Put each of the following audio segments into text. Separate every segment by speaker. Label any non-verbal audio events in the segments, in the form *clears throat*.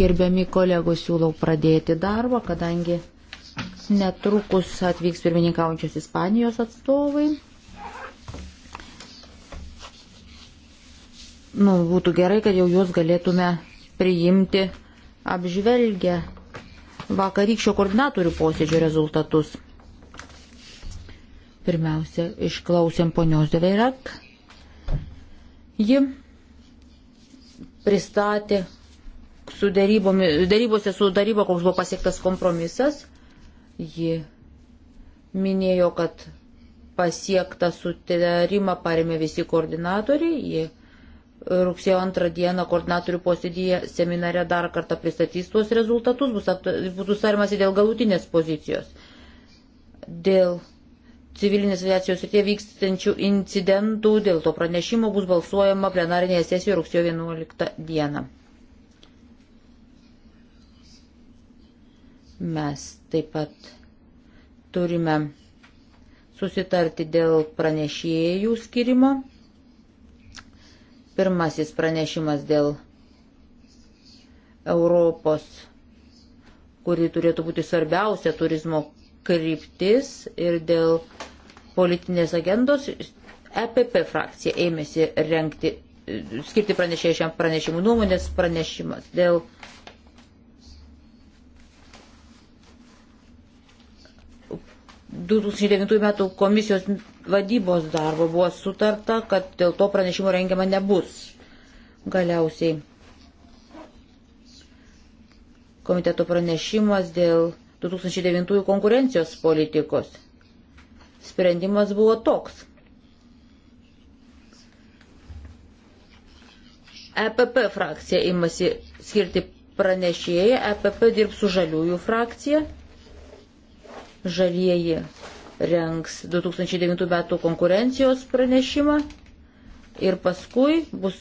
Speaker 1: Gerbiami kolegos, siūlau pradėti darbą, kadangi netrukus atvyks pirmininkaujančios Ispanijos atstovai. Nu, būtų gerai, kad jau juos galėtume priimti apžvelgę vakarykščio koordinatorių posėdžio rezultatus. Pirmiausia, išklausėm ponios Deveirak. Ji pristatė su darybose su daryba, koks buvo pasiektas kompromisas. Ji minėjo, kad pasiektą sutarimą parėmė visi koordinatoriai. Ji rugsėjo antrą dieną koordinatorių posėdėje seminare dar kartą pristatys tuos rezultatus, bus, bus tariamasi dėl galutinės pozicijos. Dėl civilinės aviacijos srityje vykstančių incidentų. Dėl to pranešimo bus balsuojama plenarinėje sesijoje rugsėjo 11 dieną. Mes taip pat turime susitarti dėl pranešėjų skirimo. Pirmasis pranešimas dėl Europos, kuri turėtų būti svarbiausia turizmo kryptis ir dėl politinės agendos EPP frakcija ėmėsi renkti, skirti pranešėjai šiam pranešimui nuomonės pranešimas dėl ...2009 metų komisijos vadybos darbo buvo sutarta, kad dėl to pranešimo rengiama nebus. Galiausiai komiteto pranešimas dėl 2009 konkurencijos politikos. Sprendimas buvo toks. EPP frakcija imasi skirti pranešėją, EPP dirbs su žaliųjų frakcija. Žalieji rengs 2009 metų konkurencijos pranešimą ir paskui bus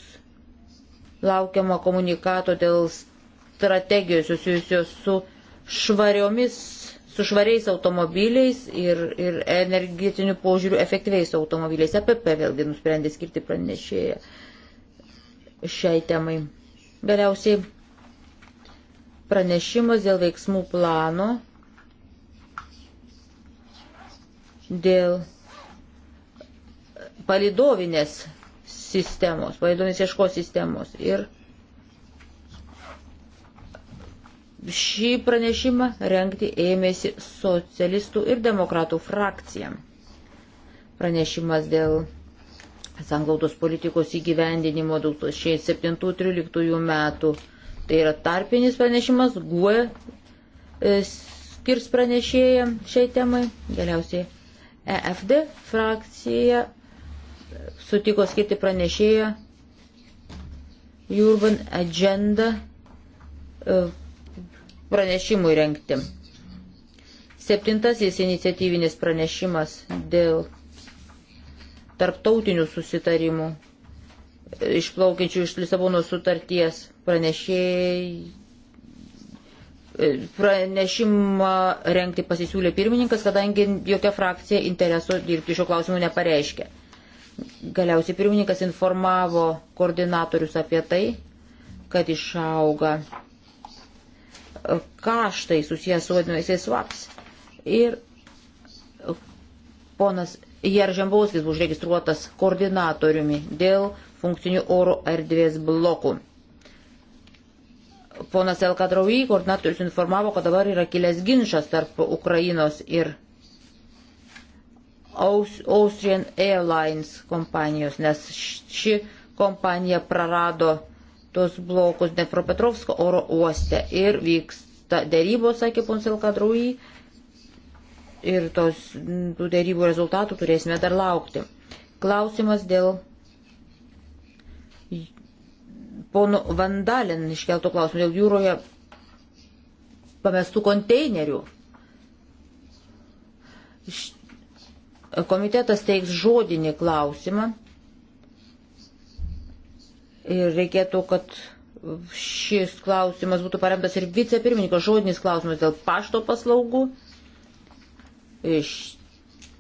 Speaker 1: laukiama komunikato dėl strategijos susijusios su švariomis, su švariais automobiliais ir, ir energetiniu požiūriu efektyviais automobiliais. APP e vėlgi nusprendė skirti pranešėją šiai temai. Galiausiai pranešimas dėl veiksmų plano, dėl palidovinės sistemos, palidovinės ieško sistemos ir Šį pranešimą renkti ėmėsi socialistų ir demokratų frakcija. Pranešimas dėl sanglautos politikos įgyvendinimo 2007-2013 metų. Tai yra tarpinis pranešimas, GUE e, skirs pranešėją šiai temai. Galiausiai EFD frakcija sutiko skirti pranešėją Urban Agenda e, pranešimui renkti. Septintasis iniciatyvinis pranešimas dėl tarptautinių susitarimų e, išplaukiančių iš Lisabono sutarties pranešėjai e, pranešimą renkti pasisiūlė pirmininkas, kadangi jokia frakcija interesų dirbti šio klausimu nepareiškė. Galiausiai pirmininkas informavo koordinatorius apie tai, kad išauga kaštai susijęs su vadinamaisiais swaps. Ir ponas Jeržembauskis buvo užregistruotas koordinatoriumi dėl funkcinių oro erdvės blokų. Ponas Elkadraui, koordinatorius informavo, kad dabar yra kilęs ginčas tarp Ukrainos ir Austrian Airlines kompanijos, nes ši kompanija prarado tuos blokus Dnepropetrovsko oro uoste ir vyksta dėrybos, sakė Ponsel Kadrui, ir tos, tų dėrybų rezultatų turėsime dar laukti. Klausimas dėl pono Vandalin iškeltų klausimų, dėl jūroje pamestų konteinerių. Komitetas teiks žodinį klausimą Ir reikėtų, kad šis klausimas būtų paremtas ir vicepirmininko žodinis klausimas dėl pašto paslaugų. Iš,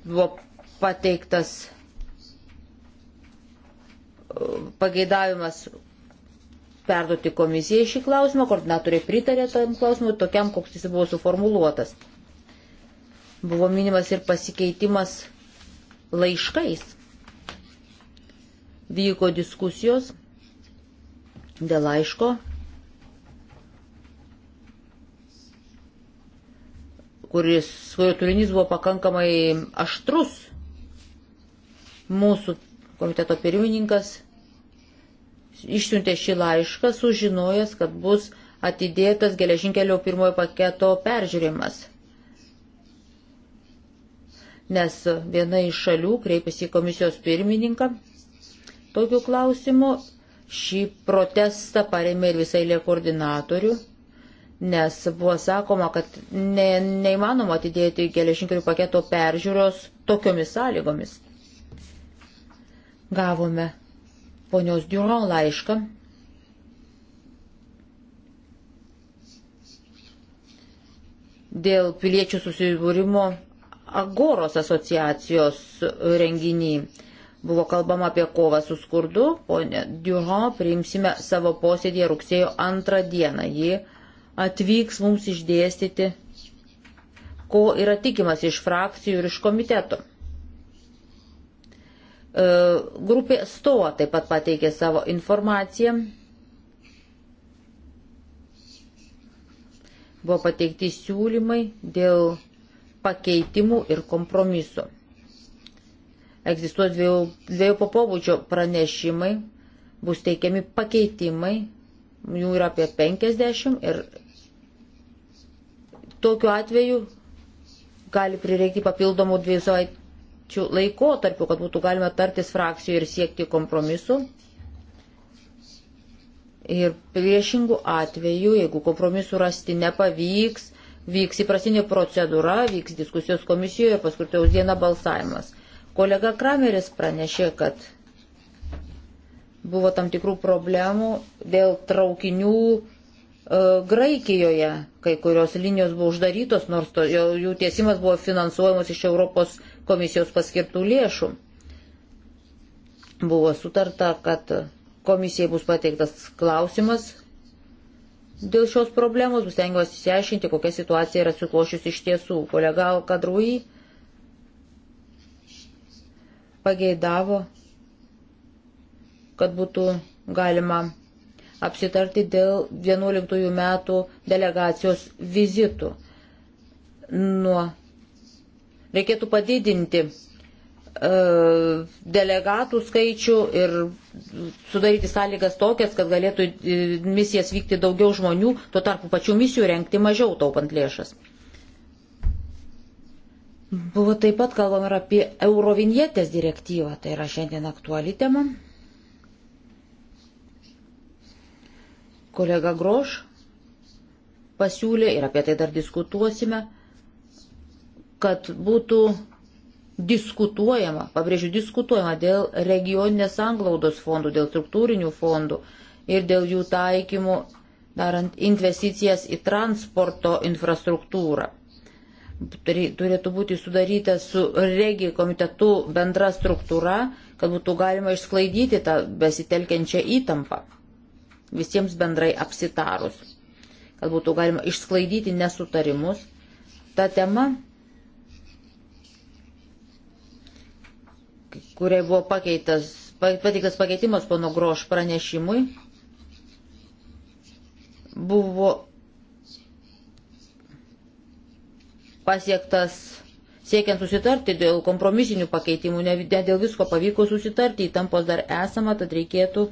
Speaker 1: buvo pateiktas uh, pageidavimas perduoti komisijai šį klausimą, koordinatoriai pritarė tam klausimui, tokiam, koks jis buvo suformuluotas. Buvo minimas ir pasikeitimas laiškais. Vyko diskusijos dėl laiško, kuris, kurio turinys buvo pakankamai aštrus. Mūsų komiteto pirmininkas išsiuntė šį laišką, sužinojęs, kad bus atidėtas geležinkelio pirmojo paketo peržiūrimas. Nes viena iš šalių kreipėsi į komisijos pirmininką tokiu klausimu Šį protestą paremė ir visai lė koordinatorių, nes buvo sakoma, kad ne, neįmanoma atidėti geležinkelių paketo peržiūros tokiomis sąlygomis. Gavome ponios Duron laišką. Dėl piliečių susibūrimo Agoros asociacijos renginį Buvo kalbama apie kovą su skurdu. Pone Duhon priimsime savo posėdėje rugsėjo antrą dieną. Ji atvyks mums išdėstyti, ko yra tikimas iš frakcijų ir iš komiteto. E, grupė Stoa taip pat pateikė savo informaciją. Buvo pateikti siūlymai dėl pakeitimų ir kompromisų egzistuos dviejų, dviejų popobūdžio pranešimai, bus teikiami pakeitimai, jų yra apie 50 ir tokiu atveju gali prireikti papildomų dviejų savaičių laikotarpių, kad būtų galima tartis frakcijų ir siekti kompromisų. Ir priešingų atvejų, jeigu kompromisų rasti nepavyks, vyks įprasinė procedūra, vyks diskusijos komisijoje ir paskui dieną tai balsavimas. Kolega Krameris pranešė, kad buvo tam tikrų problemų dėl traukinių e, Graikijoje, kai kurios linijos buvo uždarytos, nors to, jų, jų tiesimas buvo finansuojamas iš Europos komisijos paskirtų lėšų. Buvo sutarta, kad komisijai bus pateiktas klausimas dėl šios problemos, bus tengiamas įsiaiškinti, kokia situacija yra suklošius iš tiesų. Kolega Kadrui pageidavo, kad būtų galima apsitarti dėl 11 metų delegacijos vizitų. Nuo reikėtų padidinti e, delegatų skaičių ir sudaryti sąlygas tokias, kad galėtų e, misijas vykti daugiau žmonių, tuo tarpu pačių misijų renkti mažiau taupant lėšas. Buvo taip pat kalbama ir apie Eurovinietės direktyvą, tai yra šiandien aktuali tema. Kolega Groš pasiūlė, ir apie tai dar diskutuosime, kad būtų diskutuojama, pabrėžiu, diskutuojama dėl regioninės anglaudos fondų, dėl struktūrinių fondų ir dėl jų taikymų, darant investicijas į transporto infrastruktūrą turėtų būti sudaryta su regijų komitetu bendra struktūra, kad būtų galima išsklaidyti tą besitelkiančią įtampą visiems bendrai apsitarus, kad būtų galima išsklaidyti nesutarimus. Ta tema, kuriai buvo pakeitas, pateiktas pakeitimas pono Groš pranešimui, buvo pasiektas siekiant susitarti dėl kompromisinių pakeitimų, ne, ne dėl visko pavyko susitarti, įtampos dar esama, tad reikėtų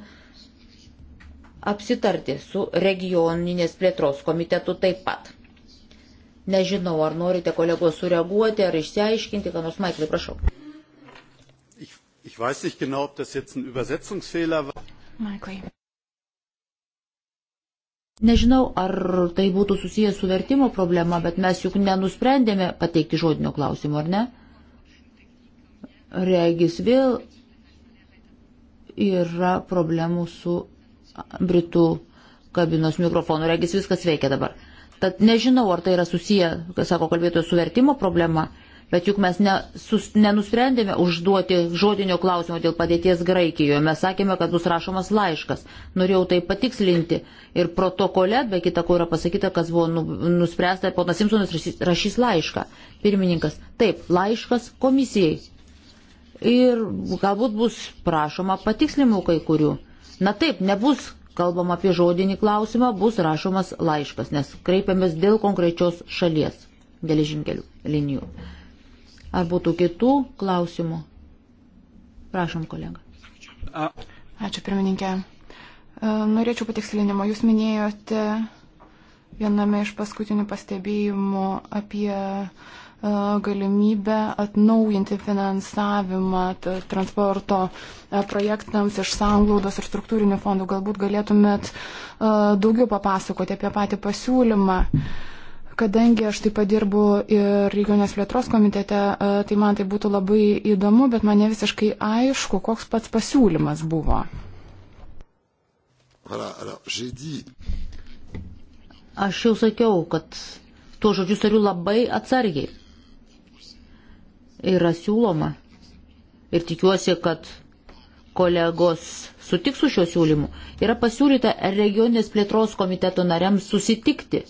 Speaker 1: apsitarti su regioninės plėtros komitetu taip pat. Nežinau, ar norite kolegos sureaguoti, ar išsiaiškinti, ką nors, Maiklai, prašau.
Speaker 2: Ich, ich weiß nicht genau, ob das jetzt ein Übersetzungsfehler war.
Speaker 1: Maiklai. Nežinau, ar tai būtų susijęs su vertimo problema, bet mes juk nenusprendėme pateikti žodinio klausimo, ar ne? Regis vėl yra problemų su Britų kabinos mikrofonu. Regis viskas veikia dabar. Tad nežinau, ar tai yra susiję, sako kalbėtojas, su vertimo problema, Bet juk mes ne, sus, nenusprendėme užduoti žodinio klausimo dėl padėties Graikijoje. Mes sakėme, kad bus rašomas laiškas. Norėjau tai patikslinti. Ir protokole, be kita ko, yra pasakyta, kas buvo nu, nuspręsta. Ponas Simpsonas rašys, rašys laišką. Pirmininkas. Taip, laiškas komisijai. Ir galbūt bus prašoma patikslimų kai kurių. Na taip, nebus kalbama apie žodinį klausimą, bus rašomas laiškas, nes kreipiamės dėl konkrečios šalies geležinkelių linijų. Ar būtų kitų klausimų?
Speaker 3: Prašom, kolega. Ačiū, pirmininkė. E, norėčiau patikslinimo. Jūs minėjote viename iš paskutinių pastebėjimų apie e, galimybę atnaujinti finansavimą transporto e, projektams iš sąnglaudos ir struktūrinių fondų. Galbūt galėtumėt daugiau papasakoti apie patį pasiūlymą. Uh, Kadangi aš taip pat dirbu ir regionės plėtros komitete, e, tai man tai būtų labai įdomu, bet man ne visiškai aišku, koks pats pasiūlymas buvo.
Speaker 1: Aš jau sakiau, kad tuo žodžiu turiu labai atsargiai. Yra siūloma. Ir tikiuosi, kad kolegos sutiks su šiuo siūlymu. Yra pasiūlyta regionės plėtros komiteto nariams susitikti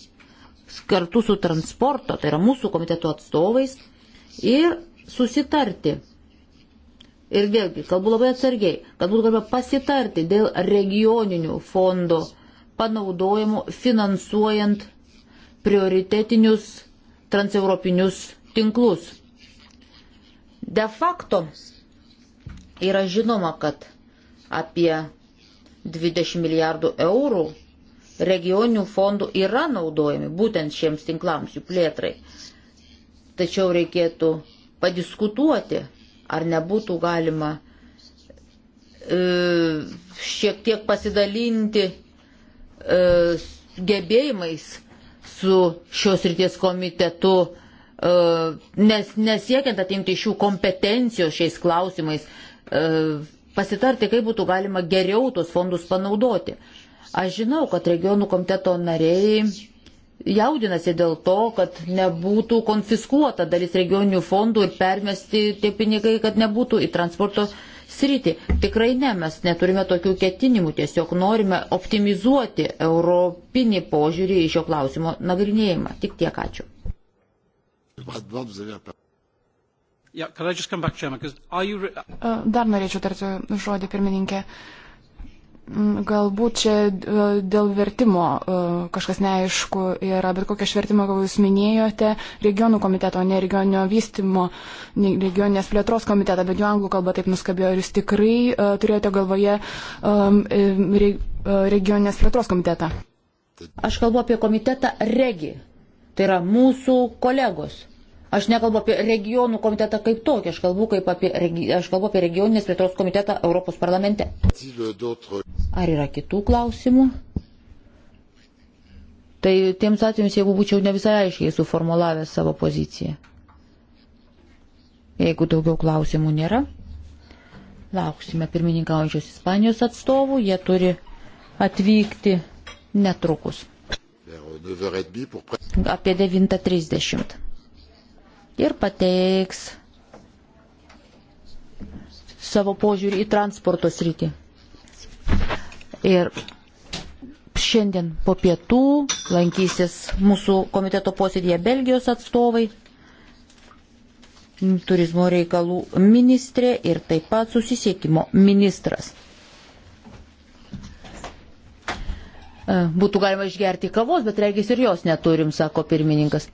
Speaker 1: kartu su transporto, tai yra mūsų komiteto atstovais, ir susitarti. Ir vėlgi, kalbu labai atsargiai, kad būtų galima pasitarti dėl regioninių fondo panaudojimo finansuojant prioritetinius transeuropinius tinklus. De facto yra žinoma, kad apie 20 milijardų eurų regioninių fondų yra naudojami būtent šiems tinklams jų plėtrai. Tačiau reikėtų padiskutuoti, ar nebūtų galima e, šiek tiek pasidalinti e, gebėjimais su šios ryties komitetu, e, nes nesiekiant atimti iš jų kompetencijos šiais klausimais, e, pasitarti, kaip būtų galima geriau tuos fondus panaudoti. E, Aš žinau, kad regionų komiteto nariai jaudinasi dėl to, kad nebūtų konfiskuota dalis regioninių fondų ir permesti tie pinigai, kad nebūtų į transporto sritį. Tikrai ne, mes neturime tokių ketinimų, tiesiog norime optimizuoti europinį požiūrį į šio klausimo nagrinėjimą. Tik tiek ačiū.
Speaker 3: Dar norėčiau tarti žodį pirmininkė. Uh, Mm, galbūt čia e, dėl vertimo e, kažkas neaišku yra, bet kokią švertimą, ką jūs minėjote, regionų komiteto, ne regioninio vystimo, ne regioninės plėtros komiteto, bet jų anglų kalba taip nuskabėjo ir jūs tikrai uh, turėjote galvoje um, re, regioninės plėtros
Speaker 1: komitetą. Aš kalbu apie komitetą regi, tai yra mūsų kolegos. Aš nekalbu apie regionų komitetą kaip tokį, aš kalbu, kaip apie, aš kalbu apie regioninės plėtros komitetą Europos parlamente. Ar yra kitų klausimų? Tai tiems atvejams, jeigu būčiau ne visai aiškiai suformulavęs savo poziciją. Jeigu daugiau klausimų nėra, lauksime pirmininkaujančios Ispanijos atstovų, jie turi atvykti netrukus. Apie 9.30 ir pateiks savo požiūrį į transporto sritį. Ir šiandien po pietų lankysis mūsų komiteto posėdėje Belgijos atstovai, turizmo reikalų ministrė ir taip pat susisiekimo ministras. Būtų galima išgerti kavos, bet regis ir jos neturim, sako pirmininkas.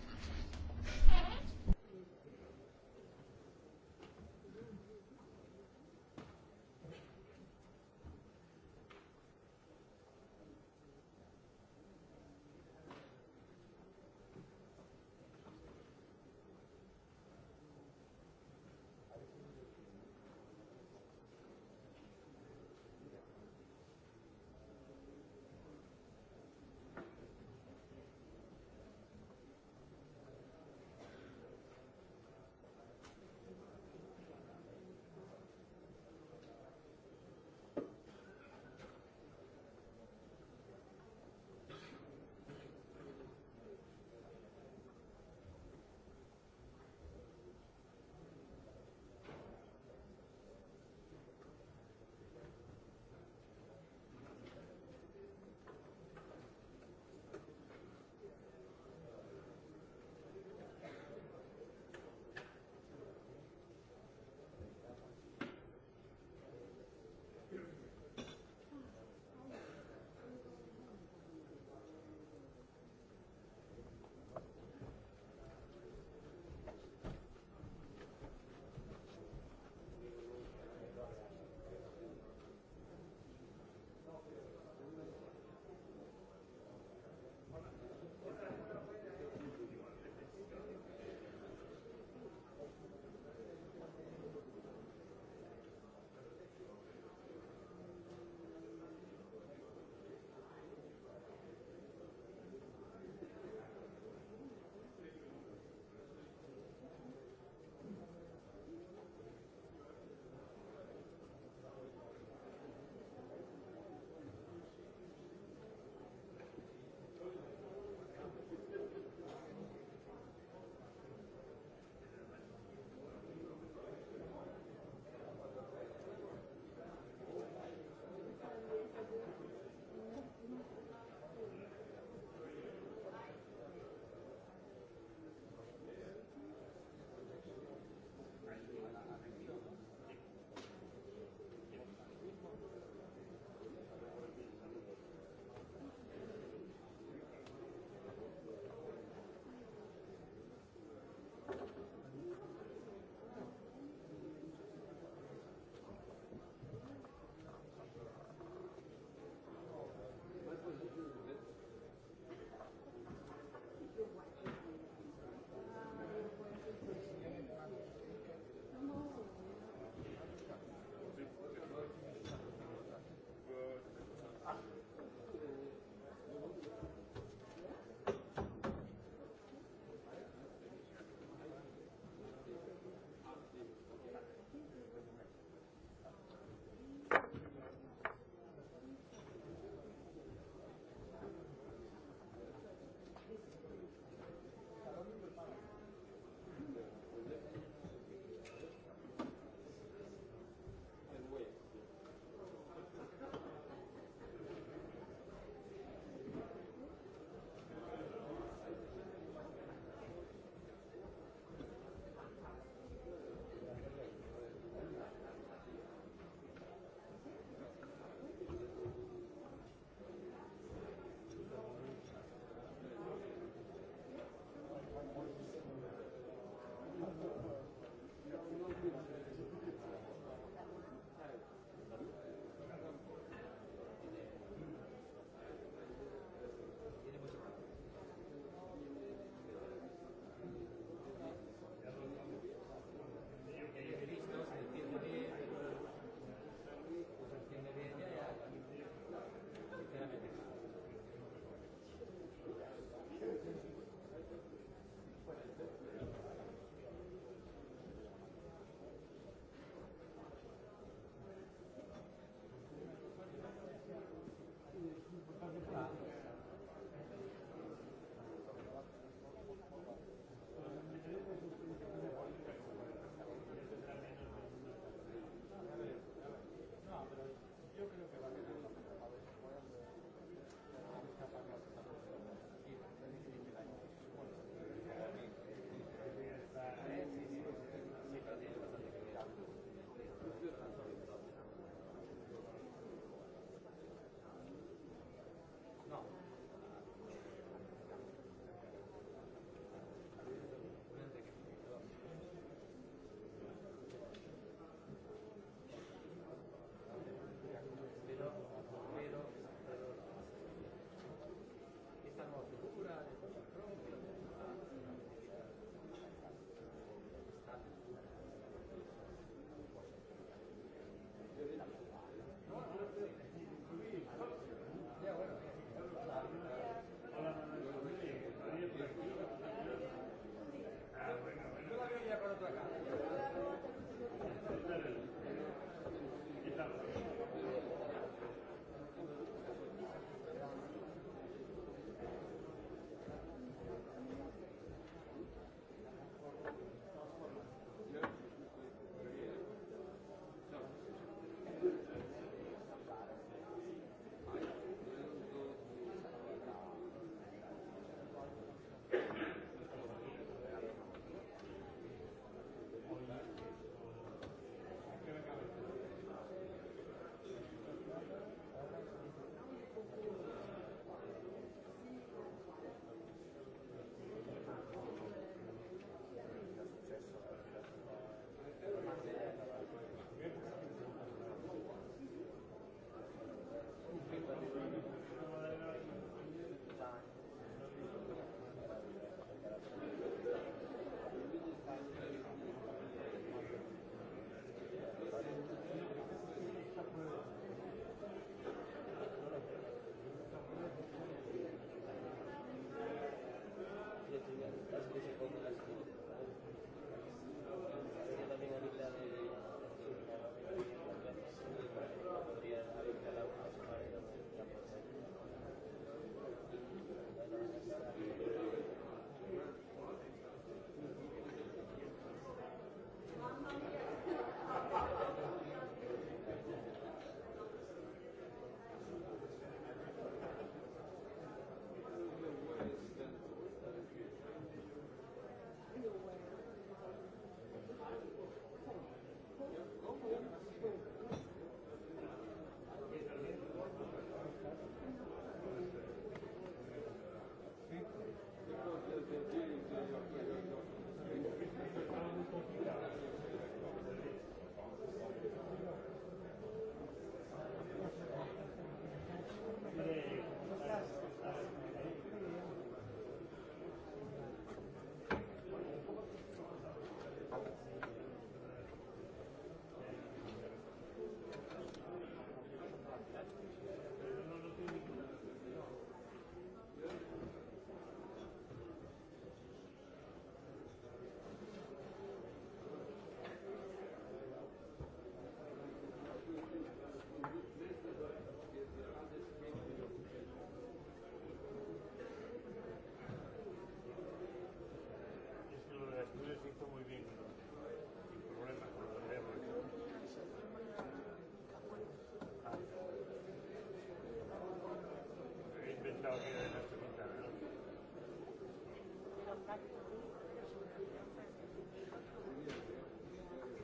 Speaker 4: straordinaria l'attività.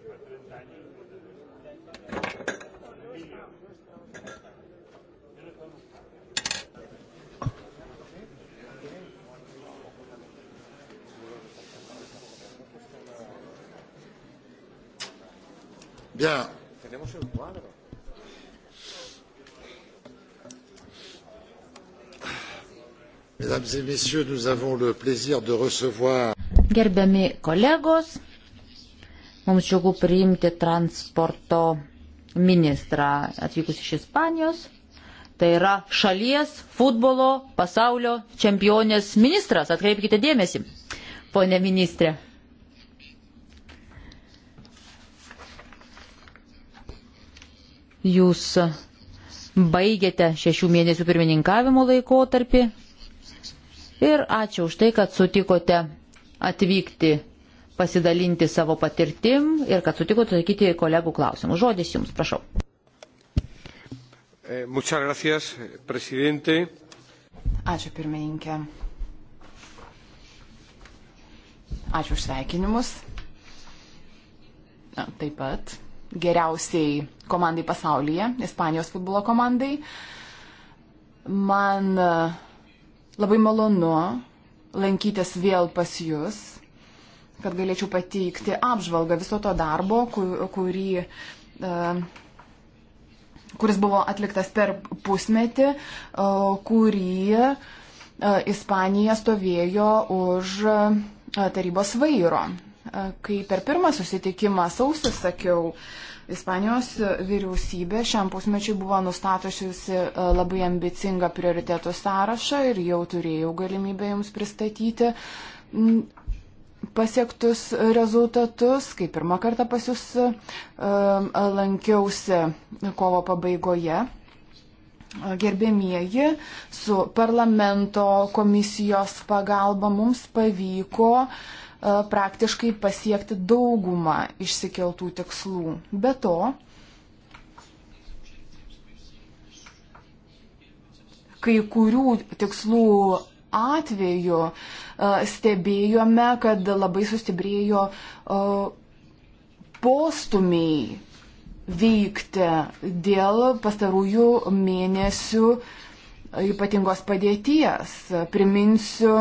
Speaker 4: Per 30 anni
Speaker 2: Bien. Tenemos
Speaker 1: el cuadro. Gerbiami kolegos, mums džiugu priimti transporto ministrą atvykus iš Ispanijos. Tai yra šalies futbolo pasaulio čempionės ministras. Atkreipkite dėmesį, ponė ministrė. Jūs baigėte šešių mėnesių pirmininkavimo laikotarpį, Ir ačiū už tai, kad sutikote atvykti pasidalinti savo patirtim ir kad sutikote atsakyti kolegų klausimus. Žodis Jums, prašau.
Speaker 2: Eh, muchas gracias, presidente.
Speaker 3: Ačiū pirmininkė. Ačiū už sveikinimus. Na, taip pat geriausiai komandai pasaulyje, Ispanijos futbolo komandai. Man uh, Labai malonu lankytis vėl pas Jūs, kad galėčiau pateikti apžvalgą viso to darbo, kurį, e, kuris buvo atliktas per pusmetį, e, kurį e, Ispanija stovėjo už tarybos vairo. Kai per pirmą susitikimą sausis sakiau, Ispanijos vyriausybė šiam pusmečiui buvo nustatošiusi e, labai ambicingą prioritėtų sąrašą ir jau turėjau galimybę jums pristatyti pasiektus rezultatus, kai pirmą kartą pas jūs e, lankiausi kovo pabaigoje. E, gerbėmieji, su parlamento komisijos pagalba mums pavyko uh, E, praktiškai pasiekti daugumą išsikeltų tikslų. Be to, kai kurių tikslų atveju e, stebėjome, kad labai sustiprėjo e, postumiai veikti dėl pastarųjų mėnesių ypatingos padėties. Priminsiu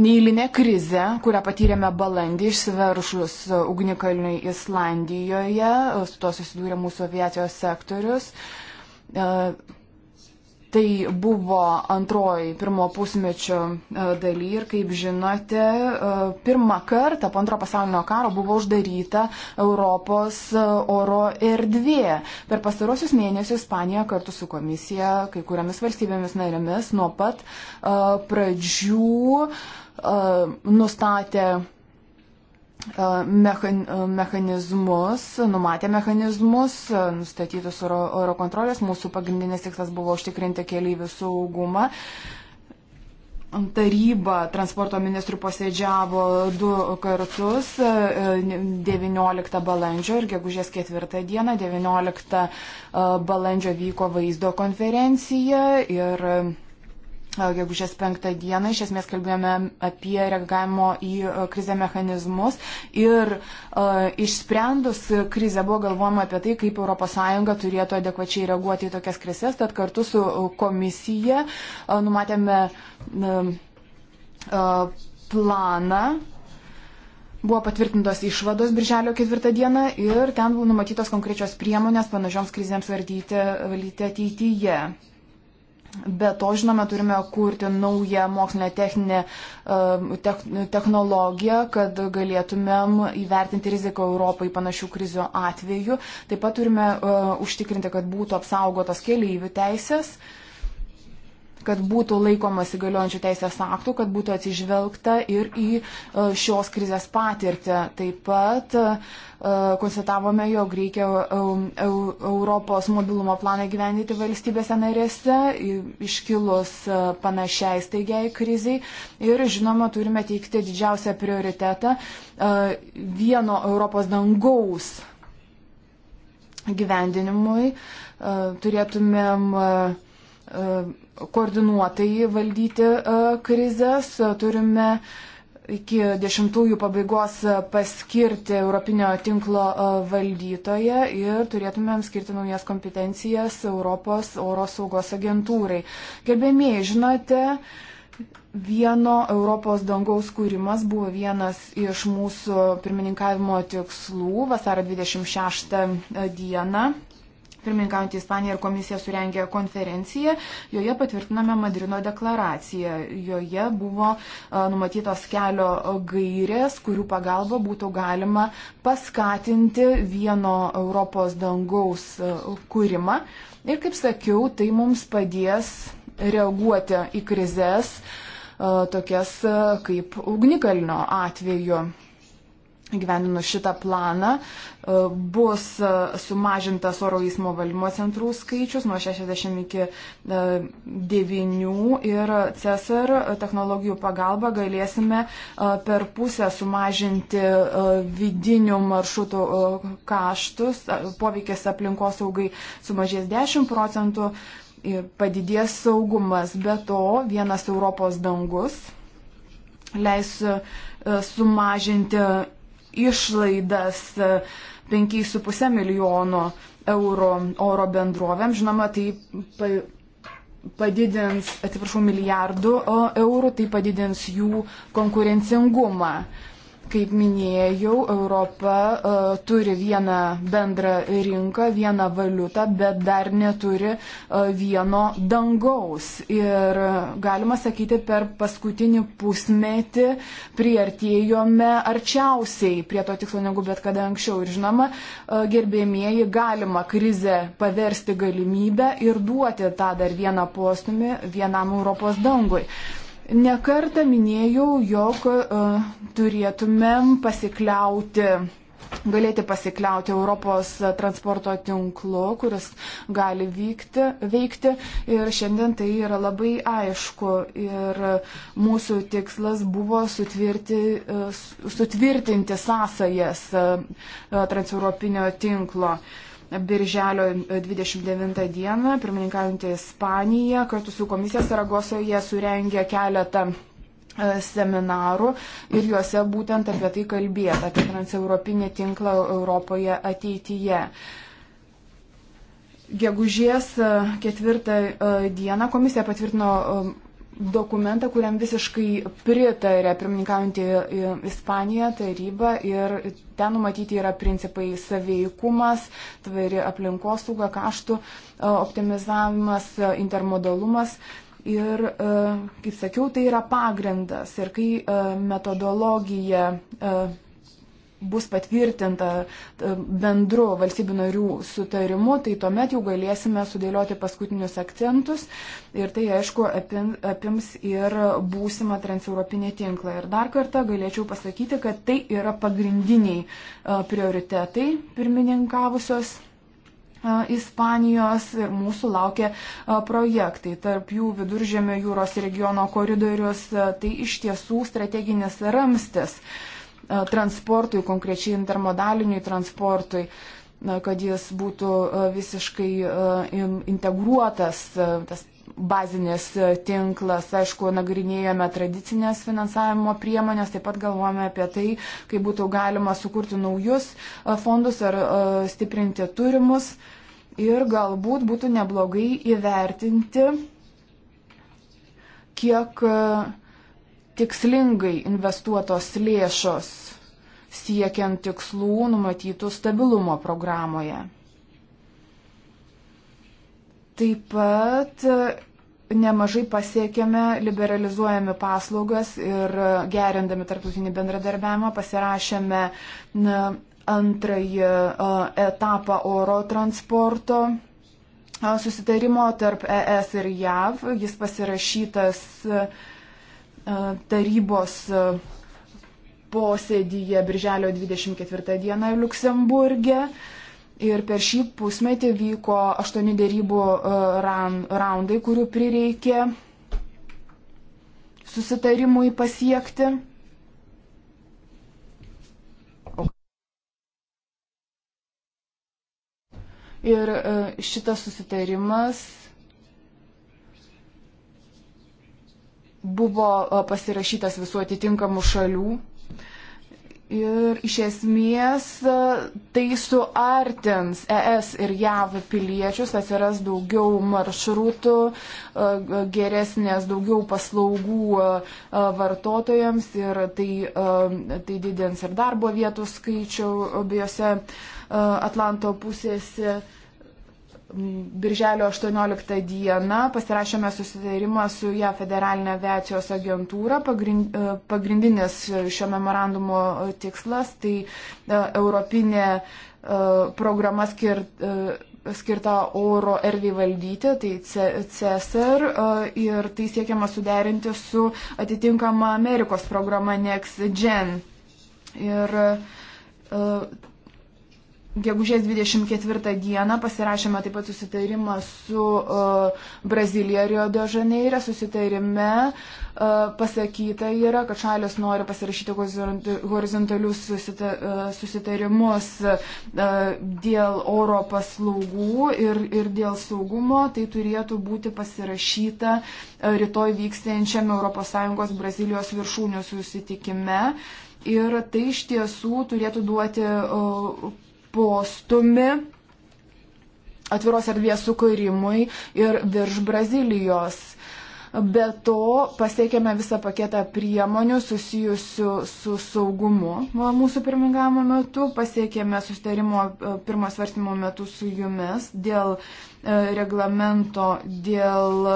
Speaker 3: neįlinę krizę, kurią patyrėme balandį išsiveršus ugnikalniui Islandijoje, su to susidūrė mūsų aviacijos sektorius. E, tai buvo antroji pirmo pusmečio e, daly ir, kaip žinote, e, pirmą kartą po antro pasaulinio karo buvo uždaryta Europos oro erdvė. Per pastarosius mėnesius Ispanija kartu su komisija, kai kuriamis valstybėmis narėmis nuo pat pradžių nustatė mechanizmus, numatė mechanizmus, nustatytus oro, oro kontrolės. Mūsų pagrindinis tikslas buvo užtikrinti keliaivių saugumą. Taryba transporto ministrų posėdžiavo du kartus - 19 balandžio ir gegužės 4 dieną. 19 balandžio vyko vaizdo konferencija ir gegužės penktą dieną. Iš esmės kalbėjome apie reagavimo į krizę mechanizmus ir uh, išsprendus krizę buvo galvojama apie tai, kaip ES turėtų adekvačiai reaguoti į tokias krizės. Tad kartu su komisija uh, numatėme uh, planą. Buvo patvirtintos išvados birželio ketvirtą dieną ir ten buvo numatytos konkrečios priemonės panašioms krizėms valdyti, valdyti ateityje. Be to, žinome, turime kurti naują mokslinę techninę e, tech, technologiją, kad galėtumėm įvertinti riziką Europai panašių krizių atveju. Taip pat turime uh, užtikrinti, kad būtų apsaugotos keleivių teisės. Uh, kad būtų laikomas įgaliojančių teisės aktų, kad būtų atsižvelgta ir į e, šios krizės patirtį. Taip pat e, konstatavome, jog reikia e, Europos mobilumo planą gyveninti valstybėse narėse, iškilus panašiai staigiai kriziai. Ir žinoma, turime teikti didžiausią prioritetą vieno Europos dangaus gyvendinimui. Turėtumėm koordinuotai valdyti e, krizės, turime iki dešimtųjų pabaigos paskirti Europinio tinklo e, valdytoje ir turėtumėm skirti naujas kompetencijas Europos oro saugos agentūrai. Gerbėmėjai, žinote, vieno Europos dangaus kūrimas buvo vienas iš mūsų pirmininkavimo tikslų vasaro 26 dieną pirmininkaujant Ispaniją ir komisija surengė konferenciją, joje patvirtiname Madrino deklaraciją, joje buvo e, numatytos kelio gairės, kurių pagalba būtų galima paskatinti vieno Europos dangaus e, kūrimą. Ir kaip sakiau, tai mums padės reaguoti į krizės, e, tokias kaip ugnikalnio atveju gyveninu šitą planą, e, bus e, sumažintas oro eismo valymo centrų skaičius nuo 60 iki 9 e, ir CSR technologijų pagalba galėsime per pusę sumažinti vidinių maršrutų kaštus, poveikis aplinkos saugai sumažės 10 procentų, padidės saugumas, be to vienas Europos dangus leis sumažinti išlaidas 5,5 e, milijono eurų oro bendrovėm. Žinoma, tai padidins, atsiprašau, milijardų eurų, tai padidins jų konkurencingumą. Uh, Kaip minėjau, Europa uh, turi vieną bendrą rinką, vieną valiutą, bet dar neturi uh, vieno dangaus. Ir uh, galima sakyti, per paskutinį pusmetį priartėjome arčiausiai prie to tikslo negu bet kada anksčiau. Ir žinoma, uh, gerbėmieji, galima krizę paversti galimybę ir duoti tą dar vieną postumį vienam Europos dangui. Uh, Nekartą minėjau, jog uh, turėtumėm pasikliauti, galėti pasikliauti Europos transporto tinklu, kuris gali vykti, veikti. Ir šiandien tai yra labai aišku. Ir mūsų tikslas buvo sutvirti, uh, sutvirtinti sąsajas uh, transeuropinio tinklo. Uh, Birželio 29 dieną pirmininkaujantį Ispaniją kartu su komisija Saragosoje surengė keletą e, seminarų ir juose būtent apie tai kalbėta, apie transeuropinį tinklą Europoje ateityje. Gegužės e, ketvirtą e, dieną komisija patvirtino dokumentą, kuriam visiškai pritarė pirmininkaujantį Ispaniją tarybą ir ten numatyti yra principai saveikumas, tvari aplinkosauga, kaštų e, optimizavimas, e, intermodalumas. Ir, e, kaip sakiau, tai yra pagrindas. Ir kai metodologija bus patvirtinta e, bendru valstybių narių sutarimu, tai tuomet jau galėsime sudėlioti paskutinius akcentus ir tai aišku apims ir būsimą transeuropinį tinklą. Ir dar kartą galėčiau pasakyti, kad tai yra pagrindiniai e, prioritetai pirmininkavusios e, Ispanijos ir mūsų laukia projektai. Tarp jų viduržėmio jūros regiono koridorius tai iš tiesų strateginis ramstis E, transportui, konkrečiai intermodaliniui transportui, e, kad jis būtų e, visiškai integruotas, tas bazinis tinklas. Aišku, nagrinėjome tradicinės finansavimo priemonės, taip pat galvojame apie tai, kaip būtų galima sukurti naujus fondus ar stiprinti turimus. Ir galbūt būtų neblogai įvertinti, kiek tikslingai investuotos lėšos siekiant tikslų numatytų stabilumo programoje. Taip pat e, nemažai pasiekėme liberalizuojami paslaugas ir gerindami tarptautinį bendradarbiavimą pasirašėme antrąjį e, etapą oro transporto e, susitarimo tarp ES ir JAV. Jis pasirašytas uh, E, tarybos e, posėdyje birželio 24 dieną Luksemburgė. Ir per šį pusmetį vyko aštuoni dėrybų e, raundai, kurių prireikė susitarimui pasiekti. Ir šitas susitarimas buvo e, pasirašytas visų atitinkamų šalių. Ir iš esmės e, tai suartins ES ir JAV piliečius, atsiras daugiau maršrutų, e, geresnės, daugiau paslaugų vartotojams ir tai, tai didins ir darbo vietų skaičių abiejose Atlanto pusėse. Birželio 18 dieną pasirašėme susitarimą su JAV federalinė aviacijos agentūra. E, pagrindinis šio memorandumo tikslas tai e, europinė e, programa skirta skirta oro erdvį valdyti, tai CSR, ir tai siekiama suderinti su atitinkama Amerikos programa NextGen. Ir Gegužės 24 dieną pasirašėme taip pat susitarimą su uh, Brazilija Rio de Žaneire. Susitarime uh, pasakyta yra, kad šalis nori pasirašyti horizontalius susita, uh, susitarimus uh, dėl oro paslaugų ir, ir dėl saugumo. Tai turėtų būti pasirašyta uh, rytoj vykstančiam ES Brazilijos viršūnių susitikime. Ir tai iš tiesų turėtų duoti. Uh, postumi atviros erdvės sukūrimui ir virš Brazilijos. Be to pasiekėme visą paketą priemonių susijusių su saugumu mūsų pirmingavimo metu, pasiekėme sustarimo e, pirmo svarstymo metu su jumis dėl e, reglamento, dėl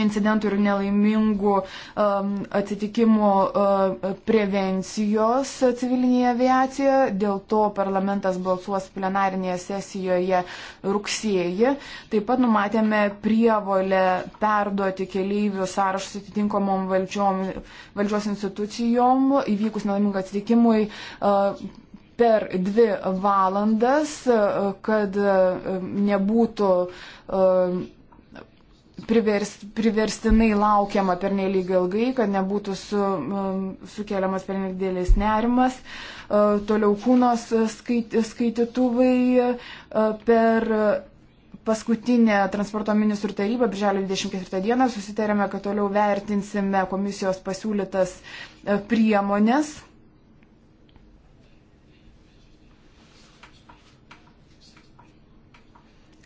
Speaker 3: incidentų ir nelaimingų um, atsitikimų uh, prevencijos civilinėje aviacijoje. Dėl to parlamentas balsuos plenarinėje sesijoje rugsėjį. Taip pat numatėme prievolę perduoti keleivių sąrašus atitinkomom valdžiom, valdžios institucijom įvykus nelaimingų atsitikimui. Uh, per dvi valandas, uh, kad uh, nebūtų uh, privers, priverstinai laukiama per nelik ilgai, kad nebūtų su, um, sukeliamas per nedėlis nerimas. Uh, toliau kūnos skait, skaitytuvai uh, per paskutinę transporto ministrų tarybą, birželio 24 dieną, susitarėme, kad toliau vertinsime komisijos pasiūlytas uh, priemonės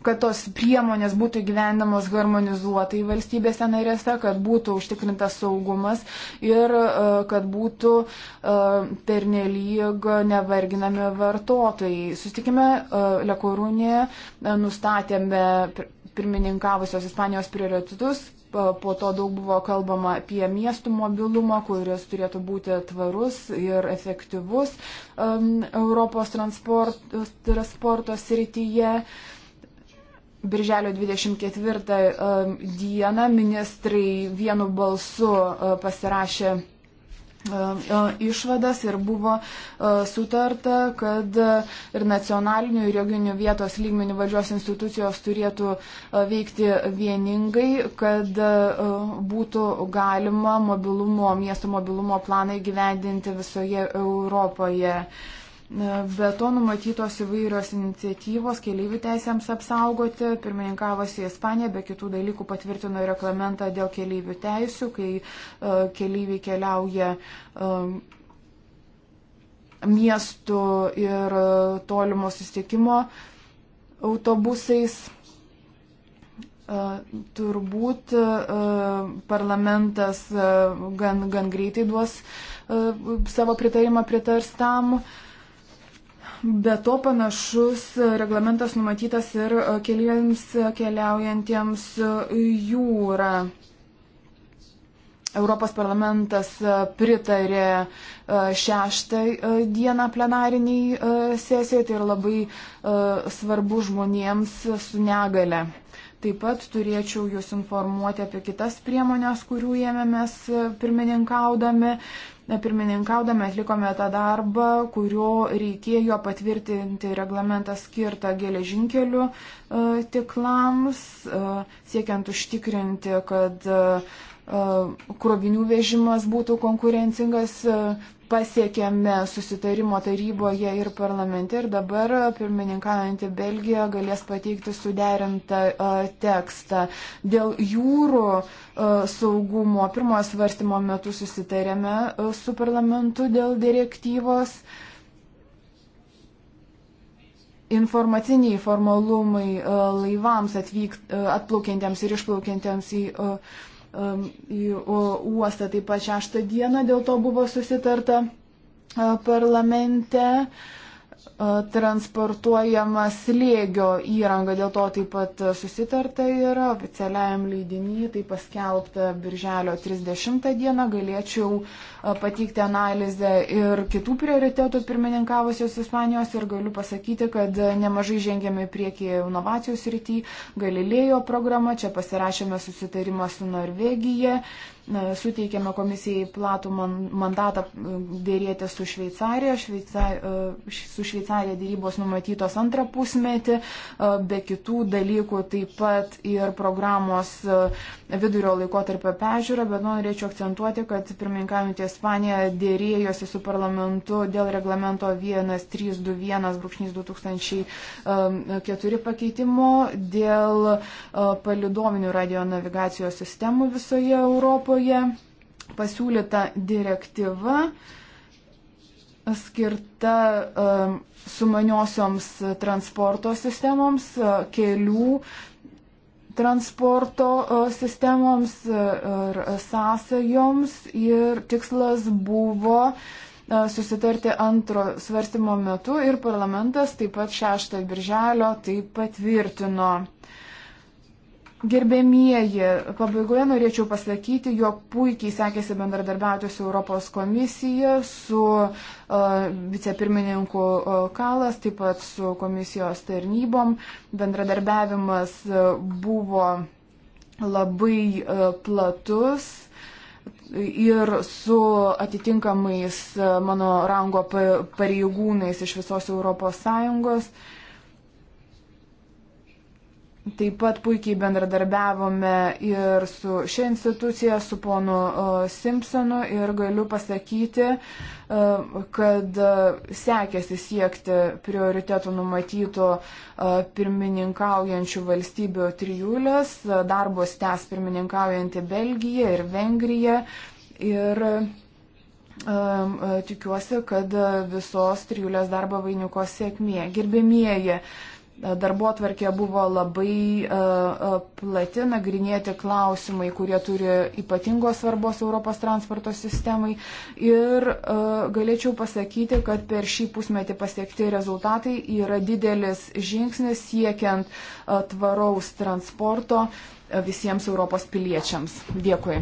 Speaker 3: kad tos priemonės būtų gyvendamos harmonizuotai valstybėse narėse, kad būtų užtikrintas saugumas ir e, kad būtų e, pernelyg nevarginami vartotojai. Sustikime e, Lekorūnėje nustatėme pirmininkavusios Ispanijos prioritetus, po to daug buvo kalbama apie miestų mobilumą, kuris turėtų būti tvarus ir efektyvus um, Europos transport, transporto srityje. Uh, Birželio 24 um, dieną ministrai vienu balsu uh, pasirašė um, uh, išvadas ir buvo uh, sutarta, kad ir nacionalinių, ir joginių vietos lygmenių valdžios institucijos turėtų veikti vieningai, kad būtų galima mobilumo, miesto mobilumo planą įgyvendinti visoje Europoje. Be to numatytos įvairios iniciatyvos keliaivių teisėms apsaugoti. Pirmininkavosi Ispanija, be kitų dalykų patvirtino reglamentą dėl keliaivių teisų, kai e, keliaiviai keliauja e, miestų ir e, tolimo susitikimo autobusais. Turbūt parlamentas gan, gan greitai duos savo pritarimą pritars tam. Uh, Be to panašus reglamentas numatytas ir e, keliams keliaujantiems e, jūrą. Europos parlamentas e, pritarė šeštą dieną plenariniai sesijai, tai yra labai svarbu žmonėms su negale. Taip pat turėčiau jūs informuoti apie kitas priemonės, kurių ėmėmės pirmininkaudami pirmininkaudami atlikome tą darbą, kurio reikėjo patvirtinti reglamentą skirtą geležinkelių e, tiklams, e, siekiant užtikrinti, kad e, krovinių vežimas būtų konkurencingas, pasiekėme susitarimo taryboje ir parlamente ir dabar pirmininkaujantį Belgiją galės pateikti suderintą tekstą. Dėl jūrų saugumo pirmojo svarstymo metu susitarėme su parlamentu dėl direktyvos. Informaciniai formalumai laivams atvykt, atplaukiantiems ir išplaukiantiems į uh, Um, į uostą taip pat šeštą dieną, dėl to buvo susitarta uh, parlamente. Uh, E, transportuojama slėgio įranga, dėl to taip pat susitarta yra, oficialiajam leidinį tai paskelbta birželio 30 dieną, galėčiau e, pateikti analizę ir kitų prioritetų pirmininkavusios Ispanijos ir galiu pasakyti, kad nemažai žengėme į priekį inovacijos rytį, Galilėjo programa, čia pasirašėme susitarimą su Norvegija, suteikėme komisijai platų man, mandatą dėrėti su Šveicarija. Šveica, e, su Šveicarija dėrybos numatytos antrą pusmetį, e, be kitų dalykų taip pat ir programos e, vidurio laikotarpio pežiūrą, bet nu, norėčiau akcentuoti, kad pirmininkavimtė Ispanija dėrėjosi su parlamentu dėl reglamento 1321-2004 pakeitimo dėl palidominių radionavigacijos sistemų visoje Europoje Europoje pasiūlyta direktyva skirta um, sumaniosioms transporto sistemoms, uh, kelių transporto uh, sistemoms uh, ir sąsajoms ir tikslas buvo susitarti antro svarstymo metu ir parlamentas taip pat 6 birželio tai patvirtino. Gerbėmieji, pabaigoje norėčiau pasakyti, jog puikiai sekėsi bendradarbiauti su Europos komisija, su uh, vicepirmininku uh, Kalas, taip pat su komisijos tarnybom. Bendradarbiavimas uh, buvo labai uh, platus ir su atitinkamais uh, mano rango pareigūnais iš visos Europos Sąjungos. Uh, Taip pat puikiai bendradarbiavome ir su šia institucija, su ponu e, Simpsonu ir galiu pasakyti, e, kad e, sekėsi siekti prioritetų numatytų pirmininkaujančių valstybių trijulės, darbus tęs pirmininkaujantį Belgiją ir Vengriją. Ir tikiuosi, kad visos trijulės darbo vainikos sėkmė. Gerbėmieji, darbo atvarkė buvo labai e, e, plati, nagrinėti klausimai, kurie turi ypatingos svarbos Europos transporto sistemai. Ir e, galėčiau pasakyti, kad per šį pusmetį pasiekti rezultatai yra didelis žingsnis siekiant tvaraus transporto visiems Europos piliečiams. Dėkui.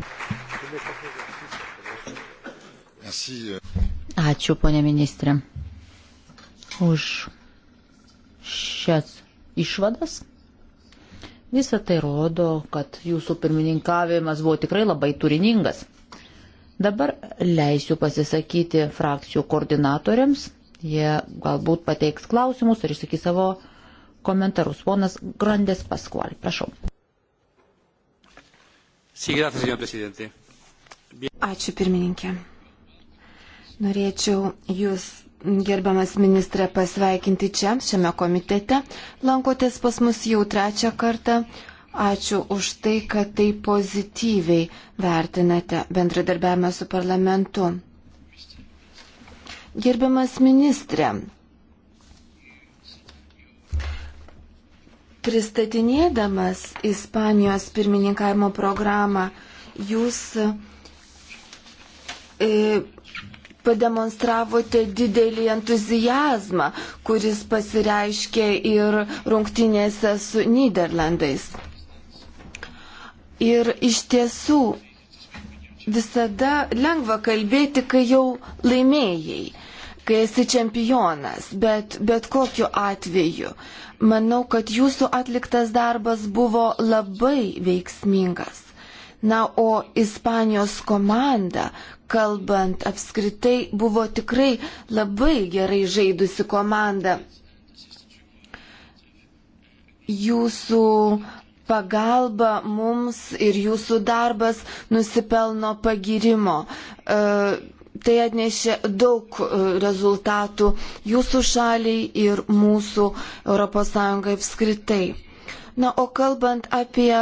Speaker 1: Ačiū, ponė ministrė, už šias išvadas. Visą tai rodo, kad jūsų pirmininkavimas buvo tikrai labai turiningas. Dabar leisiu pasisakyti frakcijų koordinatoriams. Jie galbūt pateiks klausimus ir išsakys savo komentarus. Ponas Grandės Paskual, prašau. Ačiū pirmininkė.
Speaker 5: Norėčiau Jūs gerbiamas ministrė pasveikinti čia, šiame komitete. Lankotės pas mus jau trečią kartą. Ačiū už tai, kad tai pozityviai vertinate bendradarbiavimą su parlamentu. Gerbiamas ministrė, pristatinėdamas Ispanijos pirmininkavimo programą, jūs e, pademonstravote didelį entuzijazmą, kuris pasireiškė ir rungtynėse su Niderlandais. Ir iš tiesų visada lengva kalbėti, kai jau laimėjai, kai esi čempionas, bet bet kokiu atveju. Manau, kad jūsų atliktas darbas buvo labai veiksmingas. Na, o Ispanijos komanda, kalbant, apskritai buvo tikrai labai gerai žaidusi komanda. Jūsų pagalba mums ir jūsų darbas nusipelno pagirimo. E, tai atnešė daug e, rezultatų jūsų šaliai ir mūsų ES apskritai. Na, o kalbant apie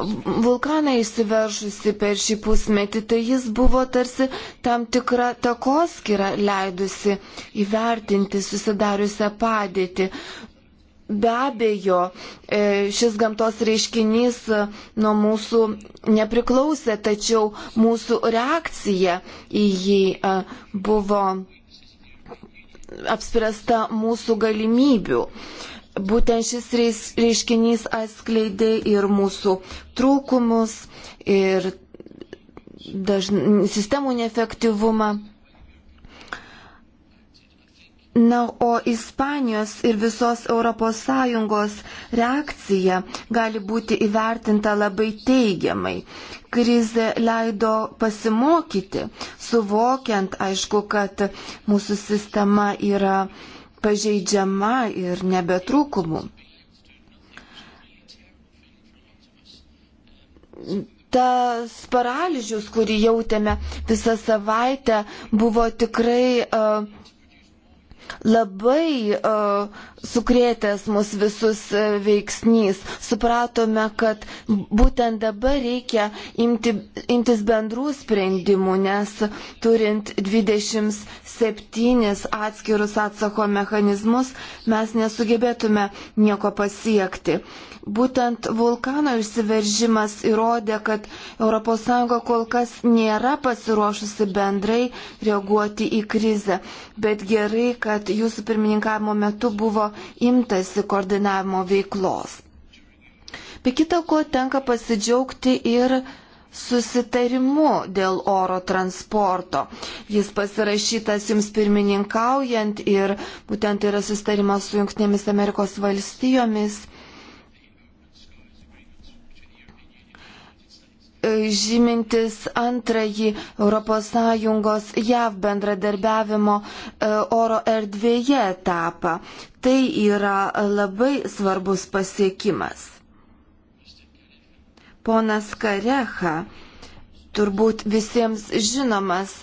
Speaker 5: vulkaną įsiveržusi per šį pusmetį, tai jis buvo tarsi tam tikra takoskira leidusi įvertinti susidariusią padėtį. Be abejo, e, šis gamtos reiškinys e, nuo mūsų nepriklausė, tačiau mūsų reakcija į jį e, buvo apspręsta mūsų galimybių. Uh, būtent šis reiškinys atskleidė ir mūsų trūkumus, ir dažn... sistemų neefektyvumą. Na, o Ispanijos ir visos ES reakcija gali būti įvertinta labai teigiamai. Krize leido pasimokyti, suvokiant, aišku, kad mūsų sistema yra uh, pažeidžiama ir nebetrūkumų. Tas paralyžius, kurį jautėme visą savaitę, buvo tikrai uh, labai uh, sukrėtęs mus visus uh, veiksnys. Supratome, kad būtent dabar reikia imti, imtis bendrų sprendimų, nes turint 27 atskirus atsako mechanizmus mes nesugebėtume nieko pasiekti. Būtent vulkano išsiveržimas įrodė, kad ES kol kas nėra pasiruošusi bendrai reaguoti į krizę, bet gerai, kad kad jūsų pirmininkavimo metu buvo imtasi koordinavimo veiklos. Be kita ko, tenka pasidžiaugti ir susitarimu dėl oro transporto. Jis pasirašytas jums pirmininkaujant ir būtent yra susitarimas su Junktinėmis Amerikos valstijomis. E, žymintis antrąjį ES JAV bendradarbiavimo e, oro erdvėje etapą. Tai yra labai svarbus pasiekimas. Ponas Kareha, turbūt visiems žinomas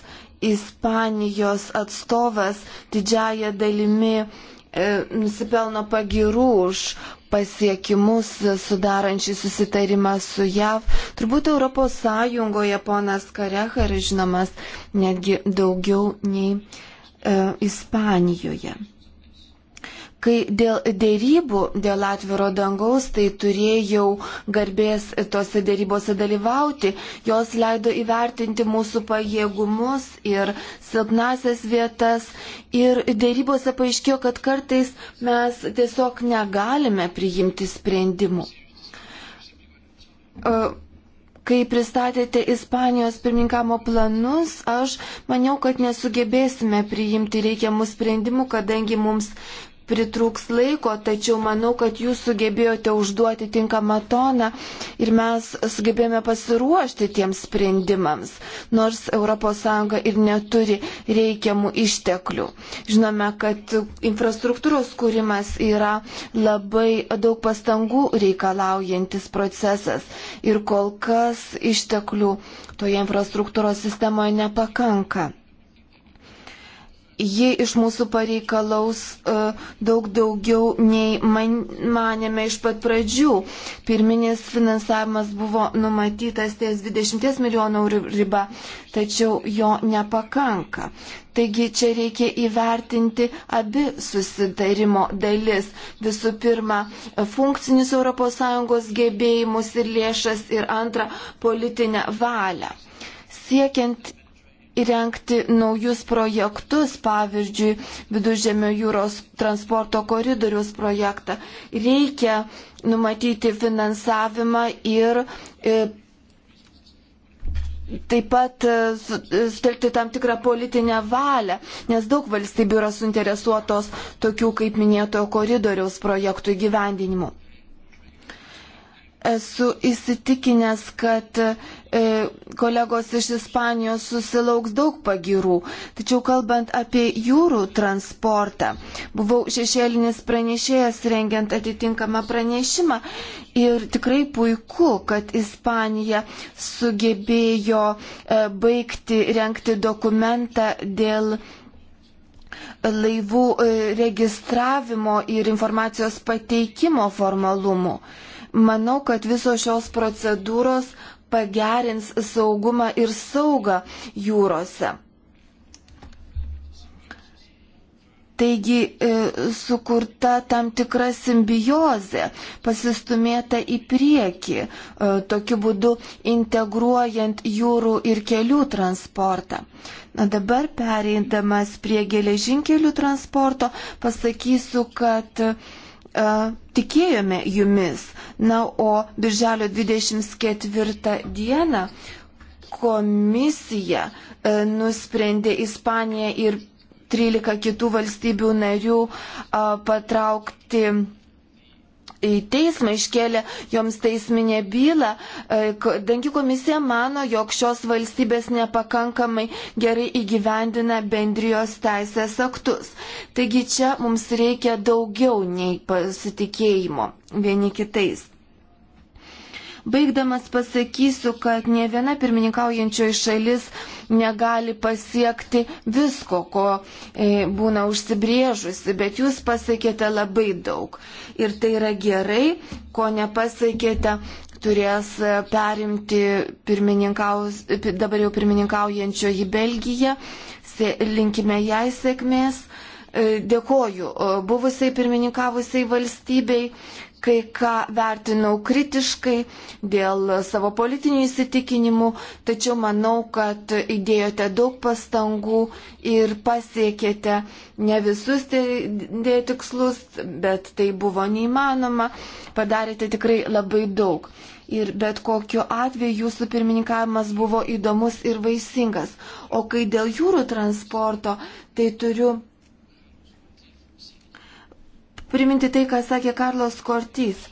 Speaker 5: Ispanijos atstovas didžiaja dalimi uh, E, nusipelno pagirų už pasiekimus sudarančią susitarimą su JAV. Turbūt ES ponas Kareha yra žinomas netgi daugiau nei e, Ispanijoje. Kai dėl dėrybų dėl atviro dangaus, tai turėjau garbės tose dėrybose dalyvauti. Jos leido įvertinti mūsų pajėgumus ir silpnasias vietas. Ir dėrybose paaiškėjo, kad kartais mes tiesiog negalime priimti sprendimų. Uh, kai pristatėte Ispanijos pirmininkamo planus, aš maniau, kad nesugebėsime priimti reikiamų sprendimų, kadangi mums pritrūks laiko, tačiau manau, kad jūs sugebėjote užduoti tinkamą toną ir mes sugebėjome pasiruošti tiems sprendimams, nors ES ir neturi reikiamų išteklių. Žinome, kad infrastruktūros kūrimas yra labai daug pastangų reikalaujantis procesas ir kol kas išteklių toje infrastruktūros sistemoje nepakanka ji iš mūsų pareikalaus e, daug daugiau nei man, manėme iš pat pradžių. Pirminis finansavimas buvo numatytas ties 20 milijonų eurų riba, tačiau jo nepakanka. Taigi čia reikia įvertinti abi susitarimo dalis. Visų pirma, funkcinius ES gebėjimus ir lėšas ir antra, politinę valią. Siekiant įrengti naujus projektus, pavyzdžiui, Vidužėmio jūros transporto koridorius projektą. Reikia numatyti finansavimą ir e, taip pat e, e, sutelkti tam tikrą politinę valią, nes daug valstybių yra suinteresuotos tokių, kaip minėtojo koridoriaus projektų įgyvendinimu esu įsitikinęs, kad e, kolegos iš Ispanijos susilauks daug pagirų. Tačiau kalbant apie jūrų transportą, buvau šešėlinis pranešėjas rengiant atitinkamą pranešimą ir tikrai puiku, kad Ispanija sugebėjo e, baigti renkti dokumentą dėl laivų e, registravimo ir informacijos pateikimo formalumų. E, Manau, kad visos šios procedūros pagerins saugumą ir saugą jūrose. Taigi e, sukurta tam tikra simbiozė, pasistumėta į priekį, e, tokiu būdu integruojant jūrų ir kelių transportą. Na dabar pereindamas prie geležinkelių transporto pasakysiu, kad E, tikėjome jumis. Na, o birželio 24 dieną komisija e, nusprendė Ispaniją ir 13 kitų valstybių narių e, patraukti į teismą, iškėlė joms teisminę bylą, e, kadangi komisija mano, jog šios valstybės nepakankamai gerai įgyvendina bendrijos teisės aktus. Taigi čia mums reikia daugiau nei pasitikėjimo vieni kitais. Baigdamas pasakysiu, kad ne viena pirmininkaujančioji šalis negali pasiekti visko, ko e, būna užsibrėžusi, bet jūs pasiekėte labai daug. Ir tai yra gerai, ko nepasiekėte turės e, perimti dabar jau pirmininkaujančioji Belgija. Linkime jai sėkmės. E, dėkoju buvusiai pirmininkavusiai valstybei, kai ką vertinau kritiškai dėl savo politinių įsitikinimų, tačiau manau, kad įdėjote daug pastangų ir pasiekėte ne visus tie tikslus, bet tai buvo neįmanoma, padarėte tikrai labai daug. Ir bet kokiu atveju jūsų pirmininkavimas buvo įdomus ir vaisingas. O kai dėl jūrų transporto, tai turiu priminti tai, ką sakė Karlos Kortys.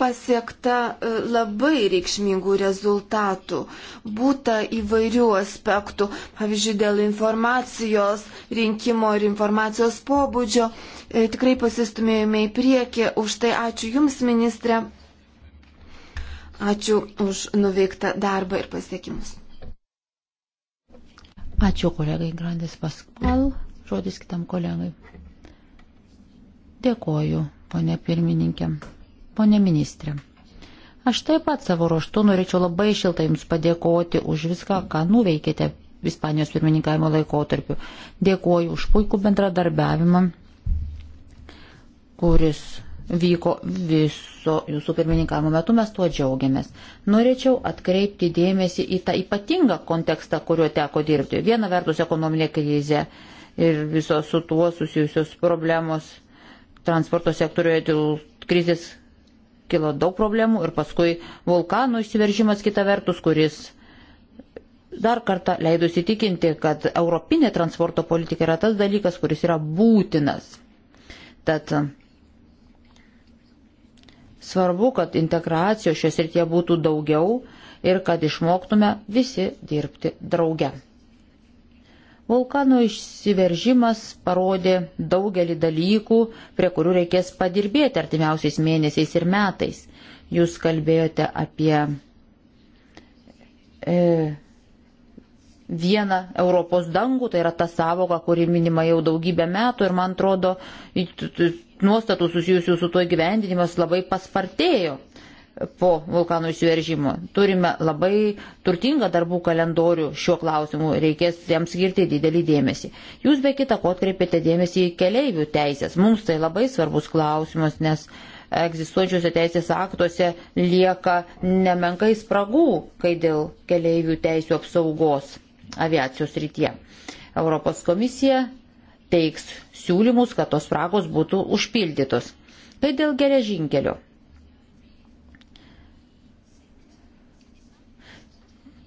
Speaker 5: Pasiekta e, labai reikšmingų rezultatų. Būta įvairių aspektų, pavyzdžiui, dėl informacijos rinkimo ir informacijos pobūdžio. E, tikrai pasistumėjome į priekį. Už tai ačiū Jums, ministrė. Ačiū už nuveiktą darbą ir pasiekimus.
Speaker 1: Ačiū kolegai Grandis Paskal. Žodis kitam kolegai. Dėkoju, ponė pirmininkė, ponė ministrė. Aš taip pat savo ruoštų norėčiau labai šiltai Jums padėkoti už viską, ką nuveikėte Ispanijos pirmininkavimo laikotarpiu. Dėkoju už puikų bendradarbiavimą, kuris vyko viso jūsų pirmininkavimo metu, mes tuo džiaugiamės. Norėčiau atkreipti dėmesį į tą ypatingą kontekstą, kuriuo teko dirbti. Viena vertus ekonominė krizė, ir visos su tuo susijusios problemos. Transporto sektoriuje dėl krizės kilo daug problemų ir paskui vulkanų išsiveržimas kita vertus, kuris dar kartą leido įsitikinti, kad europinė transporto politika yra tas dalykas, kuris yra būtinas. Tad svarbu, kad integracijos šios rytie būtų daugiau ir kad išmoktume visi dirbti drauge. Vulkano išsiveržimas parodė daugelį dalykų, prie kurių reikės padirbėti artimiausiais mėnesiais ir metais. Jūs kalbėjote apie e, vieną Europos dangų, tai yra ta savoka, kuri minima jau daugybę metų ir man atrodo, nuostatų susijusių su tuo gyvendinimas labai paspartėjo po vulkanų įsiveržimo. Turime labai turtingą darbų kalendorių šiuo klausimu, reikės jam skirti didelį dėmesį. Jūs be kita ko atkreipėte dėmesį į keleivių teisės. Mums tai labai svarbus klausimas, nes egzistuojančiuose teisės aktuose lieka nemenkai spragų, kai dėl keleivių teisų apsaugos aviacijos rytie. Europos komisija teiks siūlymus, kad tos spragos būtų užpildytos. Tai dėl geležinkelio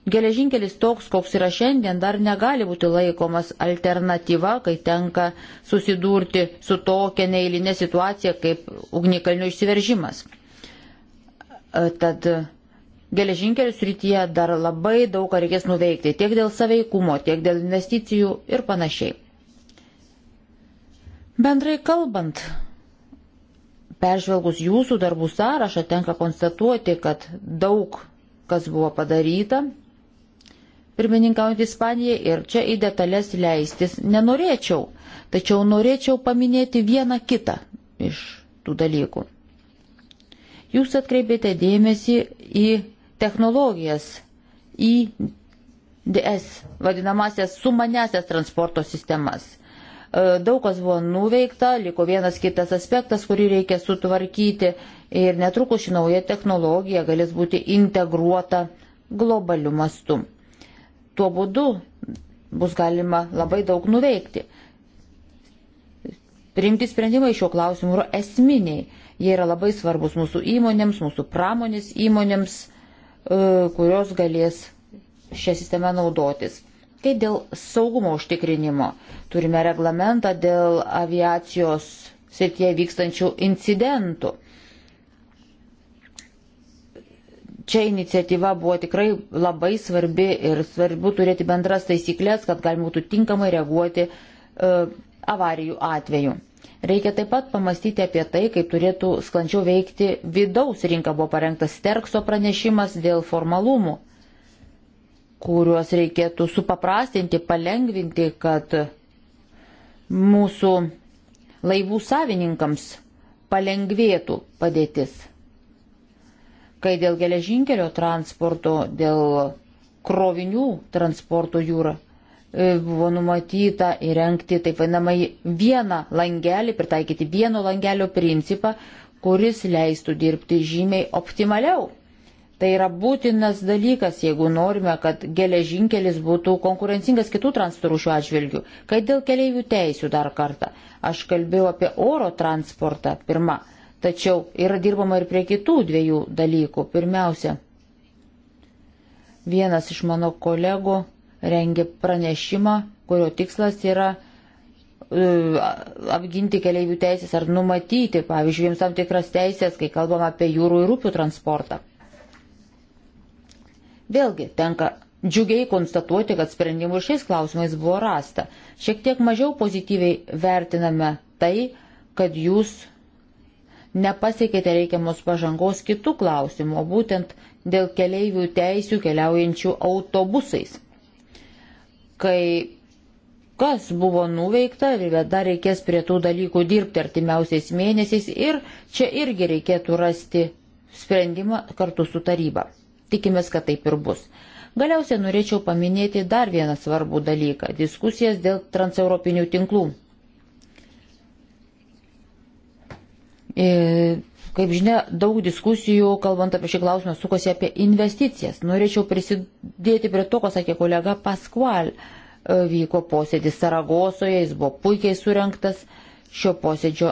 Speaker 1: Geležinkelis toks, koks yra šiandien, dar negali būti laikomas alternatyva, kai tenka susidurti su tokia neįlinė situacija kaip ugnikalnių išsiveržimas. E, tad geležinkelių srityje dar labai daug ką reikės nuveikti, tiek dėl saveikumo, tiek dėl investicijų ir panašiai. Bendrai kalbant, peržvelgus jūsų darbų sąrašą, tenka konstatuoti, kad daug kas buvo padaryta, pirmininkaujant Ispanijai ir čia į detalės leistis nenorėčiau, tačiau norėčiau paminėti vieną kitą iš tų dalykų. Jūs atkreipėte dėmesį į technologijas, į DS, vadinamasias sumanesias transporto sistemas. E, daug kas buvo nuveikta, liko vienas kitas aspektas, kurį reikia sutvarkyti ir netrukus ši nauja technologija galės būti integruota globaliu mastu. Tuo būdu bus galima labai daug nuveikti. Priimti sprendimai šiuo klausimu yra esminiai. Jie yra labai svarbus mūsų įmonėms, mūsų pramonės įmonėms, e, kurios galės šią sistemą naudotis. Tai dėl saugumo užtikrinimo. Turime reglamentą dėl aviacijos srityje vykstančių incidentų. čia iniciatyva buvo tikrai labai svarbi ir svarbu turėti bendras taisyklės, kad galima būtų tinkamai reaguoti e, avarijų atveju. Reikia taip pat pamastyti apie tai, kaip turėtų sklančiau veikti vidaus rinka. Buvo parengtas Terkso pranešimas dėl formalumų, kuriuos reikėtų supaprastinti, palengvinti, kad mūsų laivų savininkams palengvėtų padėtis kai dėl geležinkelio transporto, dėl krovinių transporto jūra e, buvo numatyta įrengti taip vadinamai vieną langelį, pritaikyti vieno langelio principą, kuris leistų dirbti žymiai optimaliau. Tai yra būtinas dalykas, jeigu norime, kad geležinkelis būtų konkurencingas kitų transportų atžvilgių. Kai dėl keliaivių teisių dar kartą, aš kalbėjau apie oro transportą pirmą. Tačiau yra dirbama ir prie kitų dviejų dalykų. Pirmiausia, vienas iš mano kolegų rengia pranešimą, kurio tikslas yra e, apginti keliaivių teisės ar numatyti, pavyzdžiui, jiems tam tikras teisės, kai kalbam apie jūrų ir upių transportą. Vėlgi tenka džiugiai konstatuoti, kad sprendimų šiais klausimais buvo rasta. Šiek tiek mažiau pozityviai vertiname tai, kad jūs nepasiekėte reikiamos pažangos kitų klausimų, o būtent dėl keleivių teisių keliaujančių autobusais. Kai kas buvo nuveikta, bet tai dar reikės prie tų dalykų dirbti artimiausiais mėnesiais ir čia irgi reikėtų rasti sprendimą kartu su taryba. Tikimės, kad taip ir bus. Galiausiai norėčiau paminėti dar vieną svarbų dalyką - diskusijas dėl transeuropinių tinklų. E, kaip žinia, daug diskusijų, kalbant apie šį klausimą, sukosi apie investicijas. Norėčiau prisidėti prie to, ką sakė kolega Paskual. E, vyko posėdis Saragosoje, jis buvo puikiai surinktas. Šio posėdžio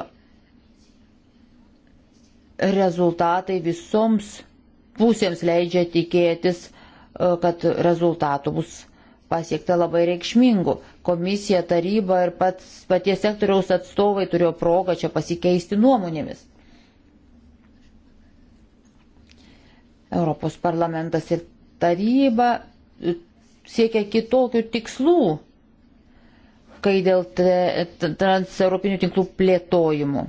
Speaker 1: rezultatai visoms pusėms leidžia tikėtis, e, kad rezultatų bus pasiekta labai reikšmingų komisija, taryba ir pats, paties sektoriaus atstovai turėjo progą čia pasikeisti nuomonėmis. Europos parlamentas ir taryba siekia kitokių tikslų, kai dėl transeuropinių tinklų plėtojimų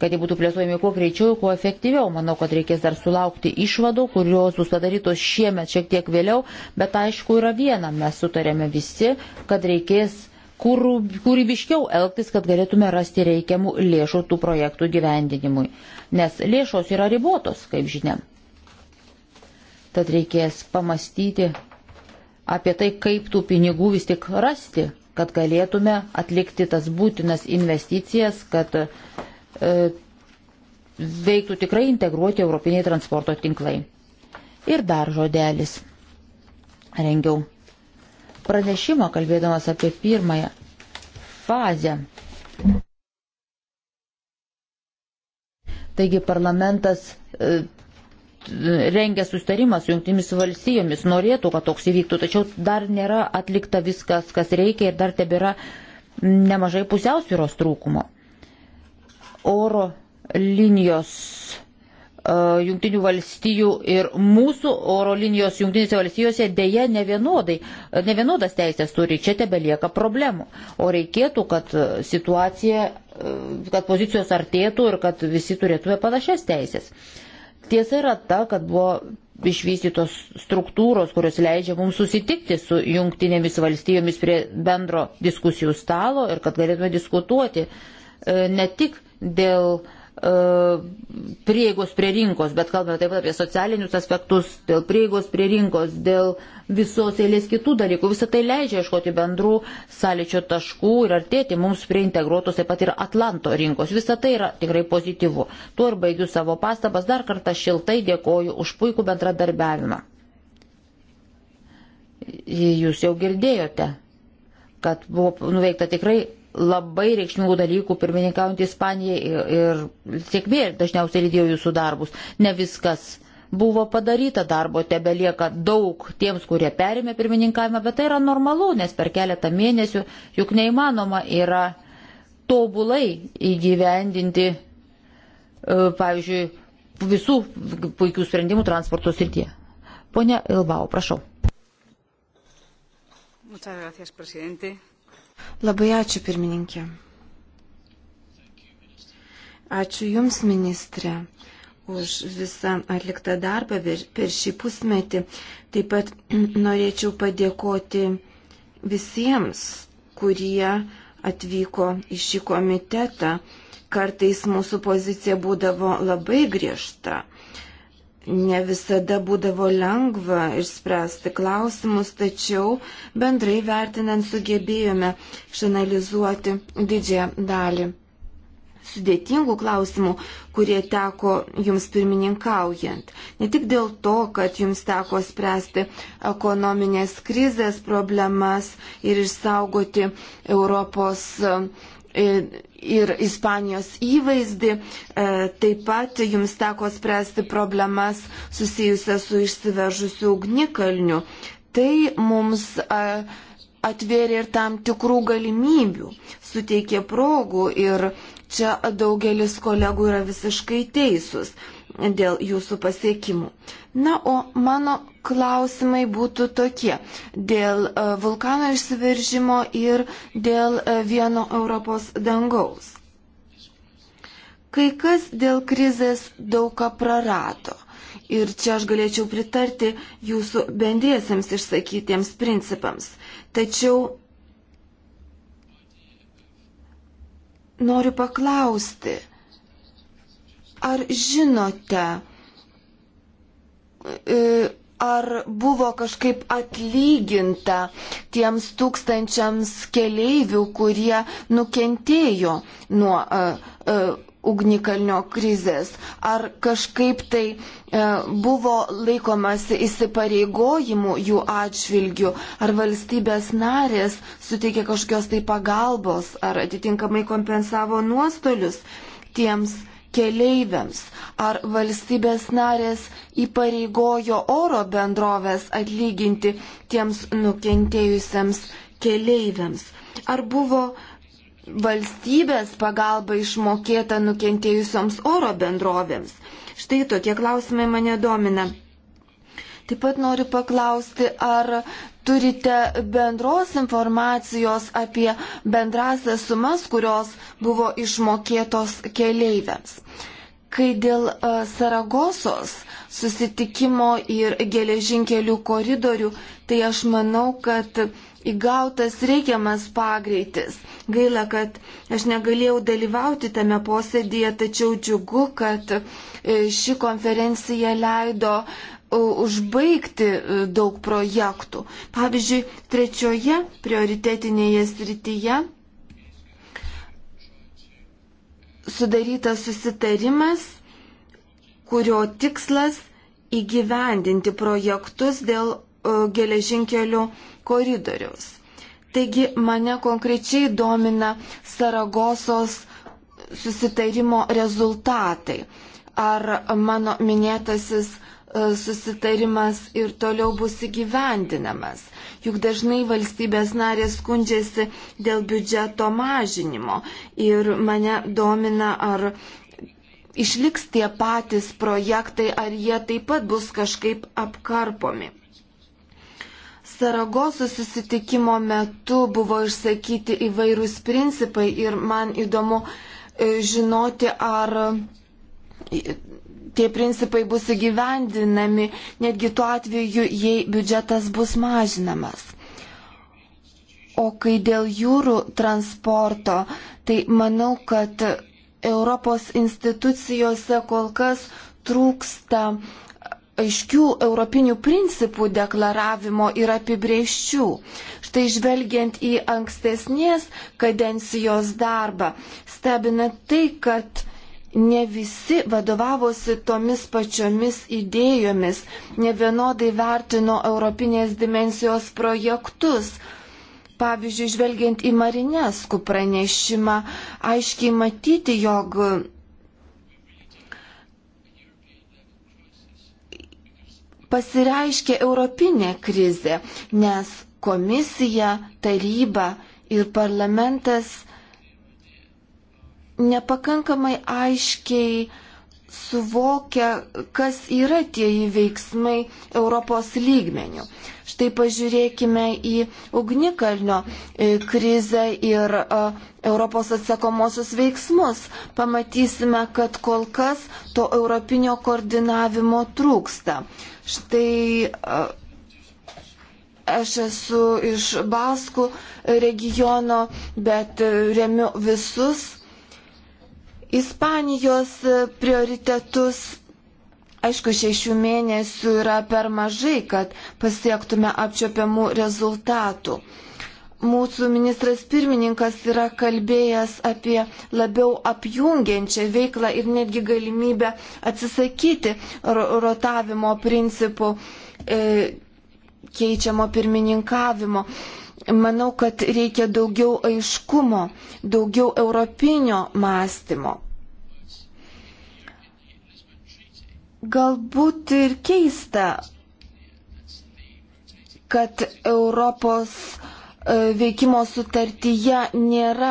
Speaker 1: kad jie būtų plėtojami kuo greičiau, kuo efektyviau. Manau, kad reikės dar sulaukti išvadų, kurios bus padarytos šiemet šiek tiek vėliau, bet aišku yra viena, mes sutarėme visi, kad reikės kūrybiškiau elgtis, kad galėtume rasti reikiamų lėšų tų projektų gyvendinimui, nes lėšos yra ribotos, kaip žinia. Tad reikės pamastyti apie tai, kaip tų pinigų vis tik rasti, kad galėtume atlikti tas būtinas investicijas, kad uh, E, veiktų tikrai integruoti europiniai transporto tinklai. Ir dar žodelis. Rengiau pranešimą kalbėdamas apie pirmąją fazę. Taigi parlamentas e, rengia sustarimą su jungtimis valstijomis, norėtų, kad toks įvyktų, tačiau dar nėra atlikta viskas, kas reikia ir dar tebėra nemažai pusiausvyros trūkumo oro linijos e, Junktinių valstijų ir mūsų oro linijos Junktinėse valstijose dėja ne, vienodai, e, ne vienodas teisės turi, čia tebelieka problemų. O reikėtų, kad situacija, e, kad pozicijos artėtų ir kad visi turėtume panašias teisės. Tiesa yra ta, kad buvo išvystytos struktūros, kurios leidžia mums susitikti su jungtinėmis valstijomis prie bendro diskusijų stalo ir kad galėtume diskutuoti ne tik dėl e, prieigos prie rinkos, bet kalbame taip pat apie socialinius aspektus, dėl prieigos prie rinkos, dėl visos eilės kitų dalykų. Visą tai leidžia iškoti bendrų sąlyčio taškų ir artėti mums prie integruotos taip pat ir Atlanto rinkos. Visą tai yra tikrai pozityvu. Tuo ir baigiu savo pastabas. Dar kartą šiltai dėkoju už puikų bendradarbiavimą. Jūs jau girdėjote, kad buvo nuveikta tikrai labai reikšmingų dalykų, pirmininkaujant Ispanijai ir, ir sėkmė dažniausiai lydėjo jūsų darbus. Ne viskas buvo padaryta darbo, tebe lieka daug tiems, kurie perėmė pirmininkavimą, bet tai yra normalu, nes per keletą mėnesių juk neįmanoma yra tobulai įgyvendinti, e, pavyzdžiui, visų puikių sprendimų transporto srityje. Pone Ilbau, prašau.
Speaker 4: Muchas gracias, presidente.
Speaker 1: Labai ačiū, pirmininkė.
Speaker 5: Ačiū Jums, ministrė, už visą atliktą darbą per šį pusmetį. Taip pat *clears throat* norėčiau padėkoti visiems, kurie atvyko į šį komitetą. Kartais mūsų pozicija būdavo labai griežta, Ne visada būdavo lengva išspręsti klausimus, tačiau bendrai vertinant sugebėjome išanalizuoti didžiąją dalį sudėtingų klausimų, kurie teko jums pirmininkaujant. Ne tik dėl to, kad jums teko spręsti ekonominės krizės problemas ir išsaugoti Europos E, ir Ispanijos įvaizdį. E, taip pat jums teko spręsti problemas susijusias su išsivežusiu ugnikalniu. Tai mums e, atvėrė ir tam tikrų galimybių, suteikė progų ir čia daugelis kolegų yra visiškai teisūs dėl jūsų pasiekimų. Na, o mano klausimai būtų tokie. Dėl e, vulkano išsiveržimo ir dėl e, vieno Europos dangaus. Kai kas dėl krizės daug ką prarado. Ir čia aš galėčiau pritarti jūsų bendriesiams išsakytiems principams. Tačiau noriu paklausti, Ar žinote, e, ar buvo kažkaip atlyginta tiems tūkstančiams keleivių, kurie nukentėjo nuo uh, uh, ugnikalnio krizės, ar kažkaip tai e, buvo laikomasi įsipareigojimų jų atžvilgių, ar valstybės narės suteikė kažkokios tai pagalbos, ar atitinkamai kompensavo nuostolius tiems keleiviams? Ar valstybės narės įpareigojo oro bendrovės atlyginti tiems nukentėjusiems keleiviams? Ar buvo valstybės pagalba išmokėta nukentėjusioms oro bendrovėms? Štai tokie klausimai mane domina. Taip pat noriu paklausti, ar turite bendros informacijos apie bendrasias sumas, kurios buvo išmokėtos keleiviams. Kai dėl e, Saragosos susitikimo ir geležinkelių koridorių, tai aš manau, kad įgautas reikiamas pagreitis. Gaila, kad aš negalėjau dalyvauti tame posėdėje, tačiau džiugu, kad e, ši konferencija leido užbaigti e, daug projektų. Pavyzdžiui, trečioje prioritetinėje srityje sudarytas susitarimas, kurio tikslas įgyvendinti projektus dėl e, geležinkelio koridoriaus. Taigi mane konkrečiai domina Saragosos susitarimo rezultatai. Ar mano minėtasis uh, E, susitarimas ir toliau bus įgyvendinamas. Juk dažnai valstybės narės skundžiasi dėl biudžeto mažinimo ir mane domina, ar išliks tie patys projektai, ar jie taip pat bus kažkaip apkarpomi. Saragoso susitikimo metu buvo išsakyti įvairūs principai ir man įdomu e, žinoti, ar tie principai bus įgyvendinami, netgi tuo atveju, jei biudžetas bus mažinamas. O kai dėl jūrų transporto, tai manau, kad Europos institucijose kol kas trūksta aiškių europinių principų deklaravimo ir apibrieščių. Štai žvelgiant į ankstesnės kadencijos darbą, stebina tai, kad ne visi vadovavosi tomis pačiomis idėjomis, ne vienodai vertino Europinės dimensijos projektus. Pavyzdžiui, žvelgiant į Marineskų pranešimą, aiškiai matyti, jog pasireiškia europinė krizė, nes komisija, taryba ir parlamentas nepakankamai aiškiai suvokia, kas yra tie įveiksmai Europos lygmenių. Štai pažiūrėkime į ugnikalnio e, krizę ir e, Europos atsakomosius veiksmus. Pamatysime, kad kol kas to europinio koordinavimo trūksta. Štai e, aš esu iš Baskų regiono, bet remiu visus Ispanijos prioritetus, aišku, šešių mėnesių yra per mažai, kad pasiektume apčiopiamų rezultatų mūsų ministras pirmininkas yra kalbėjęs apie labiau apjungiančią veiklą ir netgi galimybę atsisakyti rotavimo principų, e, keičiamo pirmininkavimo. Manau, kad reikia daugiau aiškumo, daugiau europinio mąstymo. Galbūt ir keista, kad Europos E, veikimo sutartyje nėra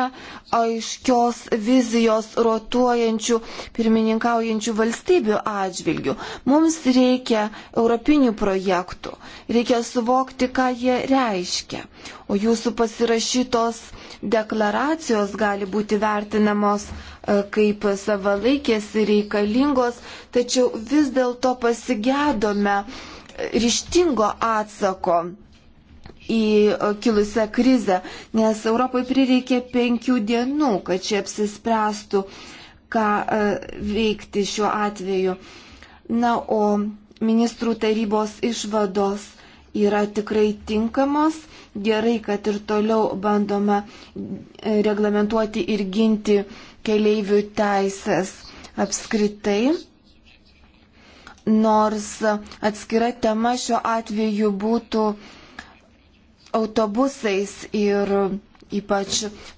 Speaker 5: aiškios vizijos rotuojančių pirmininkaujančių valstybių atžvilgių. Mums reikia europinių projektų, reikia suvokti, ką jie reiškia. O jūsų pasirašytos deklaracijos gali būti vertinamos e, kaip savalaikės ir reikalingos, tačiau vis dėlto pasigėdome ryštingo atsako į kilusią krizę, nes Europai prireikė penkių dienų, kad čia apsispręstų, ką e, veikti šiuo atveju. Na, o ministrų tarybos išvados yra tikrai tinkamos. Gerai, kad ir toliau bandoma e, reglamentuoti ir ginti keleivių teisės apskritai. Nors atskira tema šiuo atveju būtų uh, autobusais ir ypač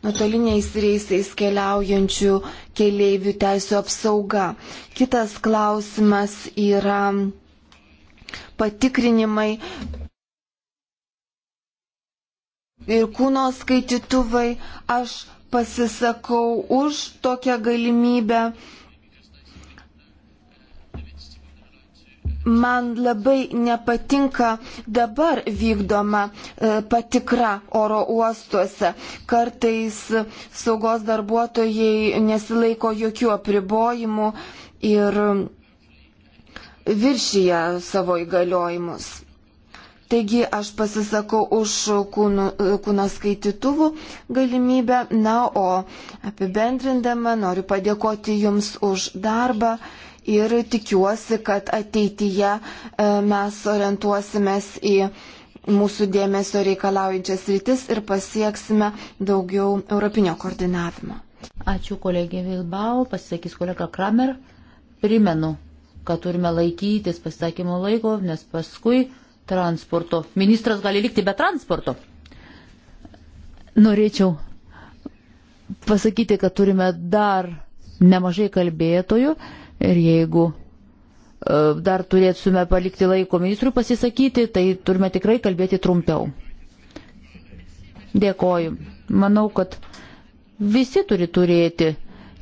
Speaker 5: nuotoliniais reisais keliaujančių keleivių teisų apsauga. Kitas klausimas yra patikrinimai ir kūno skaitytuvai. Aš pasisakau už tokią galimybę Man labai nepatinka dabar vykdoma e, patikra oro uostuose. Kartais saugos darbuotojai nesilaiko jokių apribojimų ir viršyje savo įgaliojimus. Taigi aš pasisakau už kūnų, kūno skaitytuvų galimybę. Na, o apibendrindama noriu padėkoti Jums už darbą ir tikiuosi, kad ateityje e, mes orientuosimės į mūsų dėmesio reikalaujančias rytis ir pasieksime daugiau europinio koordinavimo. Ačiū
Speaker 1: kolegė Vilbao, pasisakys kolega Kramer. Primenu, kad turime laikytis pasisakymo laiko, nes paskui transporto. Ministras gali likti be transporto. Norėčiau pasakyti, kad turime dar nemažai kalbėtojų Ir jeigu e, dar turėtume palikti laiko ministrui pasisakyti, tai turime tikrai kalbėti trumpiau. Dėkoju. Manau, kad visi turi turėti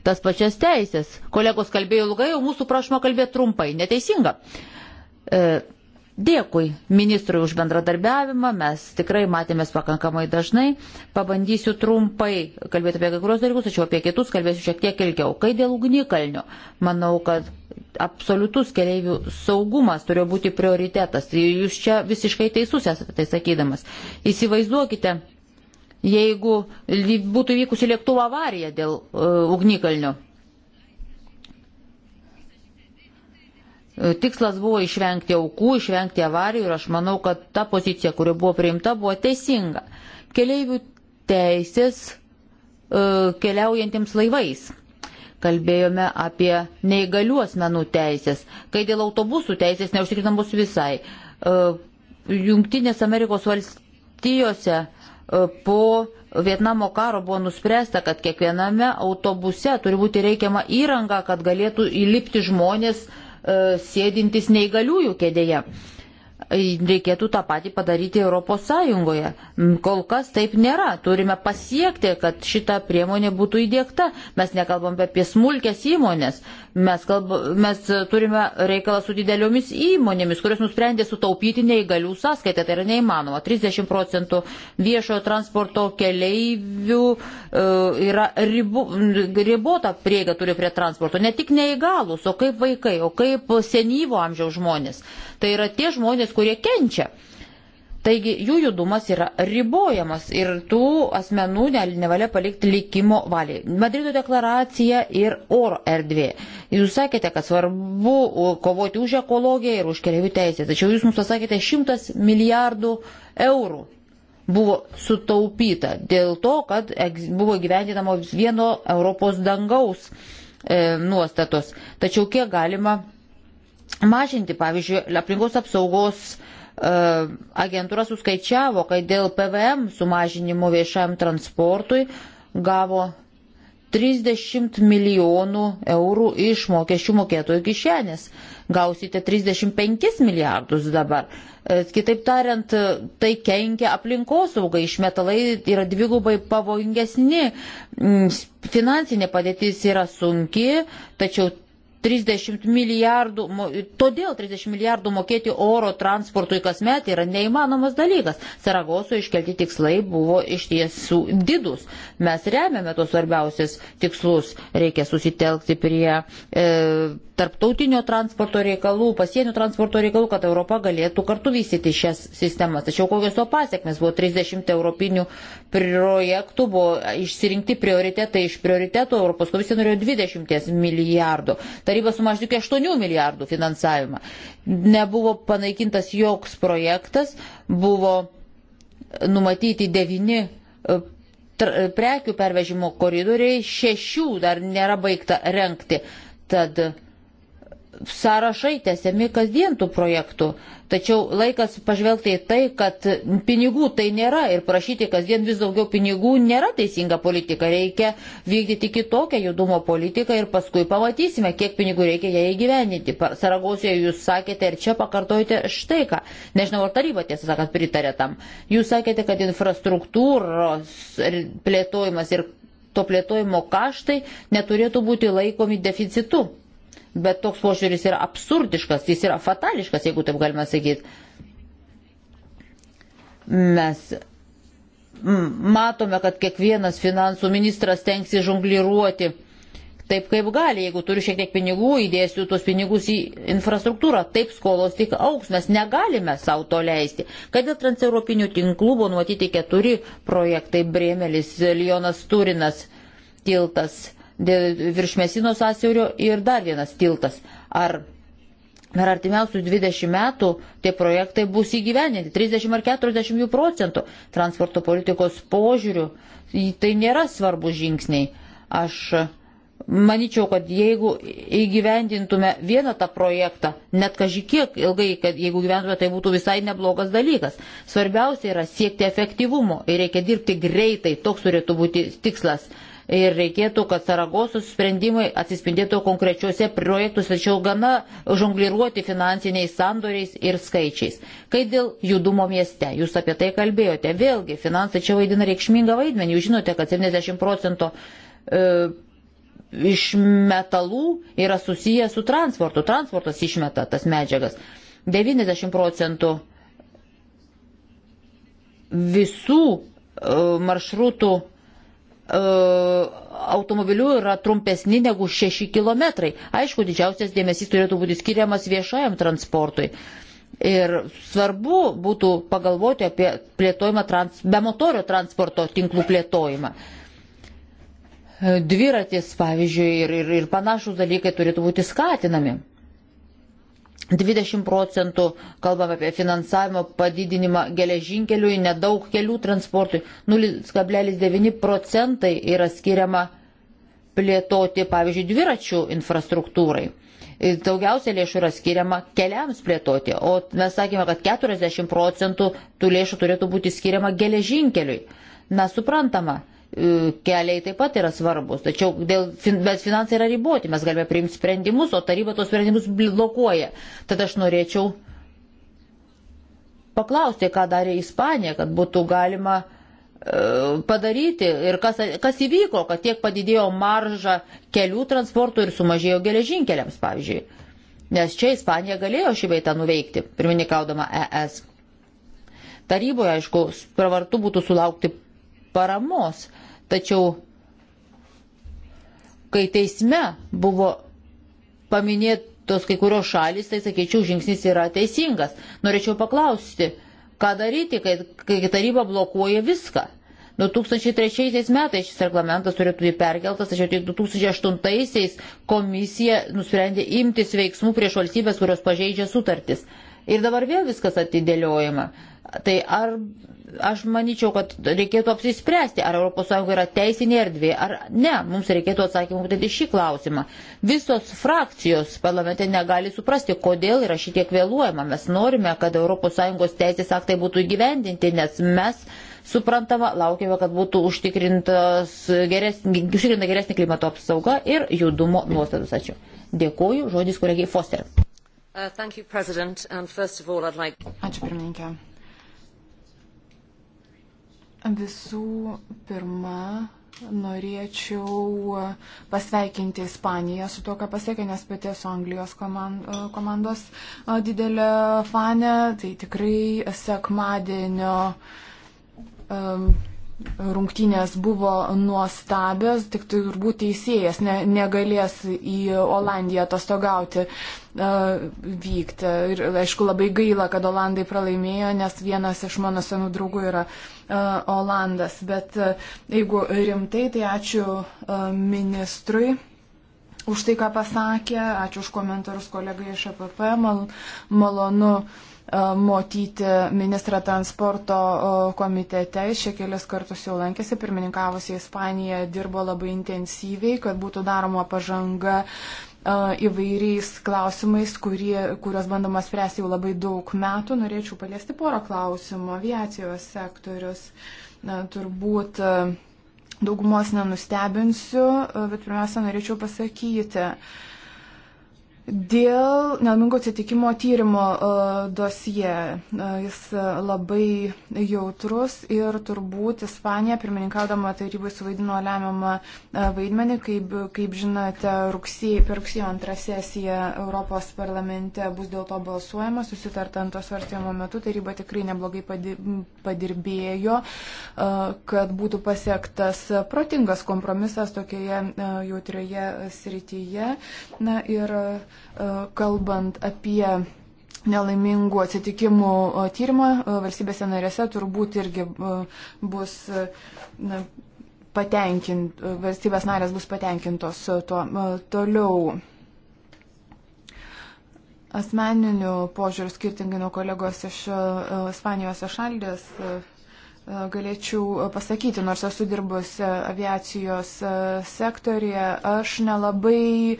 Speaker 1: tas pačias teisės. Kolegos kalbėjo ilgai, o mūsų prašoma kalbėti trumpai. Neteisinga. E, Dėkui ministrui už bendradarbiavimą, mes tikrai matėmės pakankamai dažnai. Pabandysiu trumpai kalbėti apie kai kurios dalykus, tačiau apie kitus kalbėsiu šiek tiek ilgiau. Kai dėl ugnikalnio, manau, kad absoliutus keliaivių saugumas turėjo būti prioritetas. Tai jūs čia visiškai teisus esate tai sakydamas. Įsivaizduokite, jeigu būtų vykusi lėktuvo avarija dėl uh, ugnikalnio Tikslas buvo išvengti aukų, išvengti avarijų ir aš manau, kad ta pozicija, kuri buvo priimta, buvo teisinga. Keleivių teisės e, keliaujantiems laivais. Kalbėjome apie neįgalių asmenų teisės, kai dėl autobusų teisės neužtikrinamos visai. E, Junktinės Amerikos valstijose e, po Vietnamo karo buvo nuspręsta, kad kiekviename autobuse turi būti reikiama įranga, kad galėtų įlipti žmonės E, sėdintis neįgaliųjų kėdėje reikėtų tą patį padaryti ES. Kol kas taip nėra. Turime pasiekti, kad šita priemonė būtų įdėkta. Mes nekalbam apie smulkės įmonės. Mes, kalb, mes turime reikalą su dideliomis įmonėmis, kurios nusprendė sutaupyti neįgalių sąskaitę. Tai yra neįmanoma. 30 procentų viešojo transporto keleivių e, yra ribu, ribota prieiga turi prie transporto. Ne tik neįgalus, o kaip vaikai, o kaip senyvo amžiaus žmonės. Tai yra tie žmonės, kurie kenčia. Taigi jų judumas yra ribojamas ir tų asmenų nevalia palikti likimo valiai. Madrido deklaracija ir oro erdvė. Jūs sakėte, kad svarbu kovoti už ekologiją ir už keliaivių teisės, tačiau jūs mums pasakėte, šimtas milijardų eurų buvo sutaupyta dėl to, kad buvo gyvendinamos vieno Europos dangaus e, nuostatos. Tačiau kiek galima mažinti. Pavyzdžiui, aplinkos apsaugos e, agentūra suskaičiavo, kad dėl PVM sumažinimo viešajam transportui gavo 30 milijonų eurų iš mokesčių mokėtojų kišenės. Gausite 35 milijardus dabar. E, kitaip tariant, tai kenkia aplinkosaugai, išmetalai yra dvigubai pavojingesni, mm, finansinė padėtis yra sunki, tačiau 30 milijardų, todėl 30 milijardų mokėti oro transportui kasmet yra neįmanomas dalykas. Saragoso iškelti tikslai buvo iš tiesų didus. Mes remiame tos svarbiausias tikslus. Reikia susitelkti prie e, tarptautinio transporto reikalų, pasienio transporto reikalų, kad Europa galėtų kartu vystyti šias sistemas. Tačiau kokios to pasiekmes buvo 30 europinių projektų, buvo išsirinkti prioritetai iš prioritetų, Europos komisija norėjo 20 milijardų taryba sumažino iki 8 milijardų finansavimą. Nebuvo panaikintas joks projektas, buvo numatyti 9 e, e, prekių pervežimo koridoriai, 6 dar nėra baigta renkti. Tad sąrašai tęsiami kasdien tų projektų. Tačiau laikas pažvelgti į tai, kad pinigų tai nėra ir prašyti kasdien vis daugiau pinigų nėra teisinga politika. Reikia vykdyti kitokią judumo politiką ir paskui pamatysime, kiek pinigų reikia ją įgyveninti. Saragosijoje jūs sakėte ir čia pakartojate štai ką. Nežinau, ar taryba tiesą sakant pritarė tam. Jūs sakėte, kad infrastruktūros plėtojimas ir to plėtojimo kaštai neturėtų būti laikomi deficitu bet toks požiūris yra absurdiškas, jis yra fatališkas, jeigu taip galima sakyti. Mes matome, kad kiekvienas finansų ministras tenksi žongliruoti taip, kaip gali. Jeigu turiu šiek tiek pinigų, įdėsiu tuos pinigus į infrastruktūrą. Taip skolos tik auks, mes negalime savo to leisti. Kad dėl transeuropinių tinklų buvo numatyti keturi projektai - Brėmelis, Lionas Turinas, tiltas virš Mesino sąsiaurio ir dar vienas tiltas. Ar per artimiausius 20 metų tie projektai bus įgyveninti 30 ar 40 procentų transporto politikos požiūrių. Tai nėra svarbu žingsniai. Aš manyčiau, kad jeigu įgyvendintume vieną tą projektą, net kažkiek ilgai, kad jeigu gyventume, tai būtų visai neblogas dalykas. Svarbiausia yra siekti efektyvumo ir reikia dirbti greitai. Toks turėtų būti tikslas ir reikėtų, kad Saragosos sprendimai atsispindėtų konkrečiuose projektus, tačiau gana žongliruoti finansiniais sandoriais ir skaičiais. Kai dėl judumo mieste, jūs apie tai kalbėjote, vėlgi finansai čia vaidina reikšmingą vaidmenį, jūs žinote, kad 70 procentų e, iš metalų yra susijęs su transportu, transportas išmeta tas medžiagas. 90 procentų visų e, maršrutų E, automobiliu yra trumpesni negu 6 km. Aišku, didžiausias dėmesys turėtų būti skiriamas viešajam transportui. Ir svarbu būtų pagalvoti apie plėtojimą trans, be motorio transporto tinklų plėtojimą. Dviratis, pavyzdžiui, ir, ir, ir panašus dalykai turėtų būti skatinami. 20 procentų, kalbam apie finansavimo padidinimą geležinkeliui, nedaug kelių transportui, 0,9 procentai yra skiriama plėtoti, pavyzdžiui, dviračių infrastruktūrai. Daugiausia lėšų yra skiriama keliams plėtoti, o mes sakėme, kad 40 procentų tų lėšų turėtų būti skiriama geležinkeliui. Na, suprantama, E, keliai taip pat yra svarbus, tačiau dėl, bet finansai yra riboti, mes galime priimti sprendimus, o taryba tos sprendimus blokuoja. Tad aš norėčiau paklausti, ką darė Ispanija, kad būtų galima e, padaryti ir kas, kas įvyko, kad tiek padidėjo marža kelių transportų ir sumažėjo geležinkeliams, pavyzdžiui. Nes čia Ispanija galėjo šį veitą nuveikti, pirmininkaudama ES. Taryboje, aišku, pravartu būtų sulaukti paramos, Tačiau, kai teisme buvo paminėtos kai kurios šalis, tai sakyčiau, žingsnis yra teisingas. Norėčiau paklausti, ką daryti, kai, kai taryba blokuoja viską. 2003 metais šis reglamentas turėtų būti perkeltas, tačiau tik 2008 komisija nusprendė imtis veiksmų prieš valstybės, kurios pažeidžia sutartis. Ir dabar vėl viskas atidėliojama. Tai ar Aš manyčiau, kad reikėtų apsispręsti, ar ES yra teisinė erdvė, ar ne. Mums reikėtų atsakymų būtent į šį klausimą. Visos frakcijos parlamente negali suprasti, kodėl yra šitiek vėluojama. Mes norime, kad ES teisės aktai būtų įgyvendinti, nes mes suprantama, laukiame, kad būtų geresnė, užtikrinta geresnė klimato apsauga ir judumo nuostatus. Ačiū. Dėkuoju, žodis kolegiai Foster. Uh, you, like... Ačiū pirmininkė.
Speaker 3: Visų pirma, norėčiau pasveikinti Ispaniją su to, ką pasiekė, nes pati esu Anglijos komandos didelė fane. Tai tikrai sekmadienio. Um, rungtynės buvo nuostabios, tik turbūt teisėjas ne, negalės į Olandiją atostogauti uh, vykti. Ir aišku, labai gaila, kad Olandai pralaimėjo, nes vienas iš mano senų draugų yra uh, Olandas. Bet uh, jeigu rimtai, tai ačiū uh, ministrui už tai, ką pasakė, ačiū už komentarus kolegai iš APP, mal, malonu. Uh, matyti ministrą transporto komitete. Jis čia kelias kartus jau lankėsi, pirmininkavusi Ispanija dirbo labai intensyviai, kad būtų daroma pažanga įvairiais klausimais, kurie, kuriuos bandoma spręsti jau labai daug metų. Norėčiau paliesti porą klausimų. Aviacijos sektorius na, turbūt daugumos nenustebinsiu, bet pirmiausia, norėčiau pasakyti, uh, Dėl nelmingo atsitikimo tyrimo e, dosie e, jis labai jautrus ir turbūt Ispanija, pirmininkaudama tarybai, suvaidino lemiamą e, vaidmenį. Kaip, kaip žinote, rugsėj, per rugsėjo antrą sesiją Europos parlamente bus dėl to balsuojama. Susitartant to svarstymo metu taryba tikrai neblogai padirbėjo, kad būtų pasiektas protingas kompromisas tokioje jautrioje srityje. Na, ir, E, kalbant apie nelaimingų atsitikimų e, tyrimą e, valstybėse narėse turbūt irgi bus na, patenkint, valstybės narės bus patenkintos tuo. Toliau asmeniniu požiūriu skirtingai nuo kolegos iš Ispanijos išaldės. Iš galėčiau pasakyti, nors esu dirbus aviacijos e, sektorėje, aš nelabai e,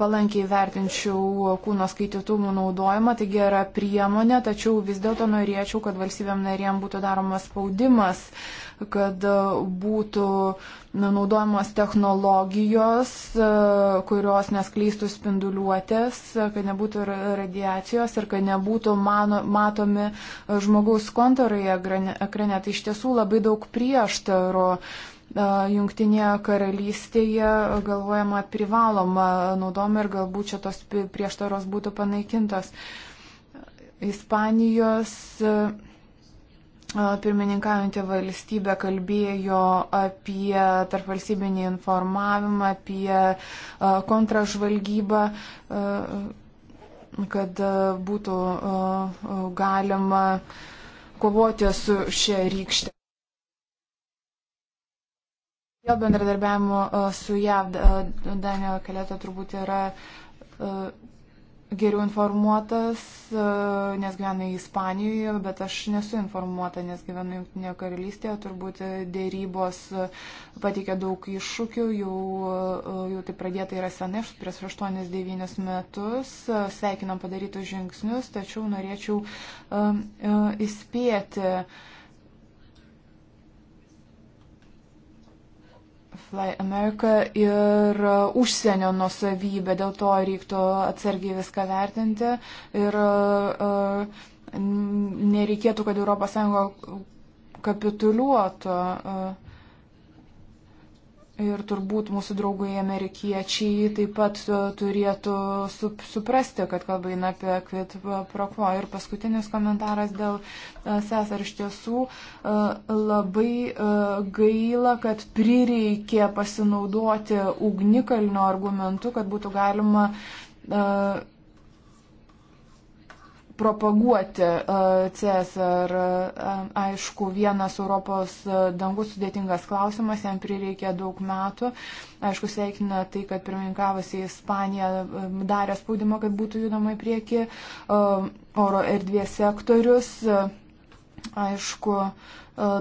Speaker 3: palankiai vertinčiau kūno skaitytuvų naudojimą, tai gera priemonė, tačiau vis dėlto norėčiau, kad valstybėm narėm būtų daromas spaudimas kad e, būtų naudojamos technologijos, e, kurios nesklystų spinduliuotės, e, kad nebūtų radiacijos ir kad nebūtų mano, matomi žmogaus kontorai ekrane. Tai iš tiesų labai daug prieštarų. Junktinėje karalystėje galvojama privaloma naudoma ir galbūt čia tos prieštaros būtų panaikintos. Ispanijos pirmininkaujantį valstybę kalbėjo apie tarpvalstybinį informavimą, apie kontražvalgybą kad būtų galima kovoti su šia rykšte. Jo bendradarbiavimo su JAV Daniel Kalėta turbūt yra geriau informuotas, e, nes gyvenu Ispanijoje, bet aš nesu informuota, nes gyvenu Junktinėje karalystėje, turbūt dėrybos e, patikė daug iššūkių, jau, e, jau tai pradėta yra senai, aš prieš 8-9 metus, sveikinam padarytus žingsnius, tačiau norėčiau um, įspėti. Um, Fly America ir užsienio nusavybė, dėl to reiktų atsargiai viską vertinti ir e, nereikėtų, kad ES kapituliuotų. Uh, Ir turbūt mūsų draugai amerikiečiai taip pat e, turėtų suprasti, kad kalba eina apie kvit prokvo. Ir paskutinis komentaras dėl sesar. E, iš tiesų e, labai gaila, kad prireikė pasinaudoti ugnikalnio argumentu, kad būtų galima propaguoti e, CSR. E, aišku, vienas Europos e, dangus sudėtingas klausimas, jam prireikė daug metų. Aišku, sveikina tai, kad pirmininkavusi Ispanija darė spaudimą, kad būtų judama į priekį oro erdvės sektorius. Aišku,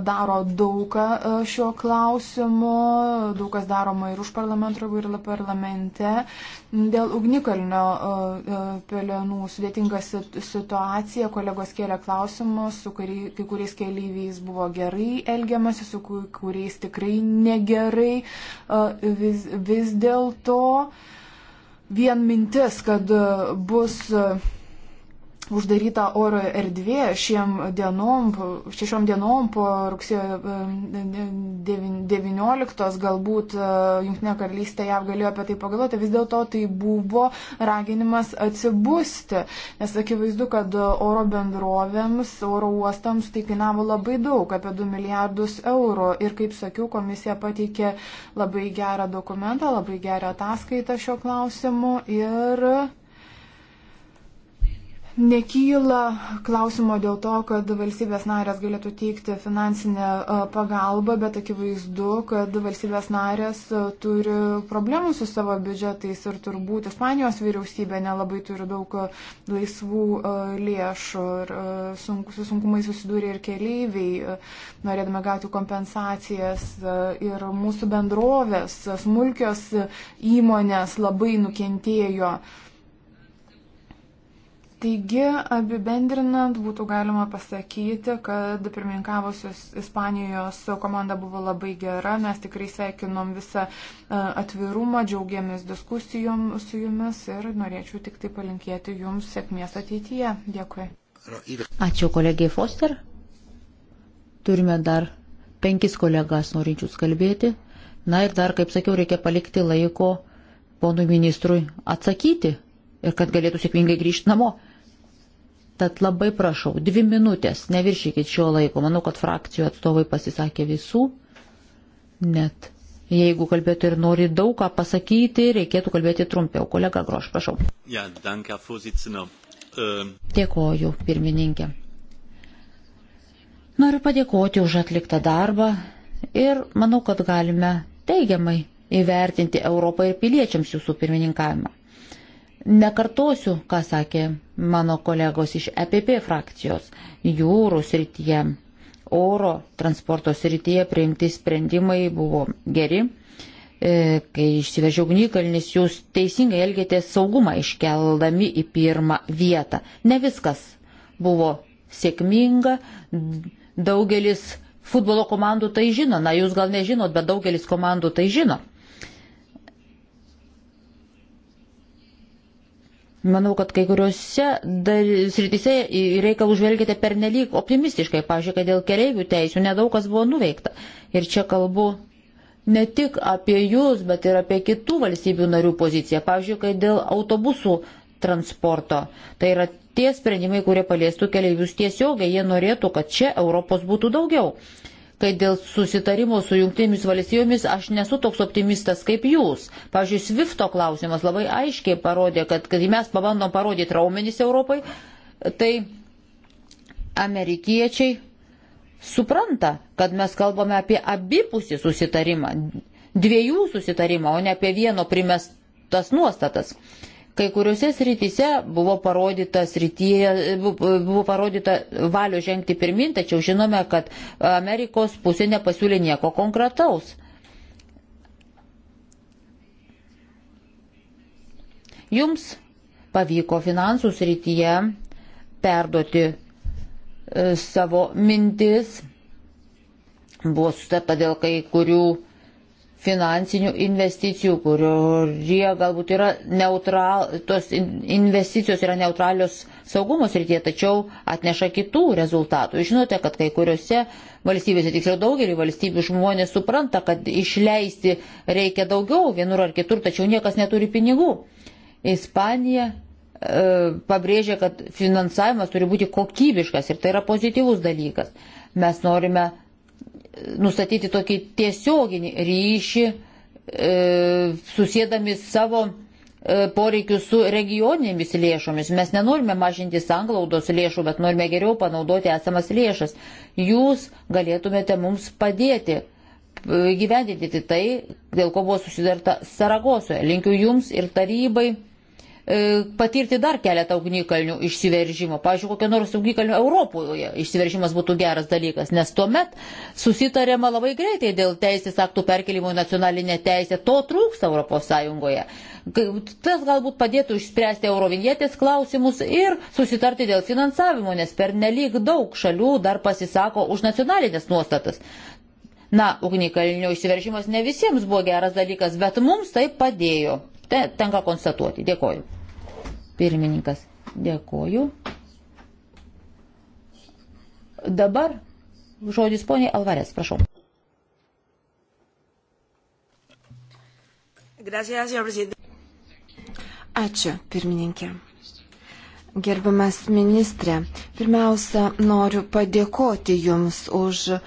Speaker 3: daro daugą e, šiuo klausimu, daug kas daroma ir už parlamento ribų, ir parlamente. Dėl ugnikalnio e, e, pelenų sudėtinga situacija, kolegos kėlė klausimus, su kai kuriais keliaiviais buvo gerai elgiamasi, su kuriais tikrai negerai. Vis, vis dėlto vien mintis, kad bus uždaryta oro erdvė šiem dienom, šešiom dienom po rugsėjo 19 galbūt e, Junktinė karalystė jav galėjo apie tai pagalvoti, vis dėlto tai buvo raginimas atsibusti, nes akivaizdu, kad oro bendrovėms, oro uostams tai kainavo labai daug, apie 2 milijardus eurų ir kaip sakiau, komisija pateikė labai gerą dokumentą, labai gerą ataskaitą šio klausimu ir Nekyla klausimo dėl to, kad valstybės narės galėtų teikti finansinę e, pagalbą, bet akivaizdu, kad valstybės narės e, turi problemų su savo biudžetais ir turbūt Ispanijos vyriausybė nelabai turi daug e, laisvų lėšų ir su sunkumai susidūrė ir keleiviai, norėdami gauti kompensacijas ir mūsų bendrovės, smulkios įmonės labai nukentėjo. Taigi, apibendrinant, būtų galima pasakyti, kad pirmininkavusios Ispanijos komanda buvo labai gera. Mes tikrai sveikinom visą e, atvirumą, džiaugiamės diskusijom su jumis ir norėčiau tik tai palinkėti jums sėkmės ateityje. Dėkui.
Speaker 1: Ačiū kolegiai Foster. Turime dar penkis kolegas norinčius kalbėti. Na ir dar, kaip sakiau, reikia palikti laiko ponui ministrui atsakyti ir kad galėtų sėkmingai grįžti namo. Tad labai prašau, dvi minutės, neviršykit šio laiko. Manau, kad frakcijų atstovai pasisakė visų. Net jeigu kalbėtų ir nori daug ką pasakyti, reikėtų kalbėti trumpiau. Kolega Groš, prašau.
Speaker 5: Ja, danke, um...
Speaker 1: Dėkoju, pirmininkė. Noriu padėkoti už atliktą darbą ir manau, kad galime teigiamai įvertinti Europą ir piliečiams jūsų pirmininkavimą. Nekartosiu, ką sakė mano kolegos iš EPP frakcijos. Jūrų srityje, oro transporto srityje priimti sprendimai buvo geri. E, kai išsivežiau gnykalnis, jūs teisingai elgėtės saugumą iškeldami į pirmą vietą. Ne viskas buvo sėkminga, daugelis futbolo komandų tai žino, na jūs gal nežinot, bet daugelis komandų tai žino. Manau, kad kai kuriuose srityse į reikalų žvelgėte pernelyg optimistiškai, pažiūrėjau, kad dėl keliaivių teisų nedaug kas buvo nuveikta. Ir čia kalbu ne tik apie jūs, bet ir apie kitų valstybių narių poziciją, pažiūrėjau, kad dėl autobusų transporto. Tai yra tie sprendimai, kurie paliestų keliaivius tiesiogiai, jie norėtų, kad čia Europos būtų daugiau kai dėl susitarimo su jungtinėmis valstybėmis aš nesu toks optimistas kaip jūs. Pavyzdžiui, Svifto klausimas labai aiškiai parodė, kad kai mes pabandom parodyti raumenys Europai, tai amerikiečiai supranta, kad mes kalbame apie abipusį susitarimą, dviejų susitarimą, o ne apie vieno primestas nuostatas. Kai kuriuose srityse buvo parodyta, srityje, buvo parodyta valio žengti pirmin, tačiau žinome, kad Amerikos pusė nepasiūlė nieko konkretaus. Jums pavyko finansų srityje perduoti e, savo mintis, buvo sutarta dėl kai kurių finansinių investicijų, kurie galbūt yra neutral, tos investicijos yra neutralios saugumos rytie, tačiau atneša kitų rezultatų. Žinote, kad kai kuriuose valstybėse, tiksliau daugelį valstybių žmonės supranta, kad išleisti reikia daugiau vienur ar kitur, tačiau niekas neturi pinigų. Ispanija e, pabrėžia, kad finansavimas turi būti kokybiškas ir tai yra pozityvus dalykas. Mes norime nustatyti tokį tiesioginį ryšį, e, susėdami savo e, poreikius su regioninėmis lėšomis. Mes nenorime mažinti sanglaudos lėšų, bet norime geriau panaudoti esamas lėšas. Jūs galėtumėte mums padėti e, gyvendinti tai, dėl ko buvo susidarta Saragosoje. Linkiu jums ir tarybai E, patirti dar keletą ugnikalnių išsiveržimo. Pavyzdžiui, kokio nors ugnikalnių Europoje išsiveržimas būtų geras dalykas, nes tuomet susitarėma labai greitai dėl teisės aktų perkelimo į nacionalinę teisę. To trūksta ES. Tas galbūt padėtų išspręsti eurovinietės klausimus ir susitarti dėl finansavimo, nes per nelik daug šalių dar pasisako už nacionalinės nuostatas. Na, ugnikalnių išsiveržimas ne visiems buvo geras dalykas, bet mums tai padėjo. Tenka konstatuoti. Dėkoju. Pirmininkas, dėkoju. Dabar žodis poniai Alvarės, prašau.
Speaker 5: Ačiū, pirmininkė. Gerbiamas ministrė, pirmiausia, noriu padėkoti Jums už e,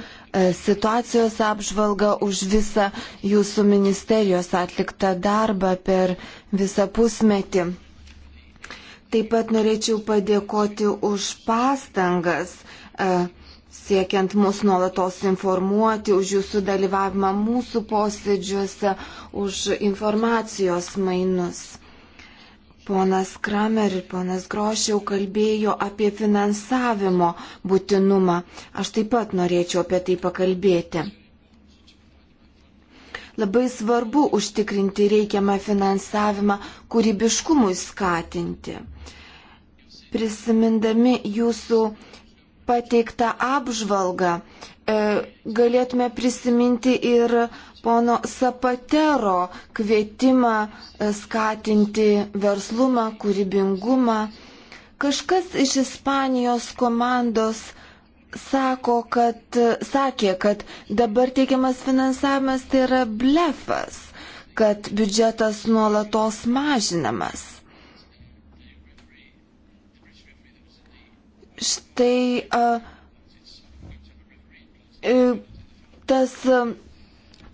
Speaker 5: situacijos apžvalgą, už visą Jūsų ministerijos atliktą darbą per visą pusmetį. Taip pat norėčiau padėkoti už pastangas e, siekiant mus nuolatos informuoti, už jūsų dalyvavimą mūsų posėdžiuose, už informacijos mainus. Ponas Kramer ir ponas Grošiau kalbėjo apie finansavimo būtinumą. Aš taip pat norėčiau apie tai pakalbėti. Labai svarbu užtikrinti reikiamą finansavimą kūrybiškumui skatinti. Prisimindami jūsų pateiktą apžvalgą, e, galėtume prisiminti ir pono Sapatero kvietimą e, skatinti verslumą, kūrybingumą. Kažkas iš Ispanijos komandos sako, kad, sakė, kad dabar teikiamas finansavimas tai yra blefas, kad biudžetas nuolatos mažinamas. Štai uh, tas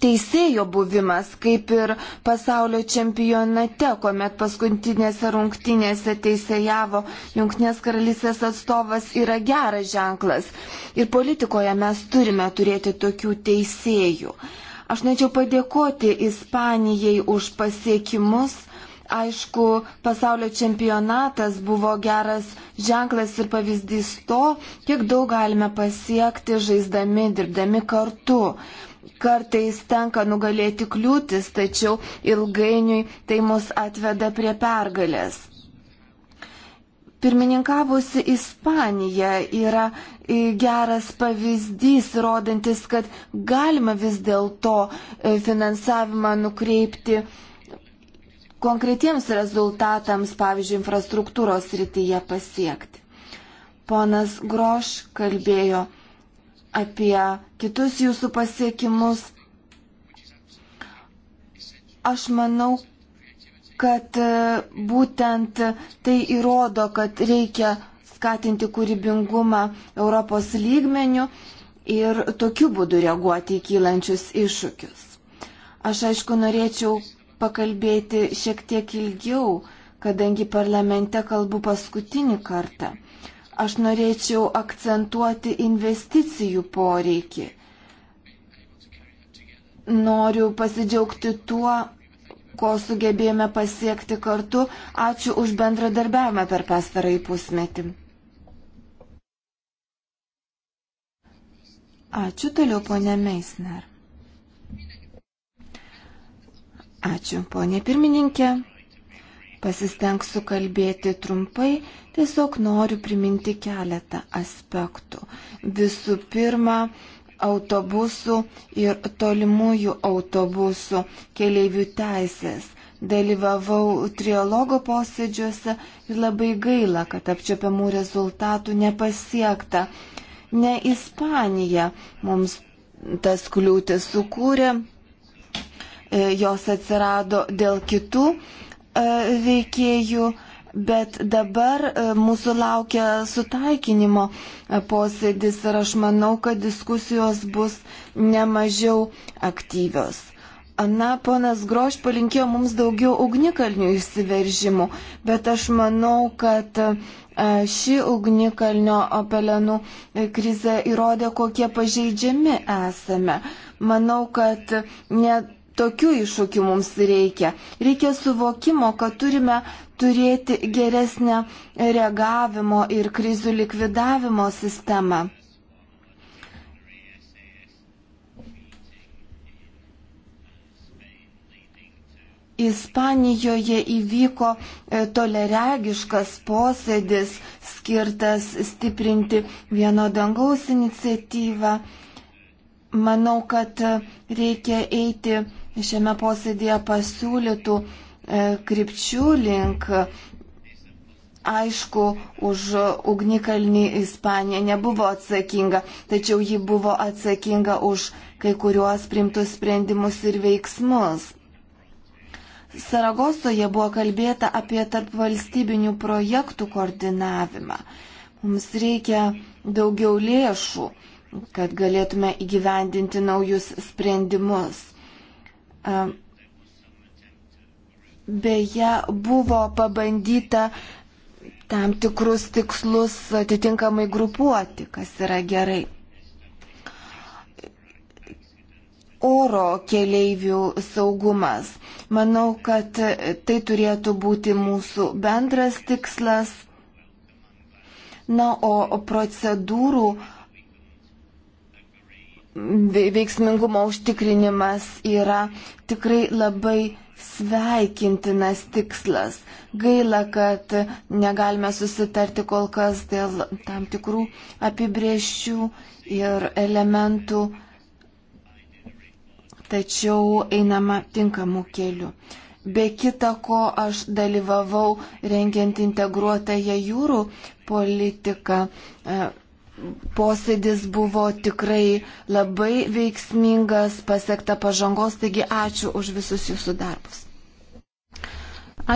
Speaker 5: teisėjo buvimas, kaip ir pasaulio čempionate, kuomet paskutinėse rungtynėse teisėjavo Junktinės karalystės atstovas, yra geras ženklas. Ir politikoje mes turime turėti tokių teisėjų. Aš norėčiau padėkoti Ispanijai už pasiekimus. Aišku, pasaulio čempionatas buvo geras ženklas ir pavyzdys to, kiek daug galime pasiekti žaisdami, dirbdami kartu. Kartais tenka nugalėti kliūtis, tačiau ilgainiui tai mus atveda prie pergalės. Pirmininkavusi Ispanija yra geras pavyzdys, rodantis, kad galima vis dėlto e, finansavimą nukreipti konkretiems rezultatams, pavyzdžiui, infrastruktūros rytyje pasiekti. Ponas Groš kalbėjo apie kitus jūsų pasiekimus. Aš manau, kad e, būtent tai įrodo, kad reikia skatinti kūrybingumą Europos lygmenių ir tokiu būdu reaguoti į kylančius iššūkius. Aš aišku norėčiau pakalbėti šiek tiek ilgiau, kadangi parlamente kalbu paskutinį kartą. Aš norėčiau akcentuoti investicijų poreikį. Noriu pasidžiaugti tuo, ko sugebėjome pasiekti kartu. Ačiū už bendradarbiavimą per pastarąjį pusmetį. Ačiū toliau, ponė Meisner. Ačiū, ponė pirmininkė. Pasistengsiu kalbėti trumpai, tiesiog noriu priminti keletą aspektų. Visų pirma, autobusų ir tolimųjų autobusų keleivių teisės. Dalyvavau trialogo posėdžiuose ir labai gaila, kad apčiopiamų rezultatų nepasiekta. Ne Ispanija mums tas kliūtis sukūrė, e, jos atsirado dėl kitų E, veikėjų, bet dabar e, mūsų laukia sutaikinimo e, posėdis ir aš manau, kad diskusijos bus nemažiau aktyvios. Na, ponas Groš palinkėjo mums daugiau ugnikalnių išsiveržimų, bet aš manau, kad ši ugnikalnio pelenų krizė įrodė, kokie pažeidžiami esame. Manau, kad net Tokių iššūkių mums reikia. Reikia suvokimo, kad turime turėti geresnę reagavimo ir krizių likvidavimo sistemą. Ispanijoje įvyko e, toleregiškas posėdis skirtas stiprinti vieno dangaus iniciatyvą. Manau, kad e, reikia eiti šiame posėdėje pasiūlytų e, krypčių link. Aišku, už ugnikalnį Ispanija nebuvo atsakinga, tačiau ji buvo atsakinga už kai kuriuos primtus sprendimus ir veiksmus. Saragosoje buvo kalbėta apie tarp valstybinių projektų koordinavimą. Mums reikia daugiau lėšų, kad galėtume įgyvendinti naujus sprendimus. Beje, buvo pabandyta tam tikrus tikslus atitinkamai grupuoti, kas yra gerai. Oro keleivių saugumas. Manau, kad tai turėtų būti mūsų bendras tikslas. Na, o procedūrų uh, veiksmingumo užtikrinimas yra tikrai labai sveikintinas tikslas. Gaila, kad negalime susitarti kol kas dėl tam tikrų apibrėžčių ir elementų, tačiau einama tinkamu keliu. Be kita ko, aš dalyvavau rengiant integruotąją jūrų politiką. E, posėdis buvo tikrai labai veiksmingas, pasiekta pažangos, taigi ačiū už visus jūsų darbus.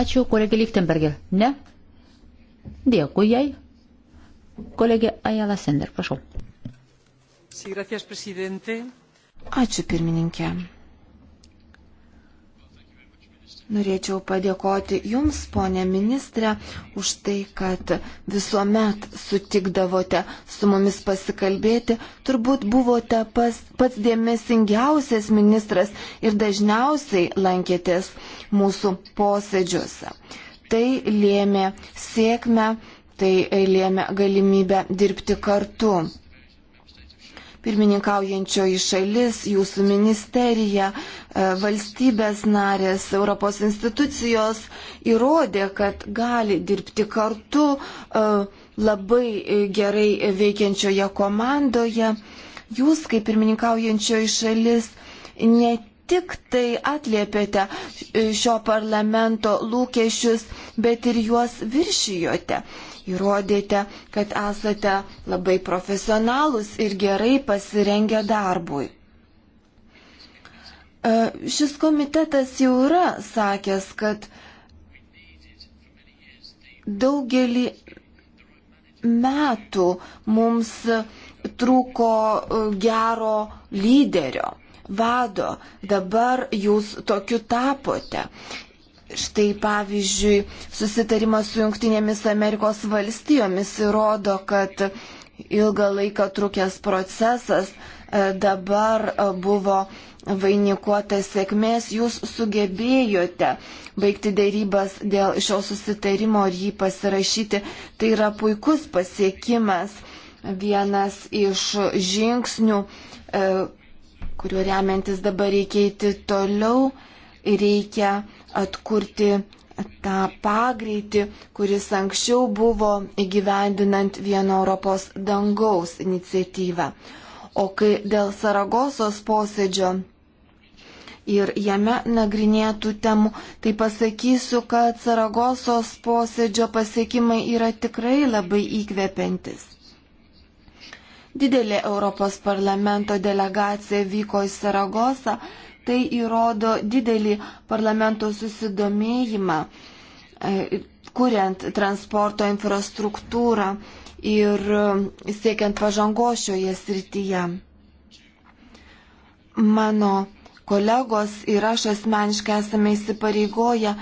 Speaker 1: Ačiū, kolegė Lichtenberger. Ne? Dėkui jai. Kolegė Ajala Sender, prašau.
Speaker 2: Sí, gracias, presidente.
Speaker 1: Ačiū, pirmininkė. Norėčiau
Speaker 5: padėkoti Jums, ponė ministrė, už tai, kad visuomet sutikdavote su mumis pasikalbėti. Turbūt buvote pas, pats dėmesingiausias ministras ir dažniausiai lankėtės mūsų posėdžiuose. Tai lėmė sėkmę, tai lėmė galimybę dirbti kartu pirmininkaujančioji šalis, jūsų ministerija, e, valstybės narės, Europos institucijos įrodė, kad gali dirbti kartu e, labai gerai veikiančioje komandoje. Jūs, kaip pirmininkaujančioji šalis, ne tik tai atliepėte šio parlamento lūkesčius, bet ir juos viršijote įrodėte, kad esate labai profesionalus ir gerai pasirengę darbui. E, šis komitetas jau yra sakęs, kad daugelį metų mums trūko e, gero lyderio, vado, dabar jūs tokiu tapote. Štai pavyzdžiui, susitarimas su Junktinėmis Amerikos valstijomis įrodo, kad ilgą laiką trukęs procesas e, dabar e, buvo vainikuotas sėkmės. Jūs sugebėjote baigti dėrybas dėl šio susitarimo ir jį pasirašyti. Tai yra puikus pasiekimas, vienas iš žingsnių, e, kuriuo remiantis dabar reikia eiti toliau. Reikia atkurti tą pagreitį, kuris anksčiau buvo įgyvendinant vieno Europos dangaus iniciatyvą. O kai dėl Saragosos posėdžio ir jame nagrinėtų temų, tai pasakysiu, kad Saragosos posėdžio pasiekimai yra tikrai labai įkvepiantis. Didelė Europos parlamento delegacija vyko į Saragosą Tai įrodo didelį parlamento susidomėjimą, e, kuriant transporto infrastruktūrą ir e, siekiant pažangos šioje srityje. Mano kolegos ir aš asmeniškai esame įsipareigoję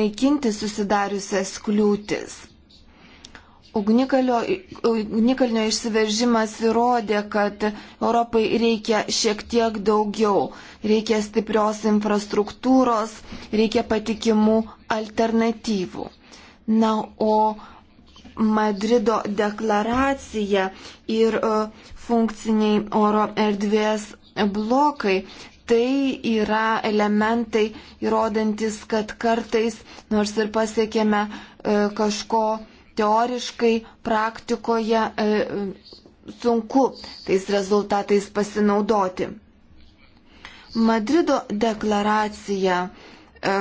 Speaker 5: naikinti susidariusias kliūtis Ugnikalnio išsiveržimas įrodė, kad Europai reikia šiek tiek daugiau. Reikia stiprios infrastruktūros, reikia patikimų alternatyvų. Na, o Madrido deklaracija ir e, funkciniai oro erdvės blokai tai yra elementai įrodantis, kad kartais, nors ir pasiekėme e, kažko teoriškai praktikoje e, e, sunku tais rezultatais pasinaudoti. Madrido deklaracija e,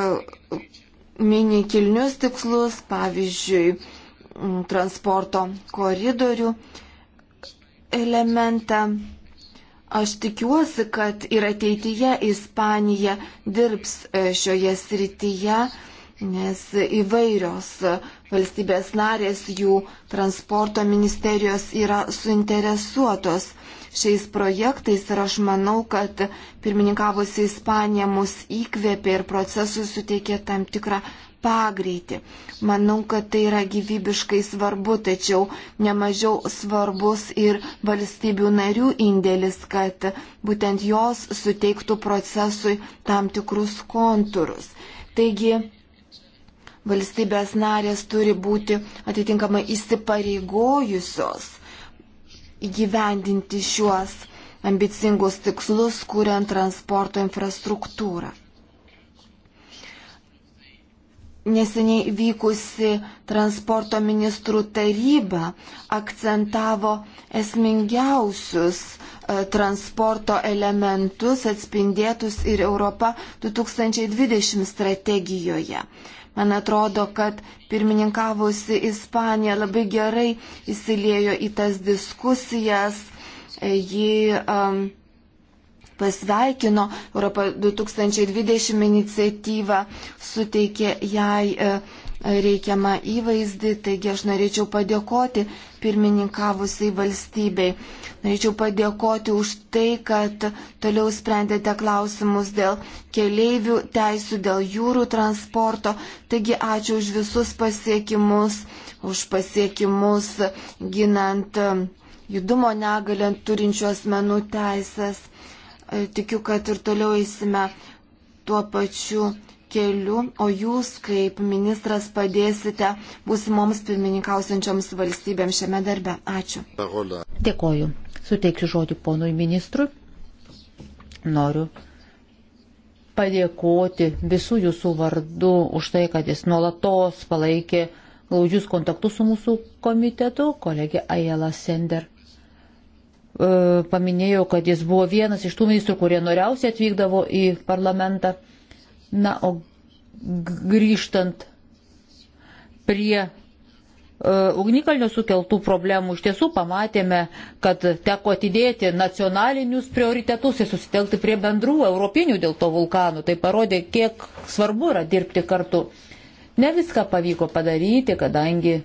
Speaker 5: mini kilnius tikslus, pavyzdžiui, transporto koridorių elementą. Aš tikiuosi, kad ir ateityje Ispanija dirbs šioje srityje, nes įvairios valstybės narės, jų transporto ministerijos yra suinteresuotos šiais projektais ir aš manau, kad pirmininkavusi Ispanija mus įkvėpė ir procesui suteikė tam tikrą pagreitį. Manau, kad tai yra gyvybiškai svarbu, tačiau nemažiau svarbus ir valstybių narių indėlis, kad būtent jos suteiktų procesui tam tikrus kontūrus. Taigi, valstybės narės turi būti atitinkamai įsipareigojusios įgyvendinti šiuos ambicingus tikslus, kuriant transporto infrastruktūrą. Neseniai vykusi transporto ministrų taryba akcentavo esmingiausius e, transporto elementus atspindėtus ir Europa 2020 strategijoje. Man atrodo, kad pirmininkavusi Ispanija labai gerai įsilėjo į tas diskusijas. Ji um, pasveikino Europą 2020 iniciatyvą, suteikė jai uh, reikiamą įvaizdį, taigi aš norėčiau padėkoti pirmininkavusiai valstybei. Norėčiau padėkoti už tai, kad toliau sprendėte klausimus dėl keleivių teisų, dėl jūrų transporto. Taigi ačiū už visus pasiekimus, už pasiekimus ginant judumo negalę turinčių asmenų teisės. Tikiu, kad ir toliau eisime tuo pačiu keliu, o jūs kaip ministras padėsite būsimoms pirmininkausiančioms valstybėms šiame darbe. Ačiū.
Speaker 1: Dėkoju. Suteiksiu žodį ponui ministrui. Noriu padėkoti visų jūsų vardu už tai, kad jis nuolatos palaikė glaudžius kontaktus su mūsų komitetu, kolegė Ajela Sender. E, paminėjau, kad jis buvo vienas iš tų ministrų, kurie noriausiai atvykdavo į parlamentą. Na, o grįžtant prie e, ugnikalnio sukeltų problemų iš tiesų pamatėme, kad teko atidėti nacionalinius prioritetus ir susitelkti prie bendrų europinių dėl to vulkanų. Tai parodė, kiek svarbu yra dirbti kartu. Ne viską pavyko padaryti, kadangi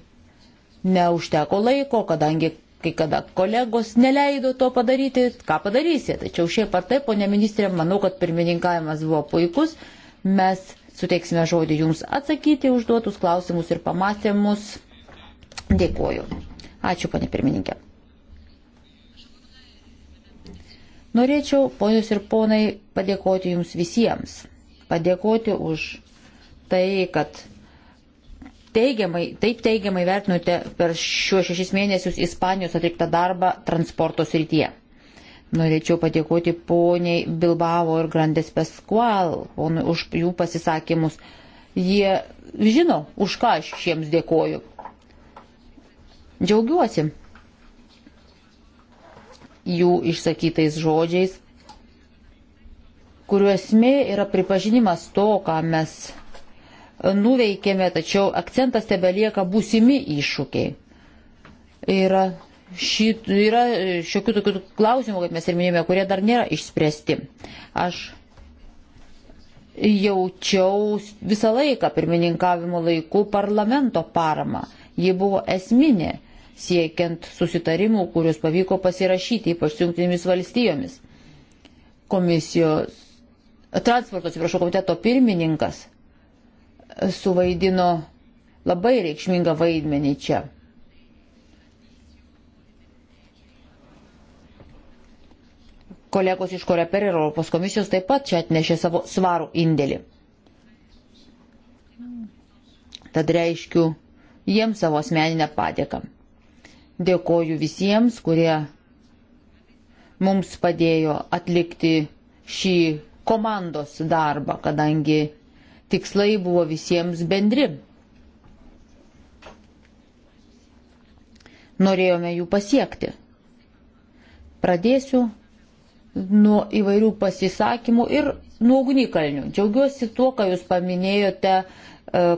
Speaker 1: neužteko laiko, kadangi kai kada kolegos neleido to padaryti, ką padarysi. Tačiau šiaip ar taip, ponė ministrė, manau, kad pirmininkavimas buvo puikus Mes suteiksime žodį Jums atsakyti užduotus klausimus ir pamastymus. Dėkuoju. Ačiū, ponė pirmininkė. Norėčiau, ponios ir ponai, padėkoti Jums visiems. Padėkoti už tai, kad teigiamai, taip teigiamai vertinote per šiuos šešis mėnesius Ispanijos atliktą darbą transporto srityje. Norėčiau padėkoti poniai Bilbao ir Grandes Pesqual ponui, už jų pasisakymus. Jie žino, už ką aš jiems dėkoju. Džiaugiuosi jų išsakytais žodžiais, kuriuo esmė yra pripažinimas to, ką mes nuveikėme, tačiau akcentas tebe lieka būsimi iššūkiai. Yra šį, yra e, šiokių tokių klausimų, kaip mes ir minėjome, kurie dar nėra išspręsti. Aš jaučiau visą laiką pirmininkavimo laikų parlamento paramą. Ji buvo esminė siekiant susitarimų, kuriuos pavyko pasirašyti, ypač su jungtinėmis valstijomis. Komisijos, transporto, atsiprašau, komiteto pirmininkas suvaidino labai reikšmingą vaidmenį čia. Kolegos iš Koreper ir Europos komisijos taip pat čia atnešė savo svarų indėlį. Tad reiškiu jiems savo asmeninę padėką. Dėkoju visiems, kurie mums padėjo atlikti šį komandos darbą, kadangi tikslai buvo visiems bendri. Norėjome jų pasiekti. Pradėsiu nuo įvairių pasisakymų ir nuo ugnikalnių. Džiaugiuosi tuo, ką Jūs paminėjote, e,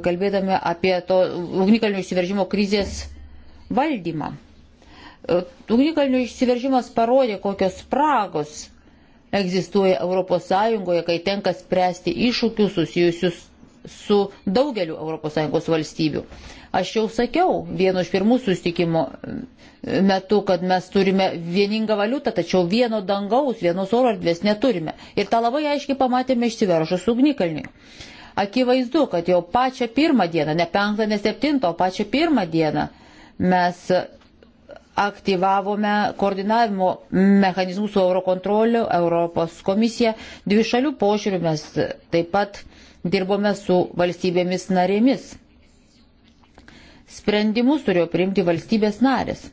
Speaker 1: kalbėdami apie to ugnikalnių išsiveržimo krizės valdymą. E, ugnikalnių išsiveržimas parodė, kokios spragos egzistuoja ES, kai tenka spręsti iššūkius susijusius su daugeliu ES valstybių. Aš jau sakiau vieno iš pirmų sustikimo e, metu, kad mes turime vieningą valiutą, tačiau vieno dangaus, vienos oro erdvės neturime. Ir tą labai aiškiai pamatėme išsiveržus ugnikalnį. Akivaizdu, kad jau pačią pirmą dieną, ne penktą, ne septintą, o pačią pirmą dieną mes aktyvavome koordinavimo mechanizmus su Eurokontroliu, Europos komisija, dvi šalių požiūrių mes taip pat dirbome su valstybėmis narėmis Sprendimus turėjo priimti valstybės narės.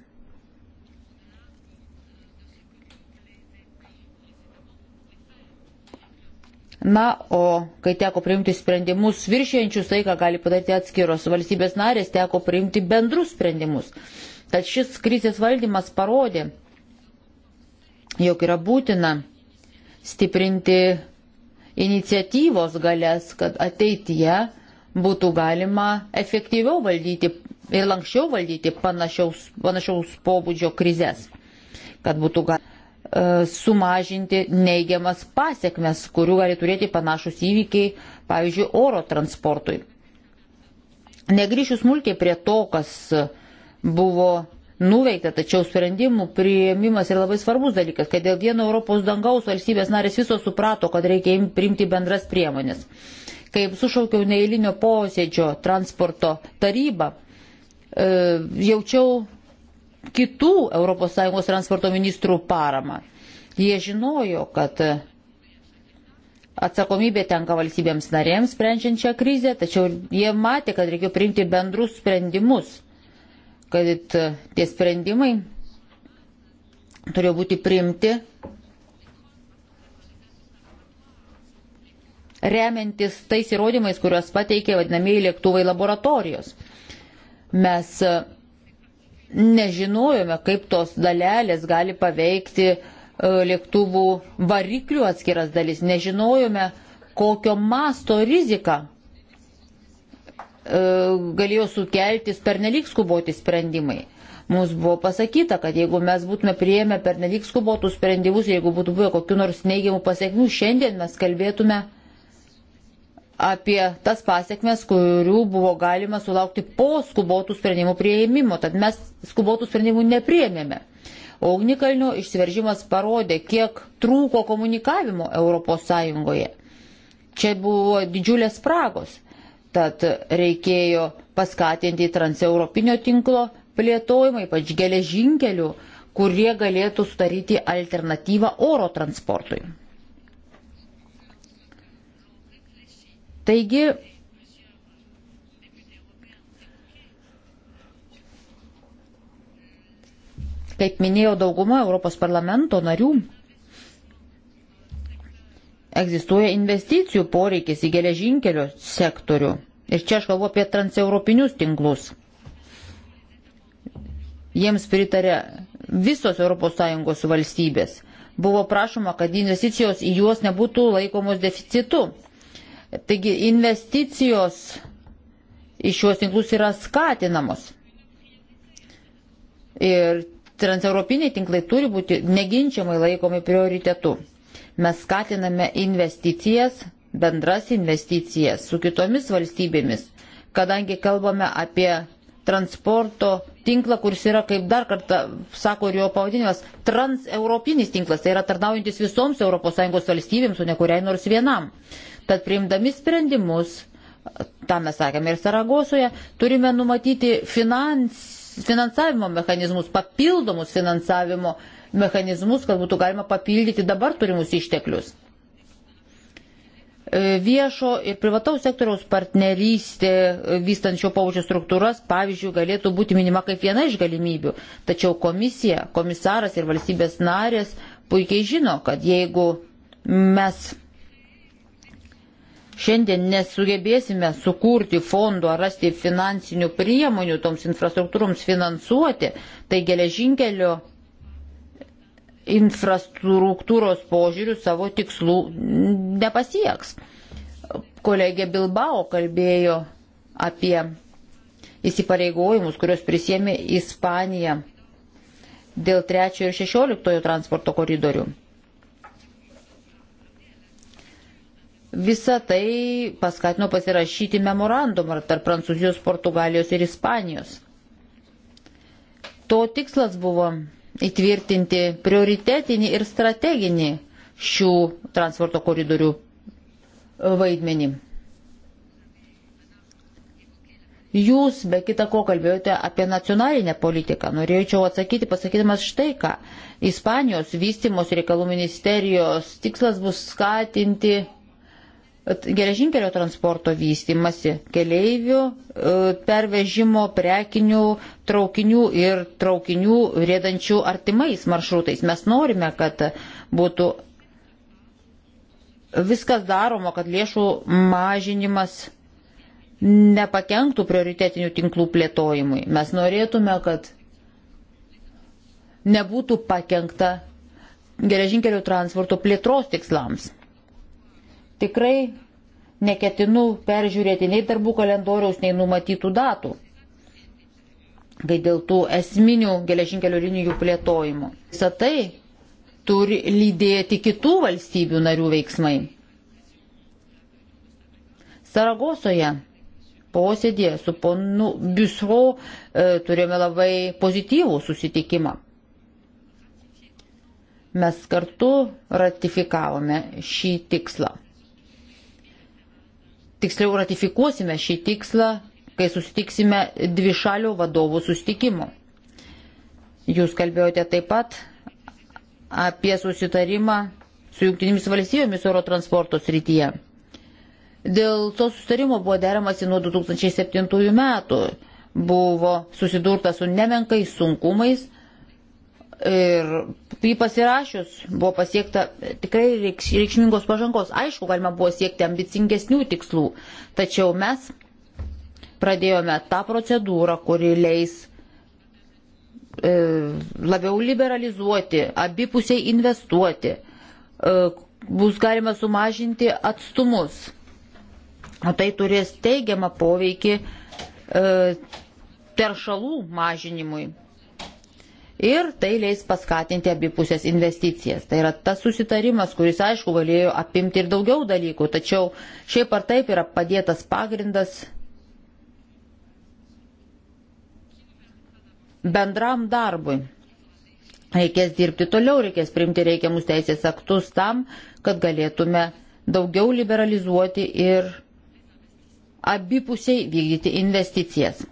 Speaker 1: Na, o kai teko priimti sprendimus viršienčius tai, ką gali padaryti atskiros valstybės narės, teko priimti bendrus sprendimus. Tad šis krizės valdymas parodė, jog yra būtina stiprinti iniciatyvos galės, kad ateityje būtų galima efektyviau valdyti ir lankščiau valdyti panašiaus, panašiaus pobūdžio krizės, kad būtų galima e, sumažinti neigiamas pasiekmes, kurių gali turėti panašus įvykiai, pavyzdžiui, oro transportui. Negryšiu smulkiai prie to, kas buvo nuveikta, tačiau sprendimų prieimimas yra labai svarbus dalykas, kad dėl vieno Europos dangaus valstybės narės visos suprato, kad reikia priimti bendras priemonės. Kaip sušaukiau neįlinio posėdžio transporto tarybą, E, jaučiau kitų ES transporto ministrų paramą. Jie žinojo, kad atsakomybė tenka valstybėms narėms sprendžiant šią krizę, tačiau jie matė, kad reikėjo priimti bendrus sprendimus, kad tie sprendimai turėjo būti priimti remiantis tais įrodymais, kuriuos pateikė vadinamieji lėktuvai laboratorijos. Mes e, nežinojome, kaip tos dalelės gali paveikti e, lėktuvų variklių atskiras dalis. Nežinojome, kokio masto rizika e, galėjo sukelti pernelyg skuboti sprendimai. Mums buvo pasakyta, kad jeigu mes būtume prieėmę pernelyg skubotų sprendimus, jeigu būtų buvę kokiu nors neigiamų pasiekmių, šiandien mes kalbėtume apie tas pasiekmes, kurių buvo galima sulaukti po skubotų sprendimų prieimimo, tad mes skubotų sprendimų neprieimėme. Ugnikalnio išsiveržimas parodė, kiek trūko komunikavimo ES. Čia buvo didžiulės spragos, tad reikėjo paskatinti transeuropinio tinklo plėtojimą, ypač geležinkelių, kurie galėtų sudaryti alternatyvą oro transportui. Taigi, kaip minėjo dauguma Europos parlamento narių, egzistuoja investicijų poreikis į geležinkelio sektorių. Ir čia aš kalbu apie transeuropinius tinklus. Jiems pritarė visos ES valstybės. Buvo prašoma, kad investicijos į juos nebūtų laikomos deficitu. Taigi investicijos į šiuos tinklus yra skatinamos. Ir transeuropiniai tinklai turi būti neginčiamai laikomi prioritetu. Mes skatiname investicijas, bendras investicijas su kitomis valstybėmis, kadangi kalbame apie transporto tinklą, kuris yra, kaip dar kartą sako ir jo pavadinimas, transeuropinis tinklas, tai yra tarnaujantis visoms ES valstybėms, o ne kuriai nors vienam. Tad priimdami sprendimus, tą mes sakėme ir Saragosoje, turime numatyti finans, finansavimo mechanizmus, papildomus finansavimo mechanizmus, kad būtų galima papildyti dabar turimus išteklius e, viešo ir privataus sektoriaus partnerystė e, vystančio paučio struktūras, pavyzdžiui, galėtų būti minima kaip viena iš galimybių. Tačiau komisija, komisaras ir valstybės narės puikiai žino, kad jeigu mes šiandien nesugebėsime sukurti fondų ar rasti finansinių priemonių toms infrastruktūroms finansuoti, tai geležinkelio infrastruktūros požiūrių savo tikslų nepasieks. Kolegė Bilbao kalbėjo apie įsipareigojimus, kurios prisėmė Ispanija dėl 3 ir 16 transporto koridorių. Visa tai paskatino pasirašyti memorandumą tarp Prancūzijos, Portugalijos ir Ispanijos. To tikslas buvo įtvirtinti prioritetinį ir strateginį šių transporto koridorių vaidmenį. Jūs be kita ko kalbėjote apie nacionalinę politiką. Norėčiau atsakyti, pasakydamas štai ką. Ispanijos vystimos reikalų ministerijos tikslas bus skatinti geležinkelio transporto vystimasi, keleivių e, pervežimo prekinių traukinių ir traukinių rėdančių artimais maršrutais. Mes norime, kad būtų viskas daroma, kad lėšų mažinimas nepakenktų prioritetinių tinklų plėtojimui. Mes norėtume, kad nebūtų pakengta geležinkelio transporto plėtros tikslams. Tikrai neketinu peržiūrėti nei darbų kalendoriaus, nei numatytų datų, kai dėl tų esminių geležinkelio linijų plėtojimo. Visą tai turi lydėti kitų valstybių narių veiksmai. Saragosoje posėdėje su ponu Biusro e, turėjome labai pozityvų susitikimą. Mes kartu ratifikavome šį tikslą tiksliau ratifikuosime šį tikslą, kai susitiksime dvišalių vadovų susitikimu. Jūs kalbėjote taip pat apie susitarimą su jungtinėmis valstybėmis oro transporto srityje. Dėl to susitarimo buvo deramasi nuo 2007 metų. Buvo susidurta su nemenkais sunkumais, Ir jį pasirašius buvo pasiekta tikrai reikšmingos pažangos. Aišku, galima buvo siekti ambicingesnių tikslų, tačiau mes pradėjome tą procedūrą, kuri leis e, labiau liberalizuoti, abipusiai investuoti, e, bus galima sumažinti atstumus. O tai turės teigiamą poveikį e, teršalų mažinimui ir tai leis paskatinti abipusės investicijas. Tai yra tas susitarimas, kuris aišku galėjo apimti ir daugiau dalykų, tačiau šiaip ar taip yra padėtas pagrindas bendram darbui. Reikės dirbti toliau, reikės priimti reikiamus teisės aktus tam, kad galėtume daugiau liberalizuoti ir abipusiai vykdyti investicijas.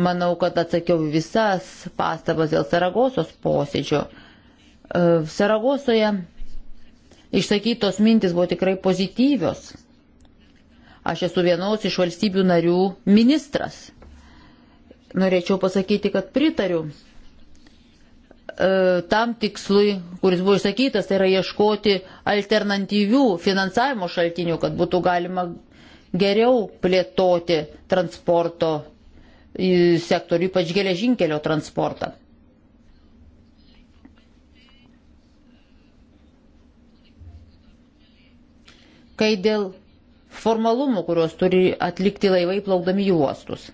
Speaker 1: Manau, kad atsakiau visas pastabas dėl Saragosos posėdžio. E, Saragosoje išsakytos mintis buvo tikrai pozityvios. Aš esu vienos iš valstybių narių ministras. Norėčiau pasakyti, kad pritariu e, tam tikslui, kuris buvo išsakytas, tai yra ieškoti alternatyvių finansavimo šaltinių, kad būtų galima geriau plėtoti transporto sektorių, ypač geležinkelio transportą. Kai dėl formalumų, kuriuos turi atlikti laivai plaukdami į uostus.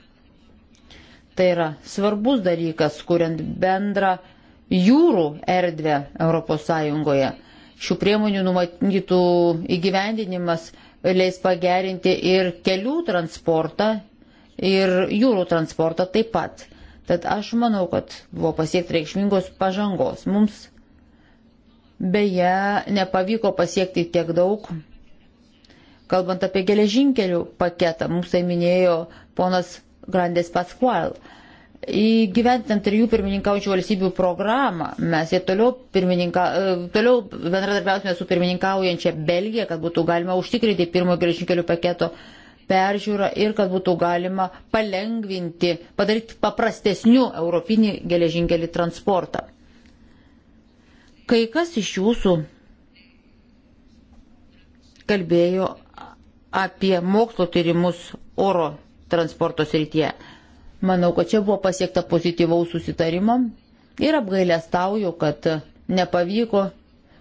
Speaker 1: Tai yra svarbus dalykas, kuriant bendrą jūrų erdvę ES. Šių priemonių numatytų įgyvendinimas leis pagerinti ir kelių transportą ir jūrų transportą taip pat. Tad aš manau, kad buvo pasiekti reikšmingos pažangos. Mums beje nepavyko pasiekti tiek daug, kalbant apie geležinkelių paketą, mums tai minėjo ponas Grandes Pasqual. Įgyventinant ir jų pirmininkaujančių valstybių programą, mes ir toliau, e, toliau bendradarbiausime su pirmininkaujančia Belgija, kad būtų galima užtikrinti pirmojo geležinkelių paketo peržiūrą ir kad būtų galima palengvinti, padaryti paprastesnių europinį geležinkelį transportą. Kai kas iš jūsų kalbėjo apie mokslo tyrimus oro transporto srityje. Manau, kad čia buvo pasiekta pozityvaus susitarimo ir apgailestauju, kad nepavyko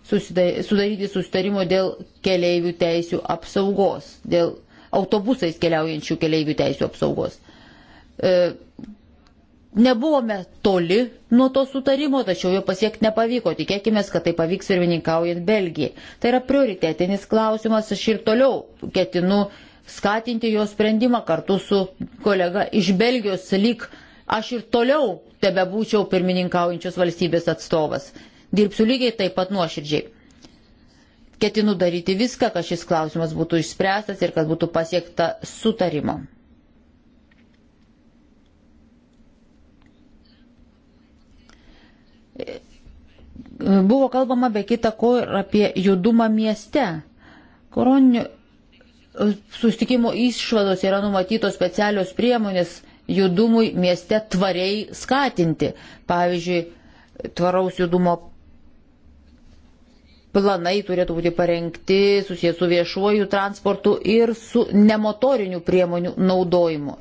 Speaker 1: susidaryti susitarimo dėl keleivių teisių apsaugos, dėl autobusais keliaujančių keleivių teisų apsaugos. E, nebuvome toli nuo to sutarimo, tačiau jo pasiekti nepavyko. Tikėkime, kad tai pavyks pirmininkaujant Belgijai. Tai yra prioritetinis klausimas, aš ir toliau ketinu skatinti jo sprendimą kartu su kolega iš Belgijos, lyg aš ir toliau tebe būčiau pirmininkaujančios valstybės atstovas. Dirbsiu lygiai taip pat nuoširdžiai ketinu daryti viską, kad šis klausimas būtų išspręstas ir kad būtų pasiekta sutarimo. Buvo kalbama be kita ko ir apie judumą mieste. Koroninių e, sustikimo išvados yra numatytos specialios priemonės judumui mieste tvariai skatinti. Pavyzdžiui, tvaraus judumo planai turėtų būti parengti susijęs su viešuoju transportu ir su nemotorinių priemonių naudojimu.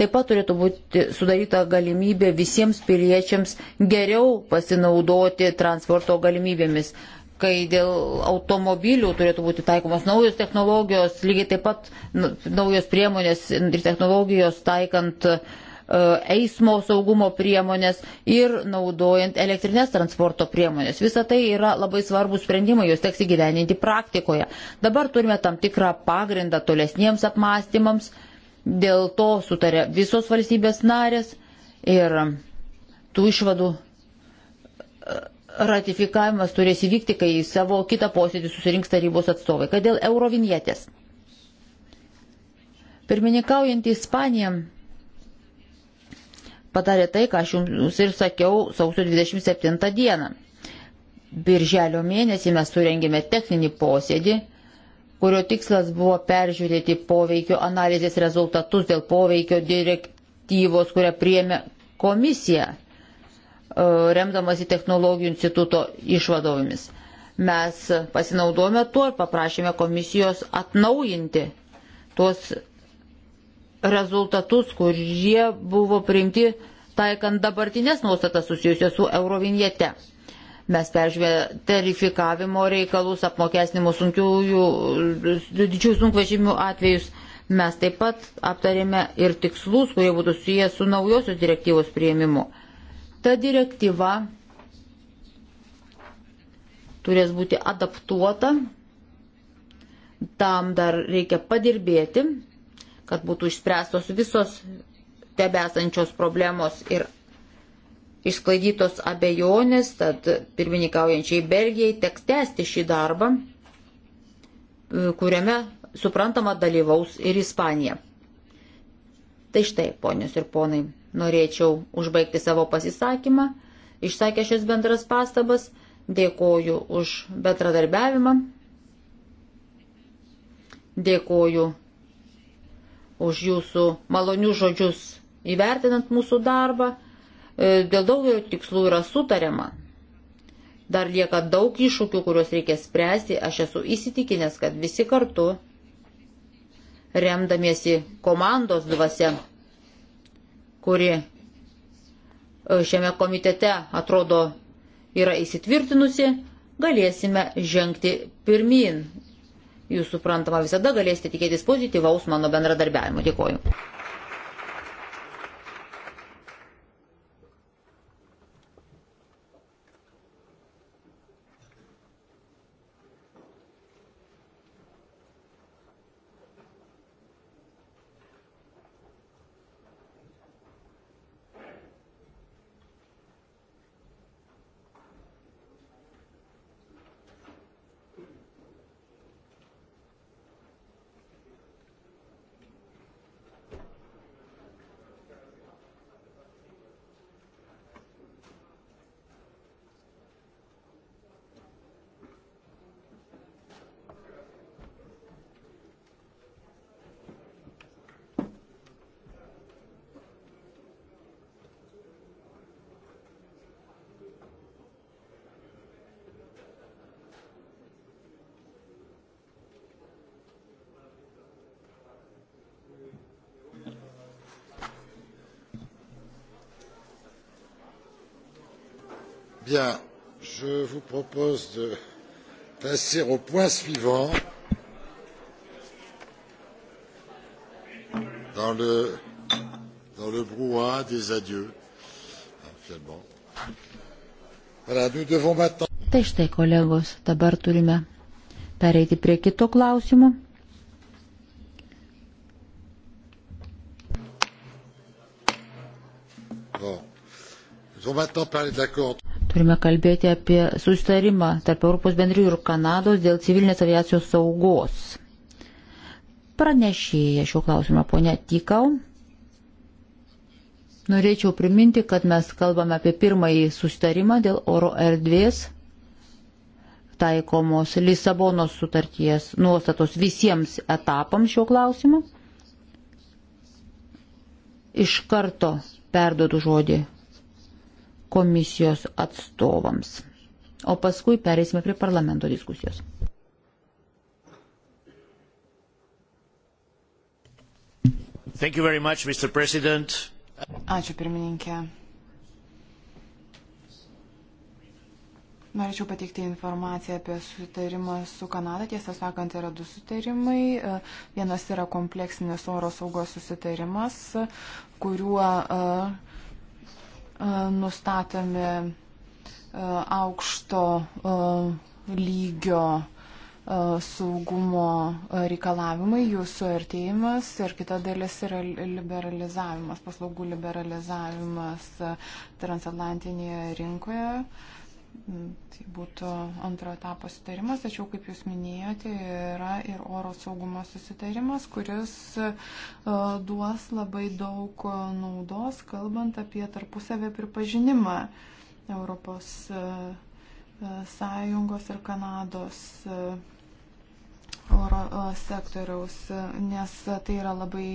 Speaker 1: Taip pat turėtų būti sudaryta galimybė visiems piliečiams geriau pasinaudoti transporto galimybėmis, kai dėl automobilių turėtų būti taikomos naujos technologijos, lygiai taip pat nu, naujos priemonės ir technologijos taikant uh, E, eismo saugumo priemonės ir naudojant elektrinės transporto priemonės. Visa tai yra labai svarbus sprendimai, juos teks įgyveninti praktikoje. Dabar turime tam tikrą pagrindą tolesniems apmąstymams, dėl to sutarė visos valstybės narės ir tų išvadų e, ratifikavimas turės įvykti, kai į savo kitą posėdį susirinks tarybos atstovai. Kad dėl eurovinietės. Pirmininkaujant į Ispaniją padarė tai, ką aš jums ir sakiau sausio 27 dieną. Birželio mėnesį mes surengėme techninį posėdį, kurio tikslas buvo peržiūrėti poveikio analizės rezultatus dėl poveikio direktyvos, kurią priėmė komisija, e, remdamasi technologijų instituto išvadovomis. Mes pasinaudojame tuo ir paprašėme komisijos atnaujinti tuos rezultatus, kurie buvo priimti taikant dabartinės nuostatas susijusios su euroviniete. Mes peržvėjome tarifikavimo reikalus, apmokesnimo sunkiųjų, didžiųjų sunkvežimių atvejus. Mes taip pat aptarėme ir tikslus, kurie būtų susiję su naujosios direktyvos prieimimu. Ta direktyva turės būti adaptuota, tam dar reikia padirbėti, kad būtų išspręstos visos tebesančios problemos ir išsklaidytos abejonės, tad pirmininkaujančiai Belgijai teks tęsti šį darbą, kuriame suprantama dalyvaus ir Ispanija. Tai štai, ponios ir ponai, norėčiau užbaigti savo pasisakymą, išsakę šias bendras pastabas, dėkoju už bendradarbiavimą, dėkoju už jūsų malonių žodžius įvertinant mūsų darbą. E, dėl daugelio tikslų yra sutariama. Dar lieka daug iššūkių, kuriuos reikia spręsti. Aš esu įsitikinęs, kad visi kartu, remdamiesi komandos dvasia, kuri e, šiame komitete atrodo yra įsitvirtinusi, galėsime žengti pirmin jūs suprantama visada galėsite tikėtis pozityvaus mano bendradarbiavimo. Dėkoju.
Speaker 2: Bien, je vous propose de passer au point suivant dans le, dans le brouhaha des adieux, finalement. Voilà, nous devons maintenant.
Speaker 1: Tai štai, kolegos, dabar turime pereiti prie kito klausimo.
Speaker 2: Bon. Nous allons maintenant parler de l'accord
Speaker 1: Turime kalbėti apie susitarimą tarp Europos bendrijų ir Kanados dėl civilinės aviacijos saugos. Pranešėja šio klausimą ponia Tikau. Norėčiau priminti, kad mes kalbame apie pirmąjį susitarimą dėl oro erdvės taikomos Lisabonos sutarties nuostatos visiems etapams šiuo klausimu. Iš karto perdodu žodį komisijos atstovams. O paskui pereisime prie parlamento diskusijos.
Speaker 2: Much,
Speaker 3: Ačiū pirmininkė. Norėčiau pateikti informaciją apie sutarimą su Kanada. Tiesą sakant, yra du sutarimai. Vienas yra kompleksinis oro saugos susitarimas, kuriuo uh, E, nustatomi e, aukšto e, lygio saugumo reikalavimai, jų suartėjimas ir kita dalis yra liberalizavimas, paslaugų liberalizavimas transatlantinėje rinkoje. Uh, Mm, tai būtų antro etapo sutarimas, tačiau, kaip jūs minėjote, yra ir oro saugumo susitarimas, kuris e, duos labai daug e, naudos, kalbant apie tarpusavę pripažinimą Europos e, Sąjungos ir Kanados oro sektoriaus, nes tai yra labai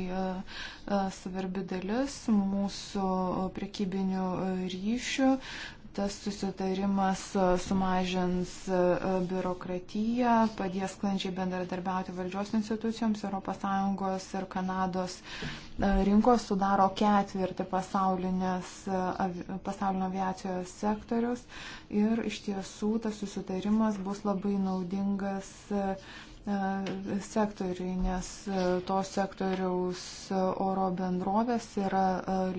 Speaker 3: svarbi dalis mūsų prekybinių ryšių tas susitarimas e, sumažins e, e, biurokratiją, padės sklandžiai bendradarbiauti valdžios institucijoms, ES ir Kanados rinkos sudaro ketvirtį pasaulinio aviacijos sektorius ir iš tiesų tas susitarimas bus labai naudingas sektoriui, nes to sektoriaus oro bendrovės yra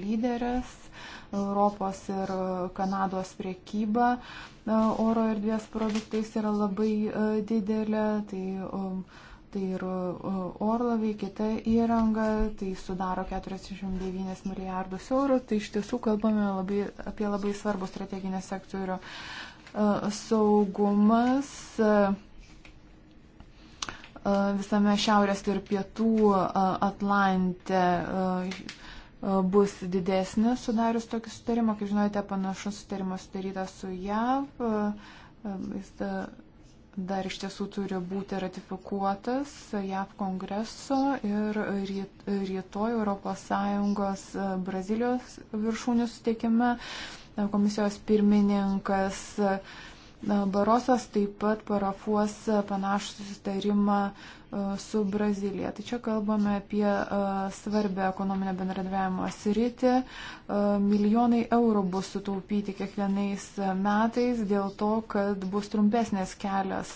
Speaker 3: lyderės Europos ir e, Kanados priekyba e, oro erdvės produktais yra labai e, didelė. Tai, Tai ir orlaviai, kita įranga, tai sudaro 49 milijardus eurų. Tai iš tiesų kalbame labai, apie labai svarbų strateginę sektorių saugumas visame šiaurės ir pietų Atlante bus didesnis sudarius tokį sutarimą. Kaip žinote, panašus sutarimas sudarytas su JAV. Jis dar iš tiesų turi būti ratifikuotas JAV kongreso ir rytoj ES Brazilijos viršūnių sutikime komisijos pirmininkas Barosas taip pat parafuos panašų susitarimą E, su Brazilija. Tai čia kalbame apie e, svarbę ekonominę bendradarbiavimo sritį. E, milijonai eurų bus sutaupyti kiekvienais metais dėl to, kad bus trumpesnės kelias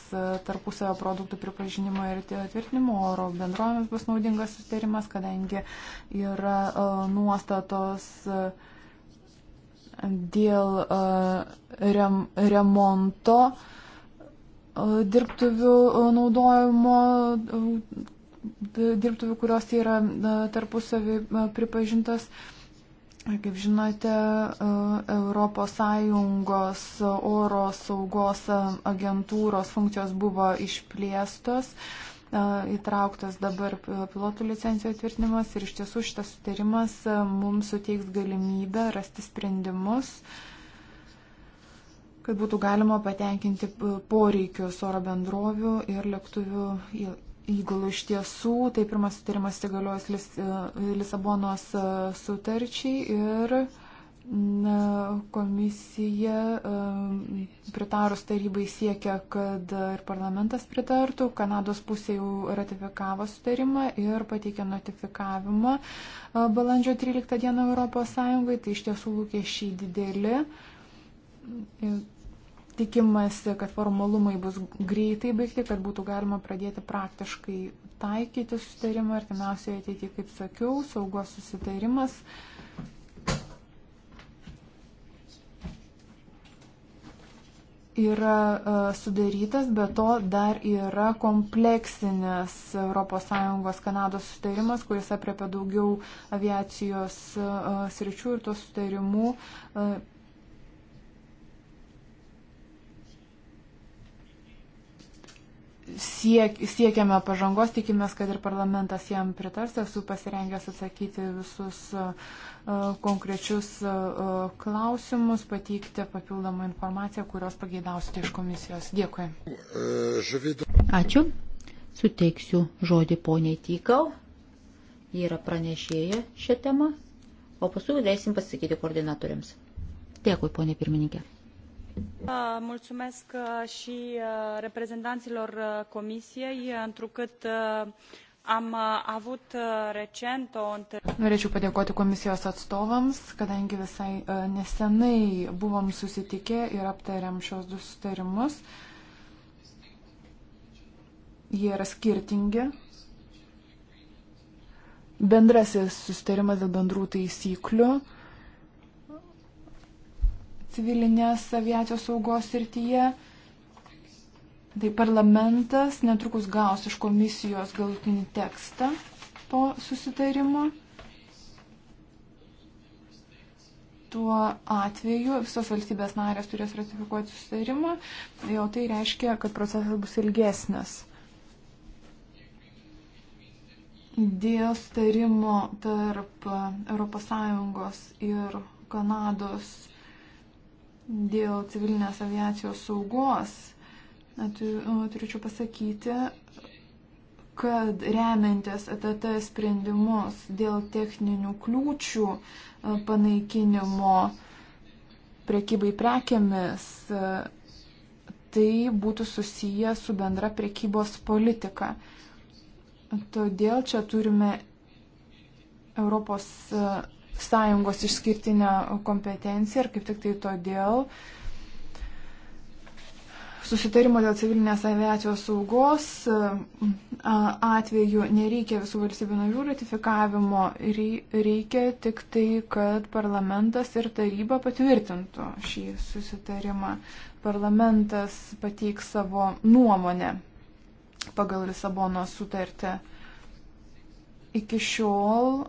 Speaker 3: tarpusavio produktų pripažinimo ir tvirtinimo oro bendrovėms bus naudingas sustarimas, kadangi yra nuostatos dėl remonto. Uh, dirbtuvių naudojimo, dirbtuvių, kurios yra tarpusavį pripažintas. Kaip žinote, ES oro saugos agentūros funkcijos buvo išplėstos, įtrauktas dabar pilotų licencijų atvirtinimas ir iš tiesų šitas sutarimas mums suteiks galimybę rasti sprendimus, uh, kad būtų galima patenkinti poreikius oro bendrovių ir lėktuvių įgulų. Iš tiesų, tai pirmas sutarimas įgaliojus Lis, e, Lisabonos e, sutarčiai ir na, komisija e, pritarus tarybai siekia, kad ir parlamentas pritartų. Kanados pusė jau ratifikavo sutarimą ir pateikė notifikavimą balandžio 13 dieną Europos Sąjungai. Tai iš tiesų lūkesčiai dideli tikimasi, kad formalumai bus greitai baigti, kad būtų galima pradėti praktiškai taikyti susitarimą artimiausioje ateityje, kaip sakiau, saugos susitarimas. Yra e, sudarytas, bet to dar yra kompleksinis ES Kanados sutarimas, kuris apriepia daugiau aviacijos e, sričių ir tuo sutarimu e, siek, siekiame pažangos, tikimės, kad ir parlamentas jam pritars, esu pasirengęs atsakyti visus e, e, konkrečius e, klausimus, pateikti papildomą informaciją, kurios pageidausite iš komisijos. Dėkui. Ačiū.
Speaker 1: Suteiksiu žodį poniai Tykau. Ji yra pranešėja šią temą, o paskui leisim pasakyti koordinatoriams. Dėkui, ponė pirmininkė. Uh, mulțumesc uh, și uh, reprezentanților
Speaker 3: comisiei, întrucât am avut recent o întâlnire. Norėčiau padėkoti komisijos atstovams, kadangi visai nesenai buvom susitikę ir aptarėm šios du sutarimus. Jie yra skirtingi. Bendrasis sustarimas dėl bendrų taisyklių civilinės aviacijos saugos srityje. Tai parlamentas netrukus gaus iš komisijos galutinį tekstą to susitarimo. Tuo atveju visos valstybės narės turės ratifikuoti susitarimą, jau tai reiškia, kad procesas bus ilgesnis. Dėl sutarimo tarp ES ir Kanados dėl civilinės aviacijos saugos, turėčiau pasakyti, kad remiantis ATT sprendimus dėl techninių kliūčių panaikinimo prekybai prekiamis, tai būtų susiję su bendra prekybos politika. Todėl čia turime Europos sąjungos išskirtinę kompetenciją ir kaip tik tai todėl susitarimo dėl civilinės aviacijos saugos atveju nereikia visų valstybių narių ratifikavimo, reikia tik tai, kad parlamentas ir taryba patvirtintų šį susitarimą. Parlamentas pateiks savo nuomonę pagal Lisabono sutartį. Iki šiol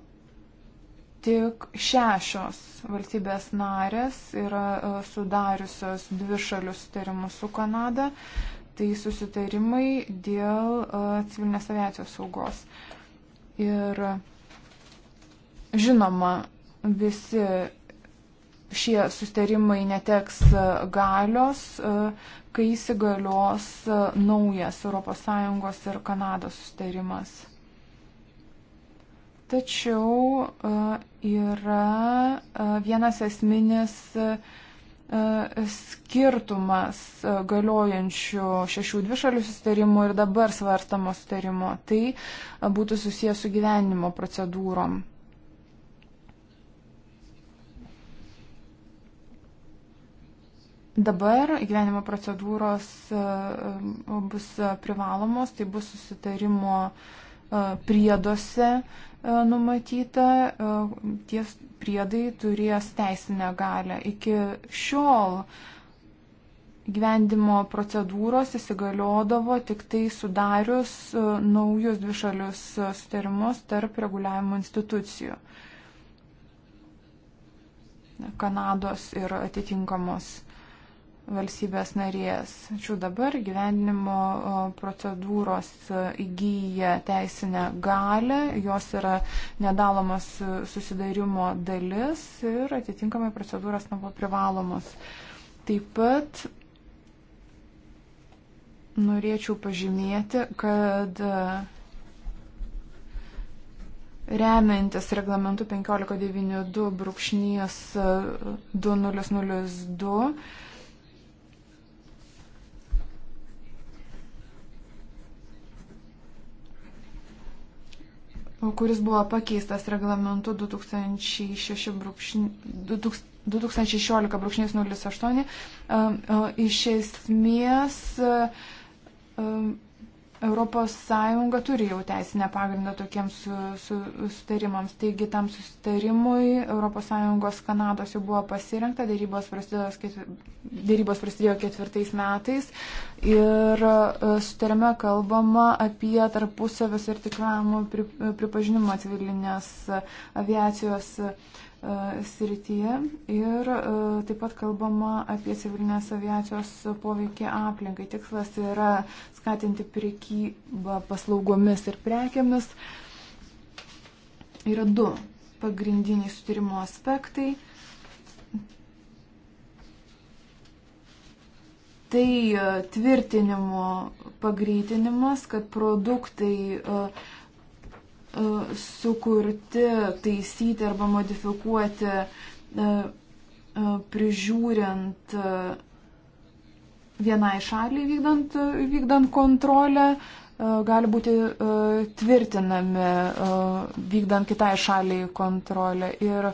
Speaker 3: tik šešios valstybės narės yra e, sudariusios dvi šalius sutarimus su Kanada. Tai susitarimai dėl e, civilinės aviacijos saugos. Ir žinoma, visi šie susitarimai neteks e, galios, kai įsigalios naujas ES ir Kanados susitarimas. Tačiau e, yra e, vienas esminis e, skirtumas galiojančių šešių dvišalių sustarimų ir dabar svarstamo sustarimo. Tai būtų susijęs su gyvenimo procedūrom. Dabar gyvenimo procedūros bus privalomos, tai bus susitarimo uh, prieduose numatyta, tie priedai turės teisinę galę. Iki šiol gyvendimo procedūros įsigaliodavo tik tai sudarius naujus dvišalius sutarimus tarp reguliavimo institucijų. Kanados ir atitinkamos valstybės narės. Čia dabar gyvenimo procedūros e, įgyja teisinę galę, jos yra nedalomas e, susidarimo dalis ir atitinkamai procedūros tampa privalomos. Taip pat norėčiau pažymėti, kad e, remiantis reglamentu 1592 brūkšnys 2002 kuris buvo pakeistas reglamentu 2016-08, um, iš esmės um, ES turi jau teisinę pagrindą tokiems susitarimams. Taigi tam susitarimui ES Kanados jau buvo pasirinkta, dėrybos prasidėjo, dėrybos prasidėjo ketvirtais metais ir e, sutarime kalbama apie tarpusavės ir tikravimo pripažinimą civilinės aviacijos E, srityje ir e, taip pat kalbama apie civilinės aviacijos poveikį aplinkai. Tikslas yra skatinti priekybą paslaugomis ir prekiamis. Yra du pagrindiniai sutarimo aspektai. Tai e, tvirtinimo pagreitinimas, kad produktai uh, E, sukurti, taisyti arba modifikuoti, e, e, prižiūrint vienai šaliai vykdant, vykdant kontrolę, gali būti tvirtinami vykdant kitai šaliai kontrolę. Ir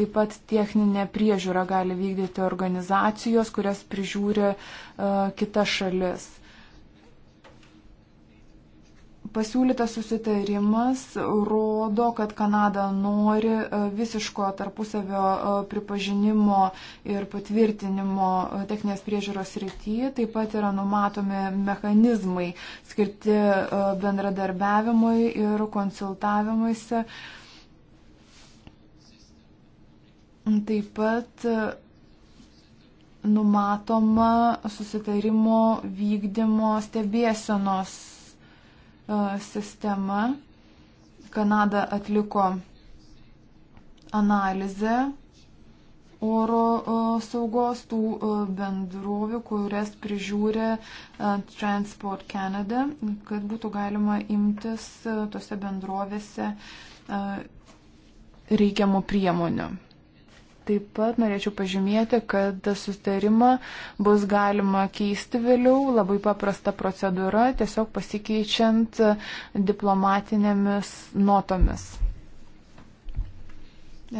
Speaker 3: taip pat techninę priežiūrą gali vykdyti organizacijos, kurias prižiūri kitas šalis. Pasiūlytas susitarimas rodo, kad Kanada nori e, visiško tarpusavio e, pripažinimo ir patvirtinimo e, techninės priežiūros rytyje. Taip pat yra numatomi mechanizmai skirti bendradarbiavimui ir konsultavimuose. Taip pat numatoma susitarimo vykdymo stebėsenos E, sistema. Kanada atliko analizę oro e, saugos tų e, bendrovių, kurias prižiūri Transport Canada, kad būtų galima imtis tose bendrovėse reikiamų priemonių. Taip pat norėčiau pažymėti, kad susitarimą bus galima keisti vėliau, labai paprasta procedūra, tiesiog pasikeičiant diplomatinėmis notomis.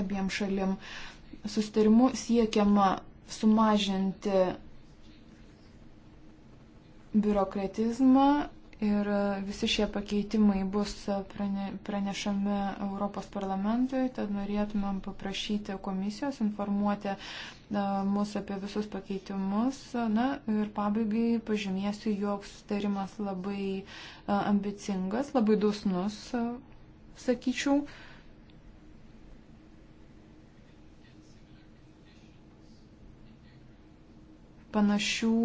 Speaker 3: Abiem šalim. Susitarimu siekiama sumažinti biurokratizmą Ir e, visi šie pakeitimai bus e, pranešami Europos parlamentui, tad norėtumėm paprašyti komisijos informuoti e, mus apie visus pakeitimus. Na ir pabaigai pažymėsiu, jog sutarimas labai ambicingas, labai dusnus, sakyčiau. panašių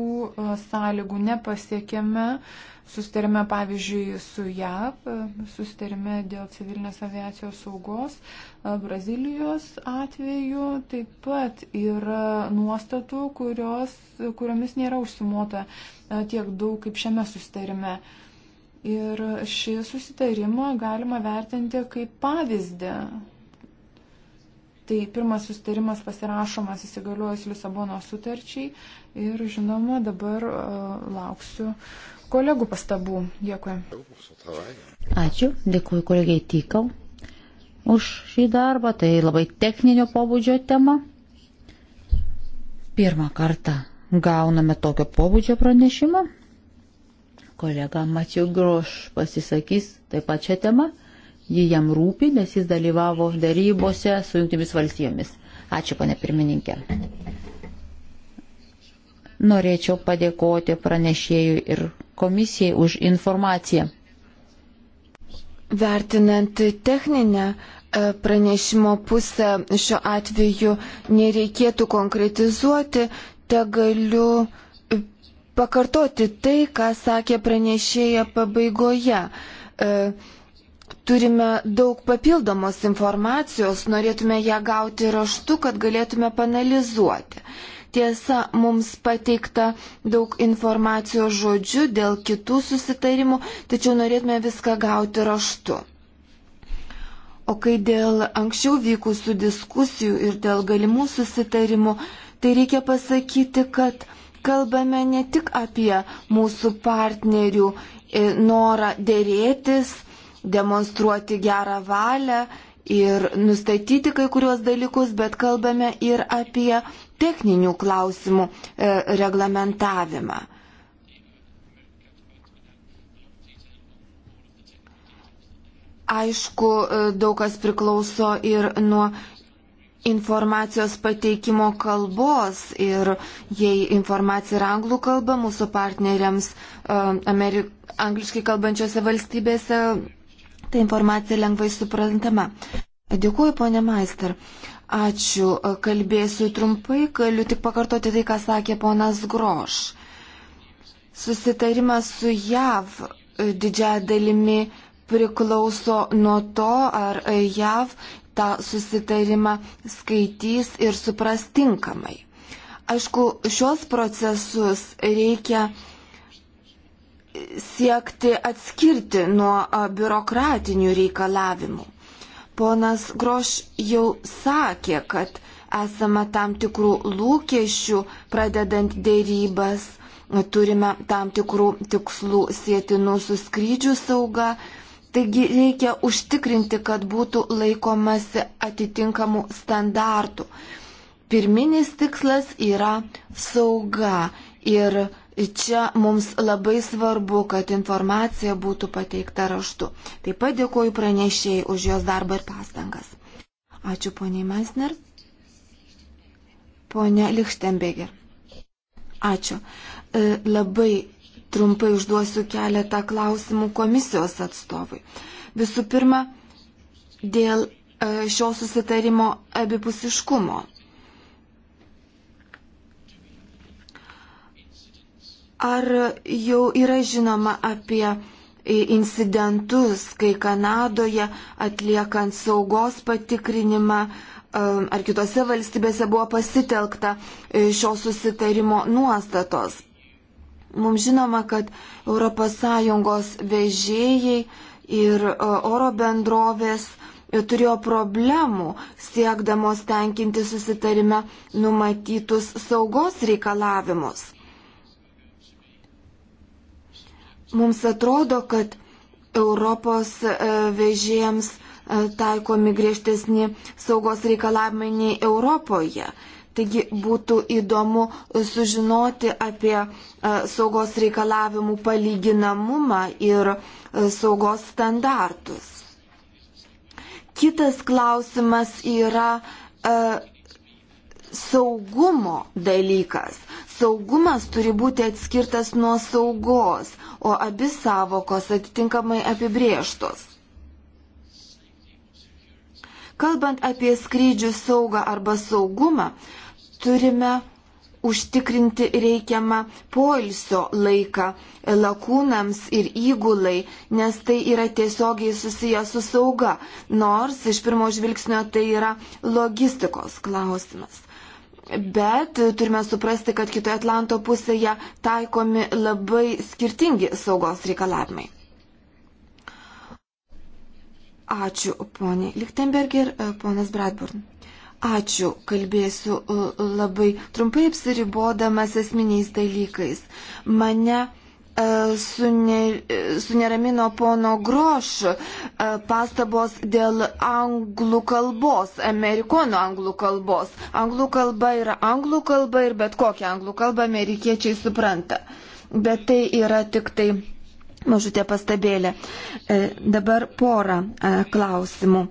Speaker 3: sąlygų nepasiekėme sustarime, pavyzdžiui, su JAV, sustarime dėl civilinės aviacijos saugos, Brazilijos atveju taip pat yra nuostatų, kurios, kuriomis nėra užsimota tiek daug kaip šiame sustarime. Ir šį susitarimą galima vertinti kaip pavyzdį Tai pirmas sustarimas pasirašomas įsigaliojus Lisabono sutarčiai ir žinoma dabar uh, lauksiu kolegų pastabų. Dėkui.
Speaker 1: Ačiū, dėkuoju kolegiai Tykau už šį darbą, tai labai techninio pobūdžio tema. Pirmą kartą gauname tokio pobūdžio pranešimą. Kolega Matiu Groš pasisakys taip pat šią temą. Ji jam rūpi, nes jis dalyvavo darybose su jungtimis valstybėmis. Ačiū, pane pirmininkė. Norėčiau padėkoti pranešėjui ir komisijai už informaciją.
Speaker 5: Vertinant techninę e, pranešimo pusę šiuo atveju nereikėtų konkretizuoti, te galiu e, pakartoti tai, ką sakė pranešėja pabaigoje. E, turime daug papildomos informacijos, norėtume ją gauti raštu, kad galėtume panalizuoti. Tiesa, mums pateikta daug informacijos žodžių dėl kitų susitarimų, tačiau norėtume viską gauti raštu. O kai dėl anksčiau vykusių diskusijų ir dėl galimų susitarimų, tai reikia pasakyti, kad kalbame ne tik apie mūsų partnerių e, norą dėrėtis, demonstruoti gerą valią ir nustatyti kai kurios dalykus, bet kalbame ir apie techninių klausimų e, reglamentavimą. Aišku, e, daug kas priklauso ir nuo informacijos pateikimo kalbos ir jei informacija yra anglų kalba, mūsų partneriams e, Ameri angliškai kalbančiose valstybėse ta informacija lengvai suprantama. Dėkuoju, ponė Maister. Ačiū, kalbėsiu trumpai, galiu tik pakartoti tai, ką sakė ponas Groš. Susitarimas su JAV didžiąją dalimi priklauso nuo to, ar JAV tą susitarimą skaitys ir supras tinkamai. Aišku, šios procesus reikia siekti atskirti nuo biurokratinių reikalavimų. Ponas Groš jau sakė, kad esama tam tikrų lūkesčių, pradedant dėrybas, turime tam tikrų tikslų sėtinų su skrydžių sauga, taigi reikia užtikrinti, kad būtų laikomasi atitinkamų standartų. Pirminis tikslas yra sauga ir Čia mums labai svarbu, kad informacija būtų pateikta raštu. Taip pat dėkoju pranešėjai už jos darbą ir pastangas. Ačiū poniai Meisner. Pone Lichtenberger. Ačiū. E, labai trumpai užduosiu keletą klausimų komisijos atstovui. Visų pirma, dėl e, šio susitarimo abipusiškumo. Ar jau yra žinoma apie e, incidentus, kai Kanadoje atliekant saugos patikrinimą e, ar kitose valstybėse buvo pasitelkta e, šio susitarimo nuostatos? Mums žinoma, kad ES vežėjai ir oro bendrovės turėjo problemų siekdamos tenkinti susitarime numatytus saugos reikalavimus. Mums atrodo, kad Europos e, vežėjams e, taikomi griežtesni saugos reikalavimai nei Europoje. Taigi būtų įdomu sužinoti apie e, saugos reikalavimų palyginamumą ir saugos standartus. Kitas klausimas yra saugumo dalykas saugumas turi būti atskirtas nuo saugos, o abi savokos atitinkamai apibrieštos. Kalbant apie skrydžių saugą arba saugumą, turime užtikrinti reikiamą poilsio laiką lakūnams ir įgulai, nes tai yra tiesiogiai susiję su sauga, nors iš pirmo žvilgsnio tai yra logistikos klausimas. Bet turime suprasti, kad kitoje Atlanto pusėje taikomi labai skirtingi saugos reikalavimai. Ačiū, ponė Lichtenberger, ponas Bradburn. Ačiū, kalbėsiu uh, labai trumpai apsiribodamas esminiais dalykais. Mane sune, suneramino pono Groš e, pastabos dėl anglų kalbos, amerikonų anglų kalbos. Anglų kalba yra anglų kalba ir bet kokią anglų kalbą amerikiečiai supranta. Bet tai yra tik tai mažutė pastabėlė. E, dabar porą e, klausimų.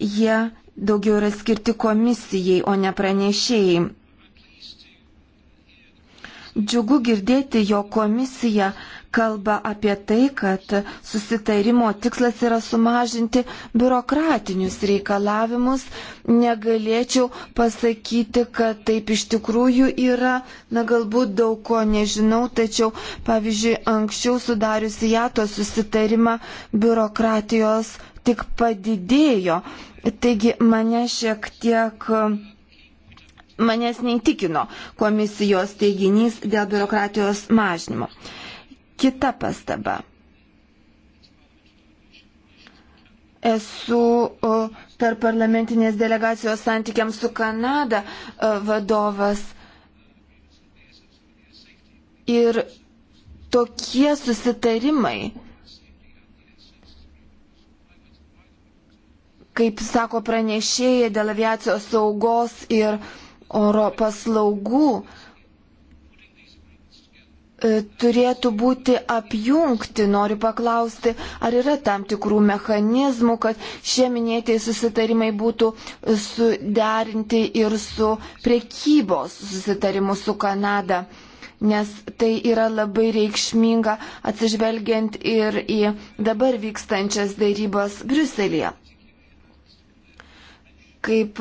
Speaker 5: Jie daugiau yra skirti komisijai, o ne pranešėjai. Džiugu girdėti, jo komisija kalba apie tai, kad susitarimo tikslas yra sumažinti biurokratinius reikalavimus. Negalėčiau pasakyti, kad taip iš tikrųjų yra, na galbūt daug ko nežinau, tačiau, pavyzdžiui, anksčiau sudariusi jato susitarimą biurokratijos tik padidėjo. Taigi mane šiek tiek manęs neįtikino komisijos teiginys dėl biurokratijos mažinimo. Kita pastaba. Esu per parlamentinės delegacijos santykiams su Kanada vadovas. Ir tokie susitarimai, kaip sako pranešėjai dėl aviacijos saugos ir uh, oro paslaugų e, turėtų būti apjungti. Noriu paklausti, ar yra tam tikrų mechanizmų, kad šie minėtieji susitarimai būtų suderinti ir su priekybos susitarimu su Kanada, nes tai yra labai reikšminga atsižvelgiant ir į dabar vykstančias dėrybas Briuselėje. Kaip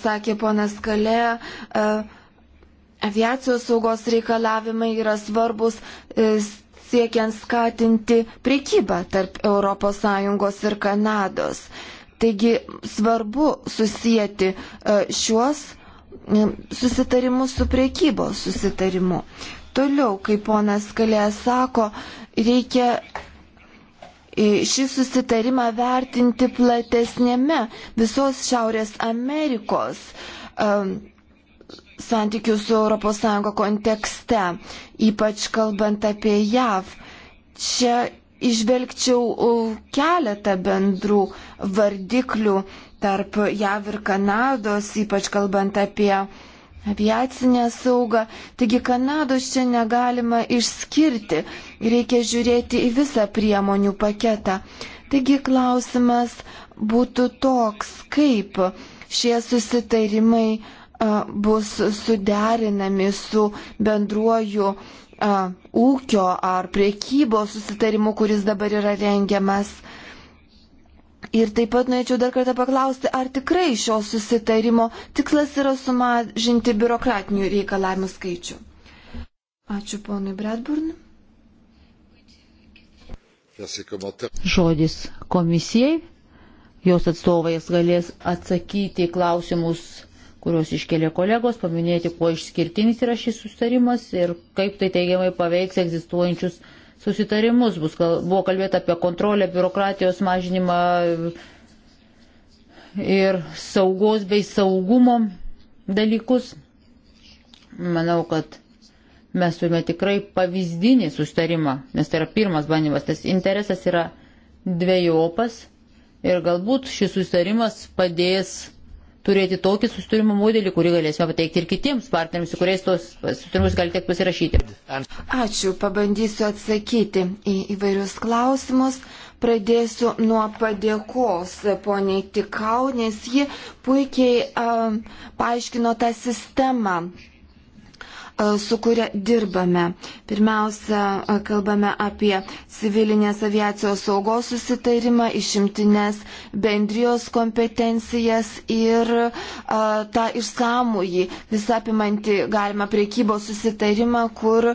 Speaker 5: sakė ponas Kalė, aviacijos saugos reikalavimai yra svarbus e, siekiant skatinti prekybą tarp ES ir Kanados. Taigi svarbu susijęti e, šiuos e, susitarimus su priekybos susitarimu. Toliau, kaip ponas Kalė sako, reikia šį susitarimą vertinti platesnėme visos Šiaurės Amerikos um, santykių su ES kontekste, ypač kalbant apie JAV. Čia išvelgčiau keletą bendrų vardiklių tarp JAV ir Kanados, ypač kalbant apie uh, aviacinę saugą. Taigi Kanados čia negalima išskirti, reikia žiūrėti į visą priemonių paketą. Taigi klausimas būtų toks, kaip šie susitarimai a, bus suderinami su bendruoju a, ūkio ar priekybo susitarimu, kuris dabar yra rengiamas. A, Ir taip pat norėčiau dar kartą paklausti, ar tikrai šio susitarimo tikslas yra sumažinti biurokratinių reikalavimų skaičių. Ačiū ponui Bradburn.
Speaker 1: Žodis komisijai. Jos atstovais galės atsakyti klausimus, kuriuos iškėlė kolegos, paminėti, kuo išskirtinis yra šis sustarimas ir kaip tai teigiamai paveiks egzistuojančius susitarimus. Bus, buvo kalbėta apie kontrolę, biurokratijos mažinimą ir saugos bei saugumo dalykus. Manau, kad mes turime tikrai pavyzdinį sustarimą, nes tai yra pirmas bandymas, nes interesas yra dviejopas ir galbūt šis sustarimas padės turėti tokį sustarimo modelį, kurį galėsime pateikti ir kitiems partneriams, su kuriais tos sustarimus gali tiek pasirašyti. Ačiū, pabandysiu atsakyti į
Speaker 5: įvairius klausimus. Pradėsiu nuo padėkos poniai Tikau, nes ji puikiai um, paaiškino tą sistemą E, su kuria dirbame. Pirmiausia, e, kalbame apie civilinės aviacijos saugos susitarimą, išimtinės bendrijos kompetencijas ir a, e, tą išsamųjį visapimantį galima priekybos susitarimą, kur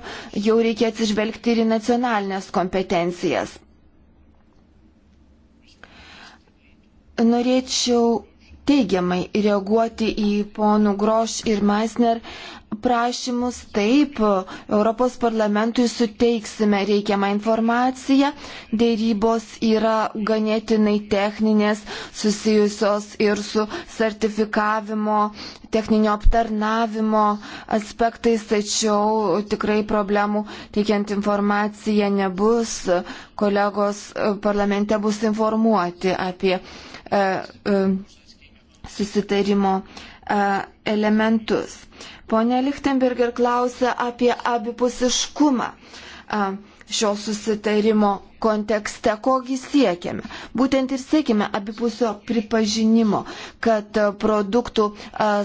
Speaker 5: jau reikia atsižvelgti ir į nacionalinės kompetencijas. Norėčiau teigiamai reaguoti į ponų Groš ir Meisner prašymus. Taip, Europos parlamentui suteiksime reikiamą informaciją. Dėrybos yra ganėtinai techninės, susijusios ir su sertifikavimo, techninio aptarnavimo aspektais, tačiau tikrai problemų teikiant informaciją nebus. Kolegos parlamente bus informuoti apie. E, e, susitarimo e, elementus. Pone Lichtenberger klausia apie abipusiškumą e, šio susitarimo kontekste, kogi siekiame. Būtent ir siekime abipusio pripažinimo, kad produktų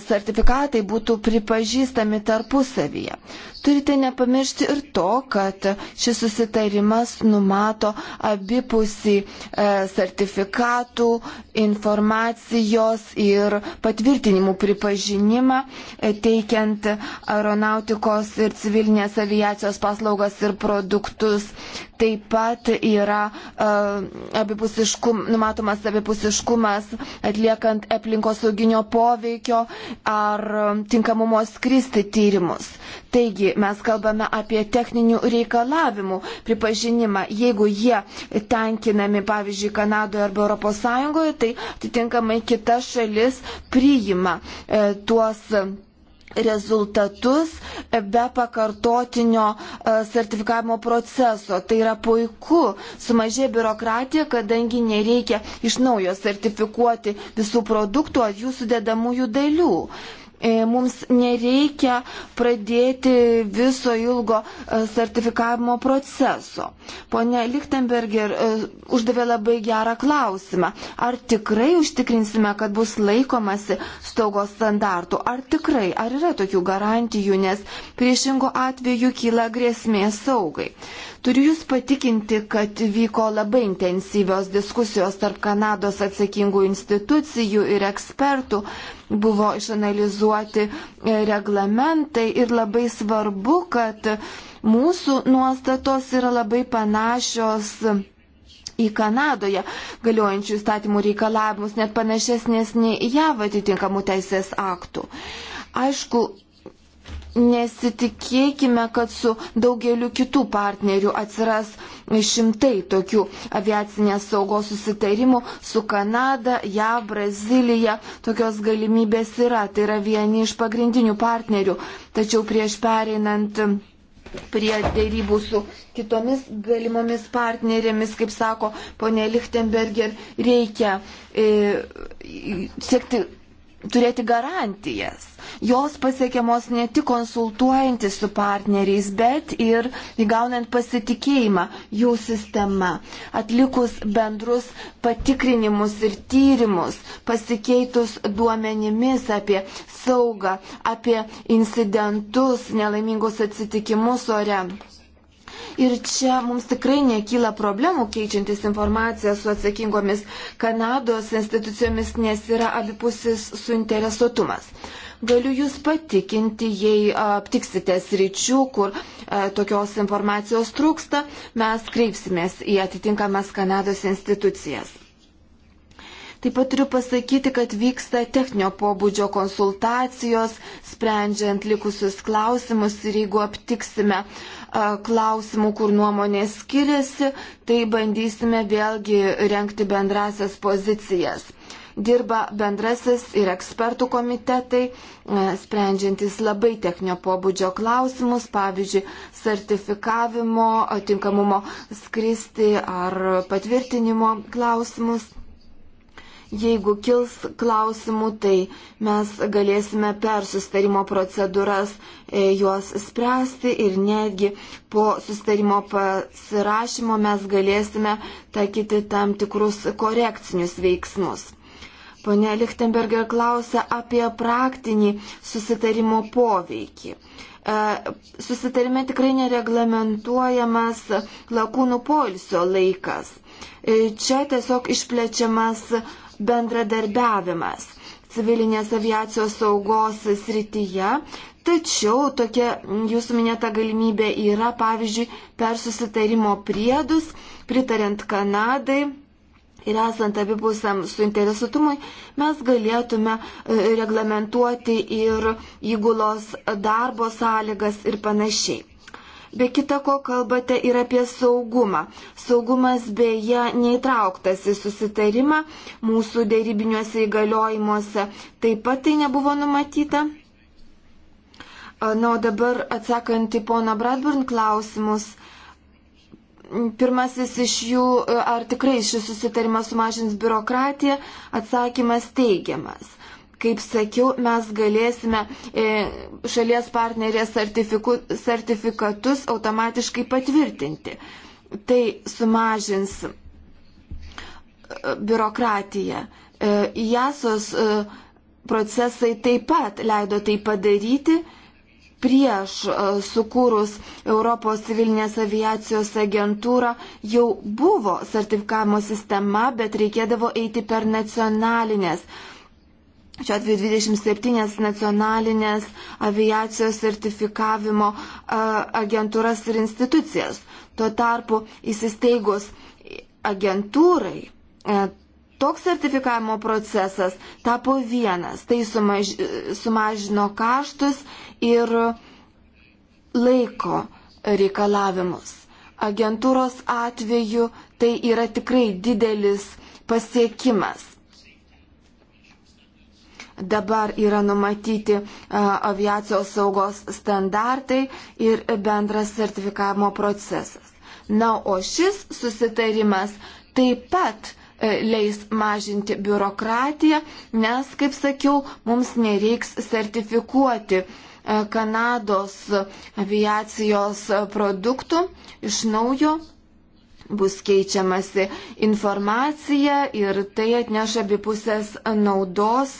Speaker 5: sertifikatai būtų pripažįstami tarpusavyje. Turite nepamiršti ir to, kad šis susitarimas numato abipusį e, sertifikatų, informacijos ir patvirtinimų pripažinimą, e, teikiant aeronautikos ir civilinės aviacijos paslaugas ir produktus Taip pat yra e, abipusiškum, numatomas abipusiškumas atliekant aplinkosauginio poveikio ar tinkamumo skristi tyrimus. Taigi mes kalbame apie techninių reikalavimų pripažinimą. Jeigu jie tenkinami, pavyzdžiui, Kanadoje arba ES, tai atitinkamai kita šalis priima e, tuos rezultatus be pakartotinio e, sertifikavimo proceso. Tai yra puiku, sumažė biurokratija, kadangi nereikia iš naujo sertifikuoti visų produktų ar jų sudėdamųjų dalių. E, mums nereikia pradėti viso ilgo e, sertifikavimo proceso. Pone Lichtenberger e, uždavė labai gerą klausimą. Ar tikrai užtikrinsime, kad bus laikomasi stogos standartų? Ar tikrai, ar yra tokių garantijų, nes priešingo atveju kyla grėsmė saugai? Turiu Jūs patikinti, kad vyko labai intensyvios diskusijos tarp Kanados atsakingų institucijų ir ekspertų buvo išanalizuoti e, reglamentai ir labai svarbu, kad mūsų nuostatos yra labai panašios į Kanadoje galiojančių įstatymų reikalavimus, net panašesnės nei JAV atitinkamų teisės aktų. Aišku, nesitikėkime, kad su daugeliu kitų partnerių atsiras šimtai tokių aviacinės saugos susitarimų su Kanada, JAV, Brazilija. Tokios galimybės yra. Tai yra vieni iš pagrindinių partnerių. Tačiau prieš pereinant prie dėrybų su kitomis galimomis partnerėmis, kaip sako ponė Lichtenberger, reikia e, siekti turėti garantijas. Jos pasiekiamos ne tik konsultuojantis su partneriais, bet ir įgaunant pasitikėjimą jų sistema, atlikus bendrus patikrinimus ir tyrimus, pasikeitus duomenimis apie saugą, apie incidentus, nelaimingus atsitikimus ore. Ir čia mums tikrai nekyla problemų keičiantis informaciją su atsakingomis Kanados institucijomis, nes yra abipusis suinteresuotumas. Galiu Jūs patikinti, jei aptiksite sričių, kur e, tokios informacijos trūksta, mes kreipsimės į atitinkamas Kanados institucijas. Taip pat turiu pasakyti, kad vyksta techninio pobūdžio konsultacijos, sprendžiant likusius klausimus ir jeigu aptiksime klausimų, kur nuomonės skiriasi, tai bandysime vėlgi renkti bendrasias pozicijas dirba bendrasis ir ekspertų komitetai, sprendžiantis labai techninio pobūdžio klausimus, pavyzdžiui, sertifikavimo, tinkamumo skristi ar patvirtinimo klausimus. Jeigu kils klausimų, tai mes galėsime per sustarimo procedūras e, juos spręsti ir netgi po sustarimo pasirašymo mes galėsime taikyti tam tikrus korekcinius veiksmus. Pone Lichtenberger klausia apie praktinį susitarimo poveikį. E, susitarime tikrai nereglamentuojamas lakūnų polisio laikas. E, čia tiesiog išplečiamas bendradarbiavimas civilinės aviacijos saugos srityje, tačiau tokia jūsų minėta galimybė yra, pavyzdžiui, per susitarimo priedus, pritarint Kanadai ir esant abipusiam suinteresuotumui, mes galėtume e, reglamentuoti ir įgulos darbo sąlygas ir panašiai. Be kita ko kalbate ir apie saugumą. Saugumas beje neįtrauktas į susitarimą mūsų dėrybiniuose įgaliojimuose. Taip pat tai nebuvo numatyta. Na, o dabar atsakant į pono Bradburn klausimus. Pirmasis iš jų, ar tikrai šis susitarimas sumažins biurokratiją, atsakymas teigiamas. Kaip sakiau, mes galėsime e, šalies partnerės sertifikatus automatiškai patvirtinti. Tai sumažins e, biurokratiją. E, JASOS procesai taip pat leido tai padaryti prieš sukūrus Europos civilinės aviacijos agentūrą jau buvo sertifikavimo sistema, bet reikėdavo eiti per nacionalinės uh, šiuo atveju 27 nacionalinės aviacijos sertifikavimo agentūras ir institucijas. Tuo tarpu įsisteigus agentūrai e, toks sertifikavimo procesas tapo vienas. Tai sumaž, sumažino kaštus ir laiko reikalavimus. Agentūros atveju tai yra tikrai didelis pasiekimas Dabar yra numatyti aviacijos saugos standartai ir bendras sertifikavimo procesas. Na, o šis susitarimas taip pat e, leis mažinti biurokratiją, nes, kaip sakiau, mums nereiks sertifikuoti e, Kanados aviacijos produktų iš naujo bus keičiamasi informacija ir tai atneš abipusės naudos,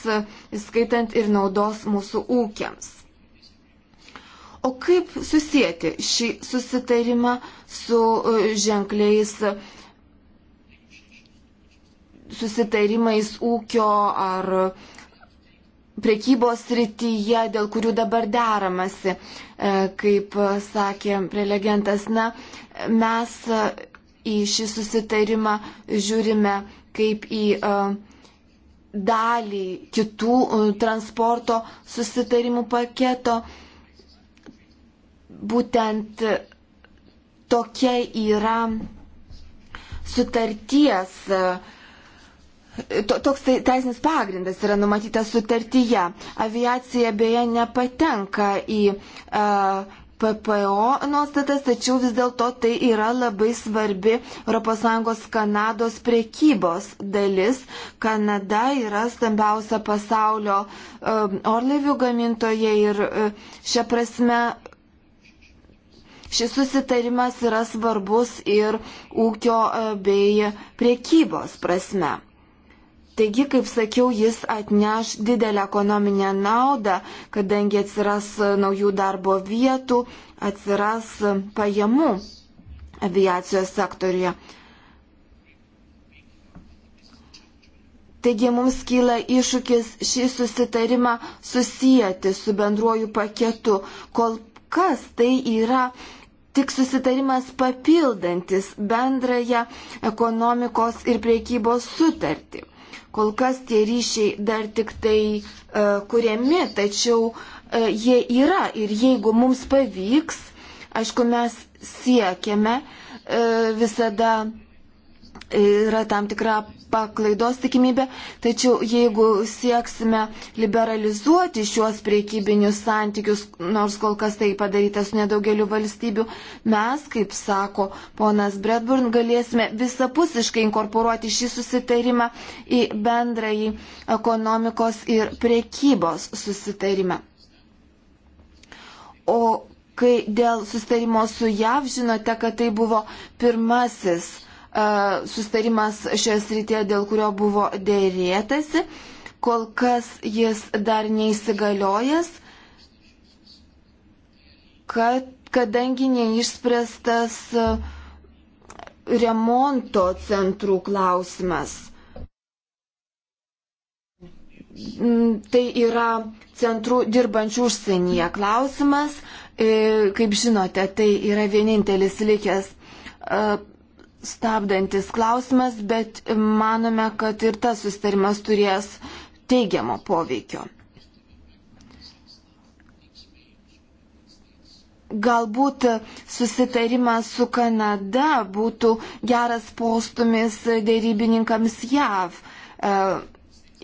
Speaker 5: skaitant ir naudos mūsų ūkiams. O kaip susijęti šį susitarimą su e, ženkliais susitarimais ūkio ar prekybos rytyje, dėl kurių dabar deramasi, e, kaip sakė prelegentas, na, mes į šį susitarimą žiūrime kaip į e, dalį kitų e, transporto susitarimų paketo. Būtent tokia yra sutarties e, Toks tai teisinis pagrindas yra numatytas sutartyje. Aviacija beje nepatenka į uh, PPO nuostatas, tačiau vis dėlto tai yra labai svarbi ES Kanados priekybos dalis. Kanada yra stambiausia pasaulio um, orlaivių gamintoje ir uh, šią prasme šis susitarimas yra svarbus ir ūkio uh, bei priekybos prasme. Taigi, kaip sakiau, jis atneš didelę ekonominę naudą, kadangi atsiras naujų darbo vietų, atsiras pajamų aviacijos sektoriuje. Taigi mums kyla iššūkis šį susitarimą susijęti su bendruoju paketu. Kol kas tai yra tik susitarimas papildantis bendrąją ekonomikos ir priekybos sutartį. Kol kas tie ryšiai dar tik tai uh, kuriami, tačiau uh, jie yra ir jeigu mums pavyks, aišku, mes siekiame uh, visada yra tam tikra paklaidos tikimybė, tačiau jeigu sieksime liberalizuoti šiuos priekybinius santykius, nors kol kas tai padaryta su nedaugeliu valstybių, mes, kaip sako ponas Bredburn, galėsime visapusiškai inkorporuoti šį susitarimą į bendrąjį ekonomikos ir priekybos susitarimą. O kai dėl susitarimo su JAV žinote, kad tai buvo pirmasis sustarimas šioje srityje, dėl kurio buvo dėrėtasi. Kol kas jis dar neįsigaliojęs, kad, kadangi neišspręstas remonto centrų klausimas. Mm, tai yra centrų dirbančių užsienyje klausimas. E, kaip žinote, tai yra vienintelis likęs stabdantis klausimas, bet manome, kad ir tas sustarimas turės teigiamo poveikio. Galbūt susitarimas su Kanada būtų geras postumis dėrybininkams JAV e,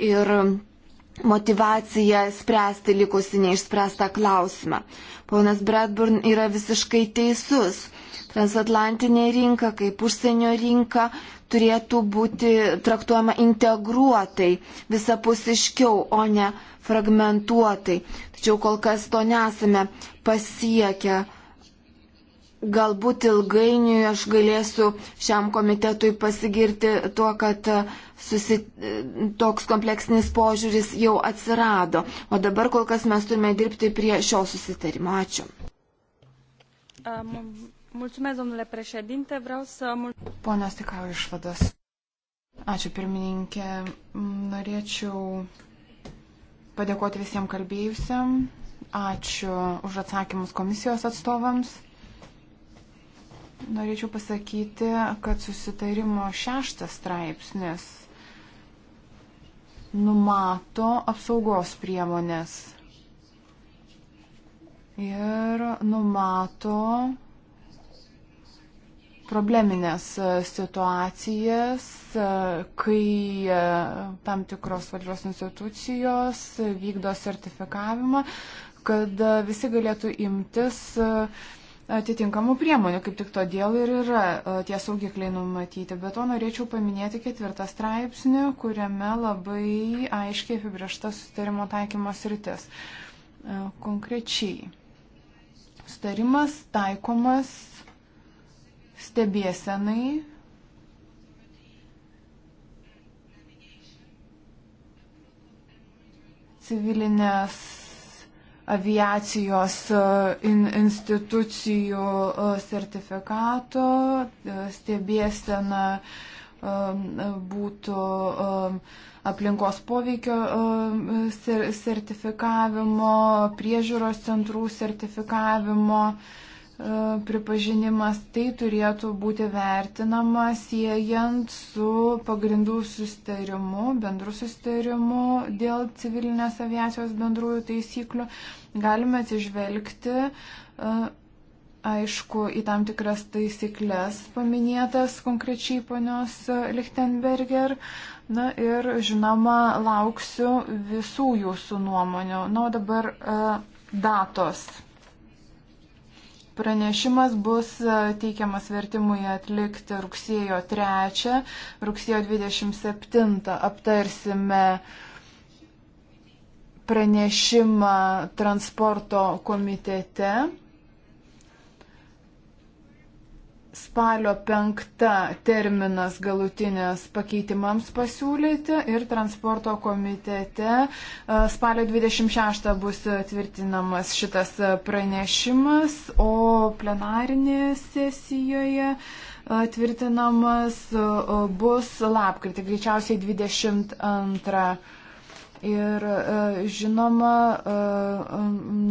Speaker 5: ir motivacija spręsti likusi neišspręstą klausimą. Ponas Bradburn yra visiškai teisus transatlantinė rinka, kaip užsienio rinka turėtų būti traktuojama integruotai, visapusiškiau, o ne fragmentuotai. Tačiau kol kas to nesame pasiekę. Galbūt ilgainiui aš galėsiu šiam komitetui pasigirti tuo, kad e, susi... E, toks kompleksinis požiūris jau atsirado. O dabar kol kas mes turime dirbti prie šio susitarimo. Ačiū. Um. Mulțumesc, domnule președinte, vreau să... Ponas
Speaker 3: Tikau išvados. Ačiū pirmininkė. Norėčiau padėkoti visiems kalbėjusiam. Ačiū už atsakymus komisijos atstovams. Norėčiau pasakyti, kad susitarimo šeštas straipsnis numato apsaugos priemonės ir numato probleminės e, situacijas, e, kai e, tam tikros valdžios institucijos vykdo sertifikavimą, kad visi galėtų imtis atitinkamų priemonių, kaip tik todėl ir yra tie saugikliai numatyti. Bet to norėčiau paminėti ketvirtą straipsnį, kuriame labai aiškiai apibriešta sustarimo taikymos rytis. Konkrečiai, sustarimas taikomas stebėsenai. civilinės aviacijos e, in, institucijų e, sertifikato, e, stebėsena būtų aplinkos poveikio sertifikavimo, priežiūros centrų sertifikavimo. E, pripažinimas tai turėtų būti vertinama siejant su pagrindų sustarimu, bendru sustarimu dėl civilinės aviacijos bendrųjų taisyklių. Galime atsižvelgti, e, aišku, į tam tikras taisyklės paminėtas konkrečiai ponios Lichtenberger. Na ir, žinoma, lauksiu visų jūsų nuomonių. Na, o dabar e, datos. Pranešimas bus e, teikiamas vertimui atlikti rugsėjo 3, rugsėjo 27 aptarsime pranešimą transporto komitete. spalio penkta terminas galutinės pakeitimams pasiūlyti ir transporto komitete e, spalio 26 bus tvirtinamas šitas pranešimas, o plenarinėje sesijoje e, tvirtinamas e, bus lapkritį, greičiausiai 22 Ir e, žinoma, e,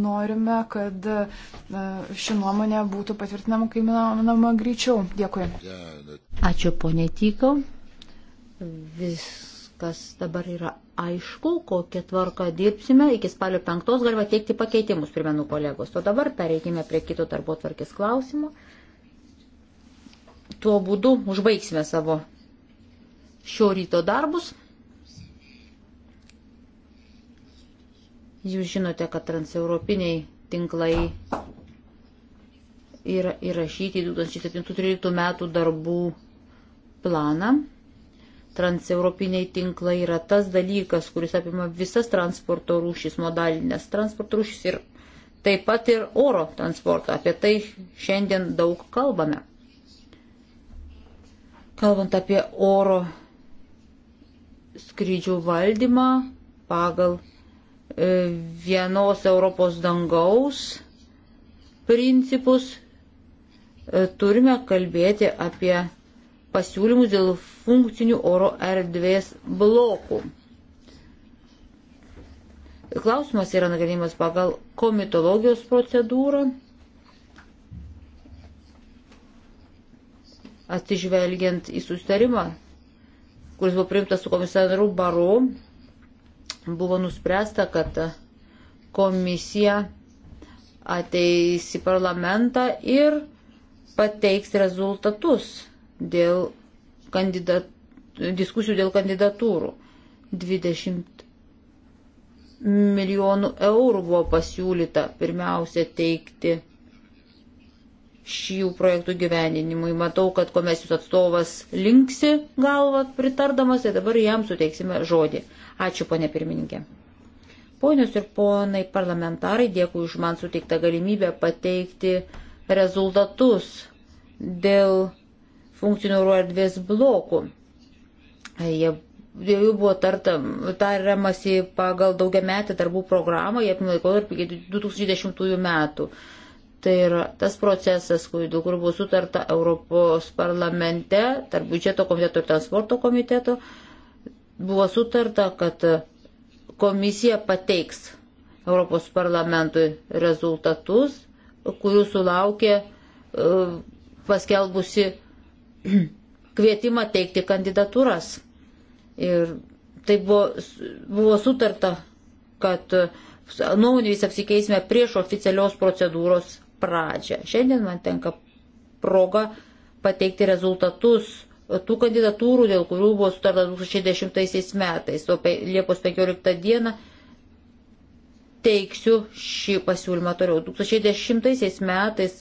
Speaker 3: norime, kad e, ši nuomonė būtų patvirtinama kaip įmanoma greičiau. Dėkui.
Speaker 1: Ačiū, ponė Tykau. Viskas dabar yra aišku, kokią tvarką dirbsime. Iki spalio penktos galima teikti pakeitimus, primenu kolegos. O dabar pereikime prie kito darbo tvarkės klausimo. Tuo būdu užbaigsime savo šio ryto darbus. Jūs žinote, kad transeuropiniai tinklai yra įrašyti 2017-2013 metų darbų planą. Transeuropiniai tinklai yra tas dalykas, kuris apima visas transporto rūšis, modalinės transporto rūšis ir taip pat ir oro transportą. Apie tai šiandien daug kalbame. Kalbant apie oro skrydžių valdymą pagal E, vienos Europos dangaus principus, e, turime kalbėti apie pasiūlymus dėl funkcinių oro erdvės blokų. Klausimas yra nagrinimas pagal komitologijos procedūrą, atsižvelgiant į sustarimą, kuris buvo priimtas su komisaru Baru buvo nuspręsta, kad komisija ateis į parlamentą ir pateiks rezultatus dėl kandidat, diskusijų dėl kandidatūrų. 20 milijonų eurų buvo pasiūlyta pirmiausia teikti šių projektų gyveninimui. Matau, kad komisijos atstovas linksi galvą pritardamas ir tai dabar jam suteiksime žodį. Ačiū, ponė pirmininkė. Ponios ir ponai parlamentarai, dėkui už man suteiktą galimybę pateikti rezultatus dėl funkcinių oro erdvės blokų. Jie dėl jų buvo tartam, tariamasi pagal daugiametę darbų programą, jie apima laikotarpį iki 2010 metų. Tai yra tas procesas, kur, dėl kur buvo sutarta Europos parlamente, tarp biudžeto komiteto ir transporto komiteto, buvo sutarta, kad komisija pateiks Europos parlamentui rezultatus, kurių sulaukė e, paskelbusi *clears throat* kvietimą teikti kandidatūras. Ir tai buvo, buvo sutarta, kad nuomonės apsikeisime prieš oficialios procedūros pradžią. Šiandien man tenka proga pateikti rezultatus tų kandidatūrų, dėl kurių buvo sutarta 2010 metais. O Liepos 15 dieną teiksiu šį pasiūlymą toliau. 2010 metais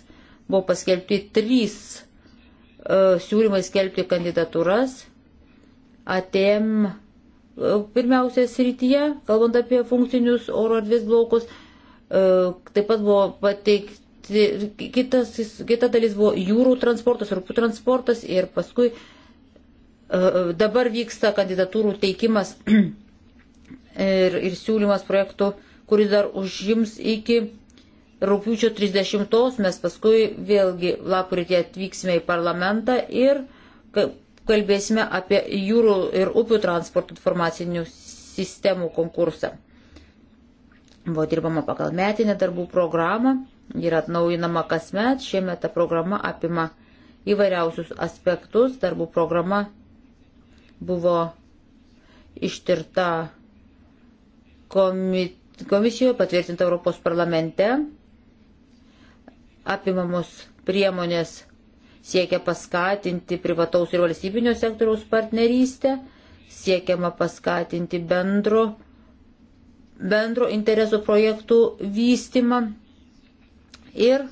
Speaker 1: buvo paskelbti trys uh, siūlymai skelbti kandidatūras. Atėm uh, e, pirmiausia srityje, kalbant apie funkcinius oro erdvės blokus. Uh, taip pat buvo pateikti kitas, kita dalis buvo jūrų transportas, rūpų transportas ir paskui E, e, dabar vyksta kandidatūrų teikimas *clears throat* ir, ir siūlymas projektų, kuris dar užims iki rūpiučio 30-os, mes paskui vėlgi lapkritį atvyksime į parlamentą ir kalbėsime apie jūrų ir upių transportų informacinių sistemų konkursą. Buvo dirbama pagal metinę darbų programą, yra atnaujinama kasmet, šiemet ta programa apima įvairiausius aspektus, darbų programa buvo ištirta komisijoje patvirtinta Europos parlamente. Apimamos priemonės siekia paskatinti privataus ir valstybinio sektoriaus partnerystę, siekiama paskatinti bendro, bendro interesų projektų vystimą ir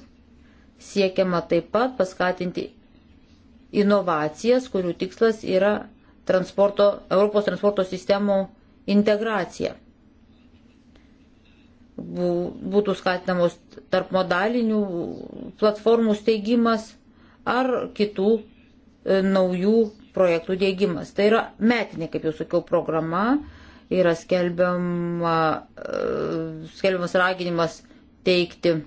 Speaker 1: siekiama taip pat paskatinti inovacijas, kurių tikslas yra transporto, Europos transporto sistemų integracija. Būtų skatinamos tarp modalinių platformų steigimas ar kitų e, naujų projektų dėgymas. Tai yra metinė, kaip jau sakiau, programa, yra skelbiama, e, skelbiamas raginimas teikti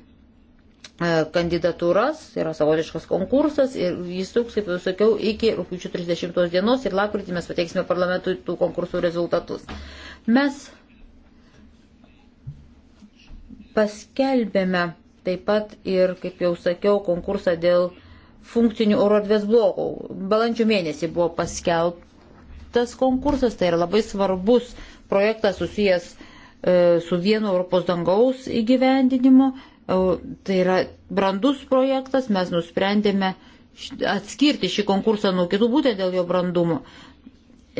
Speaker 1: E, kandidatūras, yra savotiškas konkursas ir jis truks, kaip jau sakiau, iki rūpiučio 30 dienos ir lapkritį mes pateiksime parlamentui tų konkursų rezultatus. Mes paskelbėme taip pat ir, kaip jau sakiau, konkursą dėl funkcinių oro erdvės blokų. Balandžio mėnesį buvo paskelbtas konkursas, tai yra labai svarbus projektas susijęs e, su vienu Europos dangaus įgyvendinimu Tai yra brandus projektas, mes nusprendėme atskirti šį konkursą nuo kitų būtent dėl jo brandumo.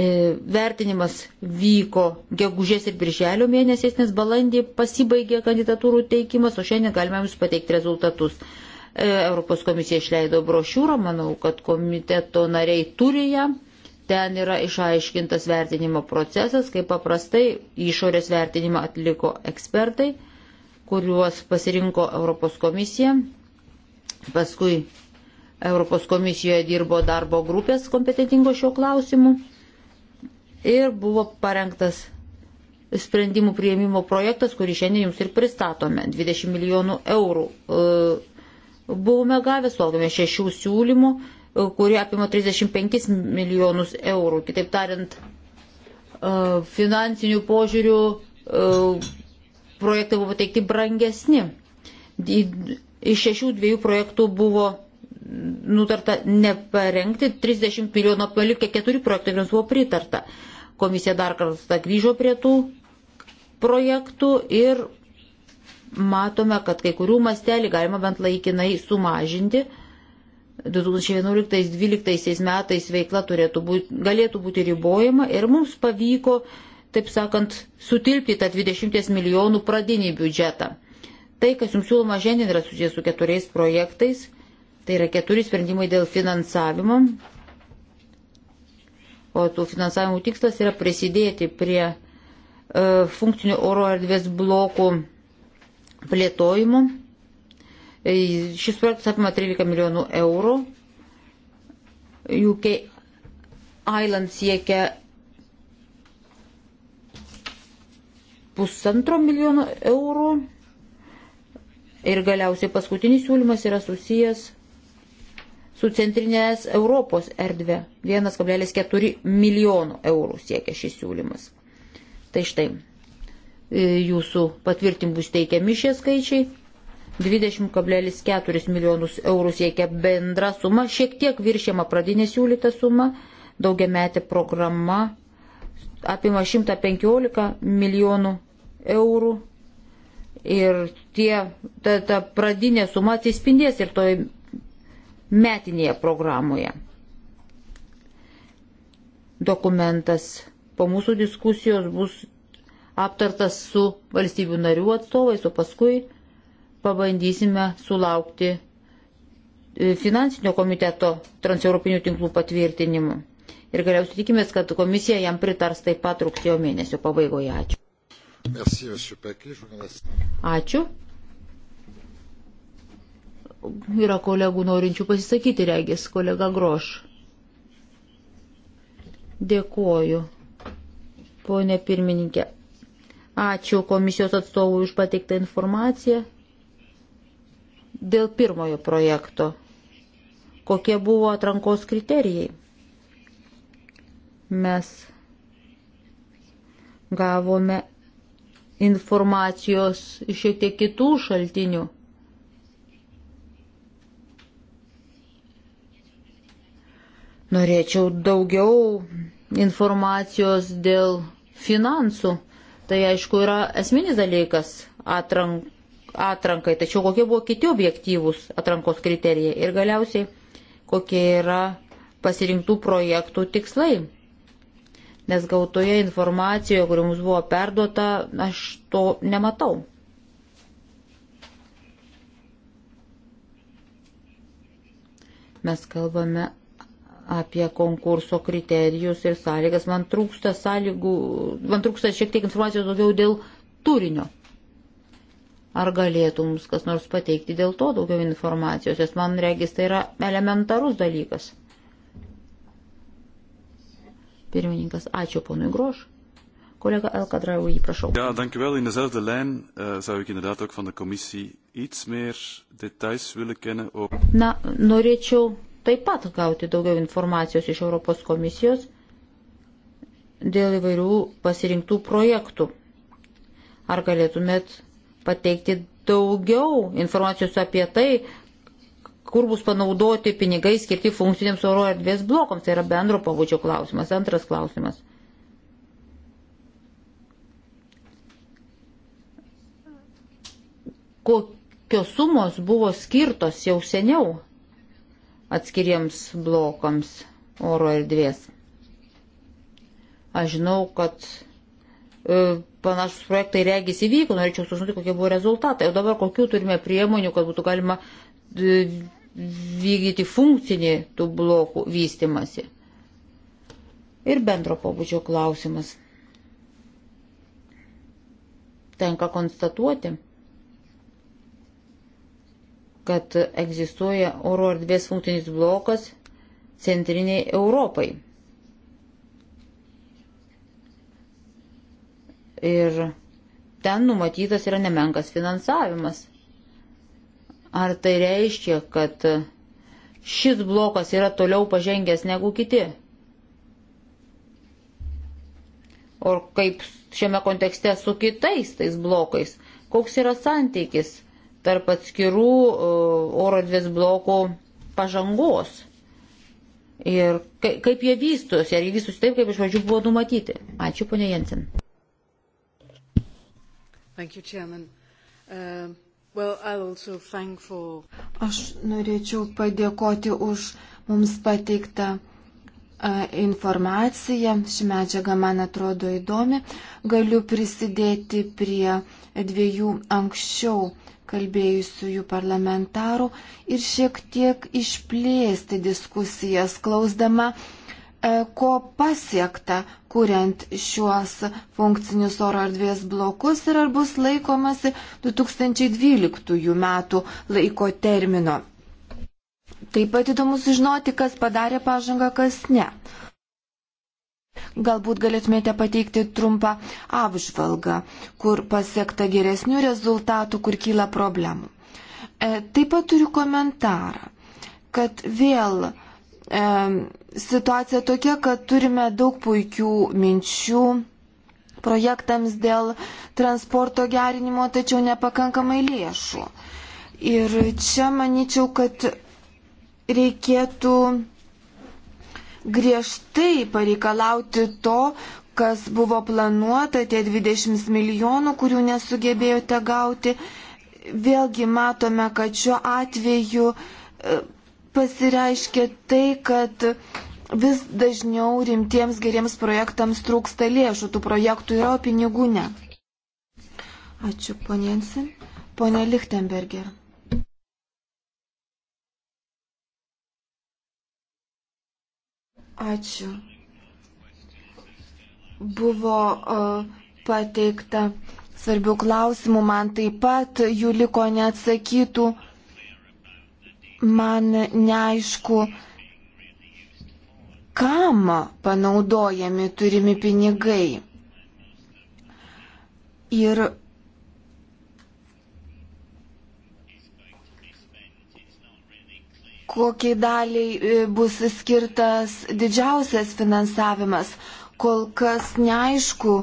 Speaker 1: E, vertinimas vyko gegužės ir birželio mėnesiais, nes balandį pasibaigė kandidatūrų teikimas, o šiandien galime jums pateikti rezultatus. E, Europos komisija išleido brošiūrą, manau, kad komiteto nariai turi ją. Ten yra išaiškintas vertinimo procesas, kaip paprastai išorės vertinimą atliko ekspertai kuriuos pasirinko Europos komisija. Paskui Europos komisijoje dirbo darbo grupės kompetentingo šio klausimu ir buvo parengtas sprendimų prieimimo projektas, kurį šiandien jums ir pristatome. 20 milijonų eurų e, buvome gavę, sulaukėme šešių siūlymų, e, kurie apima 35 milijonus eurų. Kitaip tariant, e, finansinių požiūrių projektai buvo pateikti brangesni. Iš šešių dviejų projektų buvo nutarta neparengti, 30 milijonų palikę keturi projektai, kuriems buvo pritarta. Komisija dar kartą grįžo prie tų projektų ir matome, kad kai kurių mastelį galima bent laikinai sumažinti. 2011-2012 metais veikla turėtų būti, galėtų būti ribojama ir mums pavyko taip sakant, sutilpti tą 20 milijonų pradinį biudžetą. Tai, kas jums siūloma šiandien, yra susijęs su keturiais projektais. Tai yra keturi sprendimai dėl finansavimo. O tų finansavimų tikslas yra prisidėti prie e, funkcinių oro erdvės blokų plėtojimo. E, šis projektas apima 13 milijonų eurų. UK Island siekia pusantro milijono eurų. Ir galiausiai paskutinis siūlymas yra susijęs su centrinės Europos erdvė. 1,4 milijono eurų siekia šis siūlymas. Tai štai, e, jūsų patvirtimus teikiami šie skaičiai. 20,4 milijonus eurų siekia bendra suma, šiek tiek viršėma pradinė siūlyta suma, daugiametė programa apima 115 milijonų eurų ir tie, ta, ta pradinė suma atsispindės ir toj metinėje programoje. Dokumentas po mūsų diskusijos bus aptartas su valstybių narių atstovais, o paskui pabandysime sulaukti e, finansinio komiteto transeuropinių tinklų patvirtinimu ir galiausiai tikimės, kad komisija jam pritars taip pat rugsėjo mėnesio pabaigoje.
Speaker 2: Ačiū.
Speaker 1: Ačiū. Yra kolegų norinčių pasisakyti, regis, kolega Groš. Dėkoju, ponė pirmininkė. Ačiū komisijos atstovui už pateiktą informaciją. Dėl pirmojo projekto. Kokie buvo atrankos kriterijai? Mes gavome informacijos iš šiek tiek kitų šaltinių. Norėčiau daugiau informacijos dėl finansų. Tai aišku yra esminis dalykas atrank, atrankai, tačiau kokie buvo kiti objektyvūs atrankos kriterijai ir galiausiai kokie yra pasirinktų projektų tikslai nes gautoje informacijoje, kuri mums buvo perduota, aš to nematau. Mes kalbame apie konkurso kriterijus ir sąlygas. Man trūksta sąlygų, man trūksta šiek tiek informacijos daugiau dėl turinio. Ar galėtų mums kas nors pateikti dėl to daugiau informacijos, nes man regis tai yra elementarus dalykas. Pirmininkas, ačiū ponui Groš. Collega Elkadraoui, prašau.
Speaker 2: Ja, dank
Speaker 3: u wel. In dezelfde lijn uh, zou ik inderdaad ook van de commissie iets meer details willen kennen over...
Speaker 1: Na, norėčiau taip pat gauti daugiau informacijos iš Europos komisijos dėl įvairių pasirinktų projektų. Ar galėtumėt pateikti daugiau informacijos apie tai, kur bus panaudoti pinigai skirti funkciniams oro erdvės blokams. Tai yra bendro pabudžio klausimas. Antras klausimas. Kokios sumos buvo skirtos jau seniau atskiriems blokams oro erdvės? Aš žinau, kad e, panašus projektai regis įvyko, norėčiau sužinoti, kokie buvo rezultatai. O dabar kokių turime priemonių, kad būtų galima e, vykdyti funkcinį tų blokų vystimasi. Ir bendro pobūdžio klausimas. Tenka konstatuoti, kad egzistuoja oro erdvės funkcinis blokas centriniai Europai. Ir ten numatytas yra nemenkas finansavimas. Ar tai reiškia, kad šis blokas yra toliau pažengęs negu kiti? O kaip šiame kontekste su kitais tais blokais? Koks yra santykis tarp atskirų uh, oro dvies blokų pažangos? ir kaip jie vystosi, ar jie vystosi taip, kaip iš pradžių buvo numatyti. Ačiū, ponė Jensen.
Speaker 5: Thank you, Chairman. Um... Well, for... Aš norėčiau padėkoti už mums pateiktą uh, informaciją. Ši medžiaga man atrodo įdomi. Galiu prisidėti prie dviejų anksčiau kalbėjusiųjų parlamentarų ir šiek tiek išplėsti diskusijas, klausdama uh, E, ko pasiekta, kuriant šiuos funkcinius oro erdvės blokus ir ar bus laikomasi 2012 metų laiko termino. Taip pat įdomu sužinoti, kas padarė pažangą, kas ne. Galbūt galėtumėte pateikti trumpą apžvalgą, kur pasiekta geresnių rezultatų, kur kyla problemų. E, taip pat turiu komentarą, kad vėl situacija tokia, kad turime daug puikių minčių projektams dėl transporto gerinimo, tačiau nepakankamai lėšų. Ir čia manyčiau, kad reikėtų griežtai pareikalauti to, kas buvo planuota, tie 20 milijonų, kurių nesugebėjote gauti. Vėlgi matome, kad šiuo atveju pasireiškia tai, kad vis dažniau rimtiems geriems projektams trūksta lėšų, tų projektų yra, o pinigų ne. Ačiū, ponė Jensen. Pone Lichtenberger. Ačiū. Buvo uh, pateikta svarbių klausimų, man taip pat jų liko neatsakytų. Uh, man neaišku, kam panaudojami turimi pinigai. Ir kokiai daliai e, bus skirtas didžiausias finansavimas. Kol kas neaišku,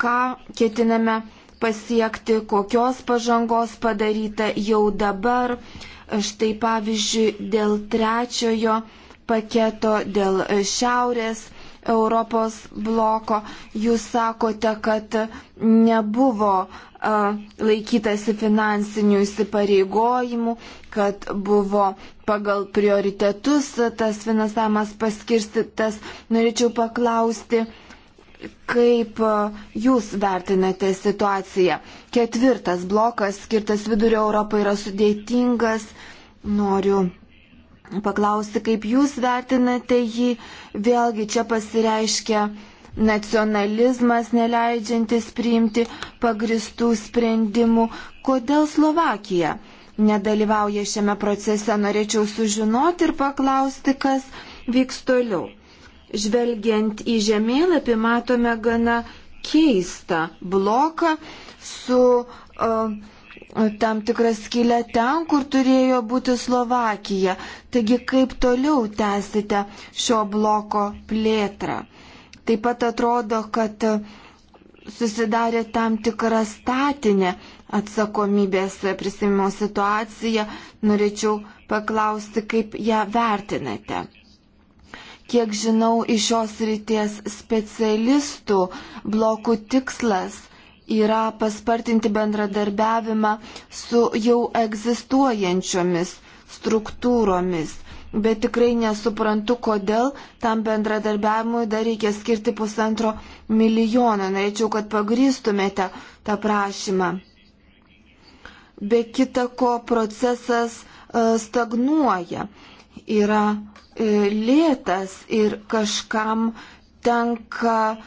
Speaker 5: ką ketiname pasiekti, kokios pažangos padaryta jau dabar, Štai pavyzdžiui, dėl trečiojo paketo, dėl šiaurės Europos bloko, jūs sakote, kad nebuvo laikytasi finansinių įsipareigojimų, kad buvo pagal prioritetus tas finansavimas paskirstytas. Norėčiau paklausti, Kaip Jūs vertinate situaciją? Ketvirtas blokas skirtas vidurio Europai yra sudėtingas. Noriu paklausti, kaip Jūs vertinate jį. Vėlgi čia pasireiškia nacionalizmas neleidžiantis priimti pagristų sprendimų. Kodėl Slovakija nedalyvauja šiame procese? Norėčiau sužinoti ir paklausti, kas vyks toliau žvelgiant į žemėlapį, matome gana keistą bloką su uh, tam tikrą skylę ten, kur turėjo būti Slovakija. Taigi kaip toliau tęsite šio bloko plėtrą? Taip pat atrodo, kad susidarė tam tikra statinė atsakomybės prisimimo situacija. Norėčiau paklausti, kaip ją vertinate. Kiek žinau, iš šios ryties specialistų blokų tikslas yra paspartinti bendradarbiavimą su jau egzistuojančiomis struktūromis. Bet tikrai nesuprantu, kodėl tam bendradarbiavimui dar reikia skirti pusantro milijono. Norėčiau, kad pagrįstumėte tą prašymą. Be kita ko, procesas e, stagnuoja. Yra E, lėtas ir kažkam tenka e,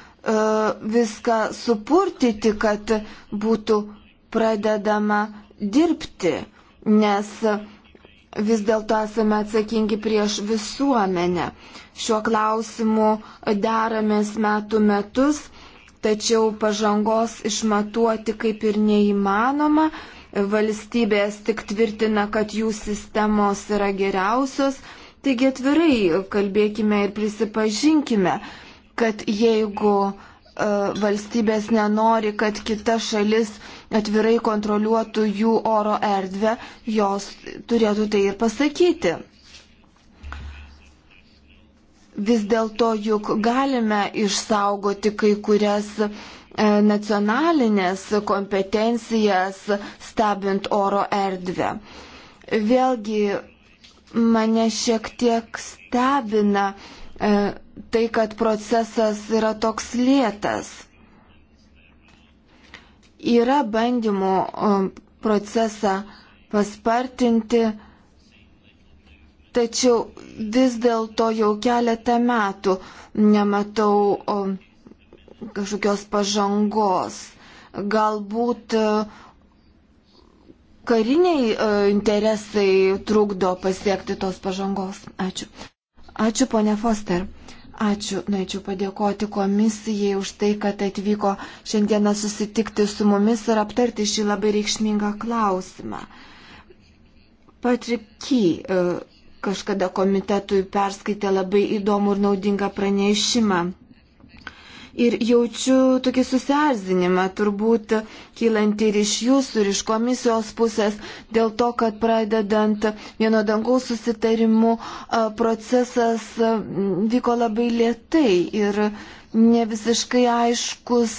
Speaker 5: viską supurtyti, kad būtų pradedama dirbti, nes vis dėlto esame atsakingi prieš visuomenę. Šiuo klausimu deramės metų metus, tačiau pažangos išmatuoti kaip ir neįmanoma. Valstybės tik tvirtina, kad jų sistemos yra geriausios, Taigi atvirai kalbėkime ir prisipažinkime, kad jeigu e, valstybės nenori, kad kita šalis atvirai kontroliuotų jų oro erdvę, jos turėtų tai ir pasakyti. Vis dėlto juk galime išsaugoti kai kurias e, nacionalinės kompetencijas stebint oro erdvę. Vėlgi mane šiek tiek stebina e, tai, kad procesas yra toks lėtas. Yra bandymų e, procesą paspartinti, tačiau vis dėlto jau keletą metų nematau e, kažkokios pažangos. Galbūt uh, kariniai e, interesai trukdo pasiekti tos pažangos. Ačiū. Ačiū, ponė Foster. Ačiū, norėčiau padėkoti komisijai už tai, kad atvyko šiandieną susitikti su mumis ir aptarti šį labai reikšmingą klausimą. Patriky e, kažkada komitetui perskaitė labai įdomų ir naudingą pranešimą ir jaučiu tokį susierzinimą, turbūt kylanti ir iš jūsų, ir iš komisijos pusės, dėl to, kad pradedant vieno dangaus susitarimu procesas vyko labai lietai ir ne visiškai aiškus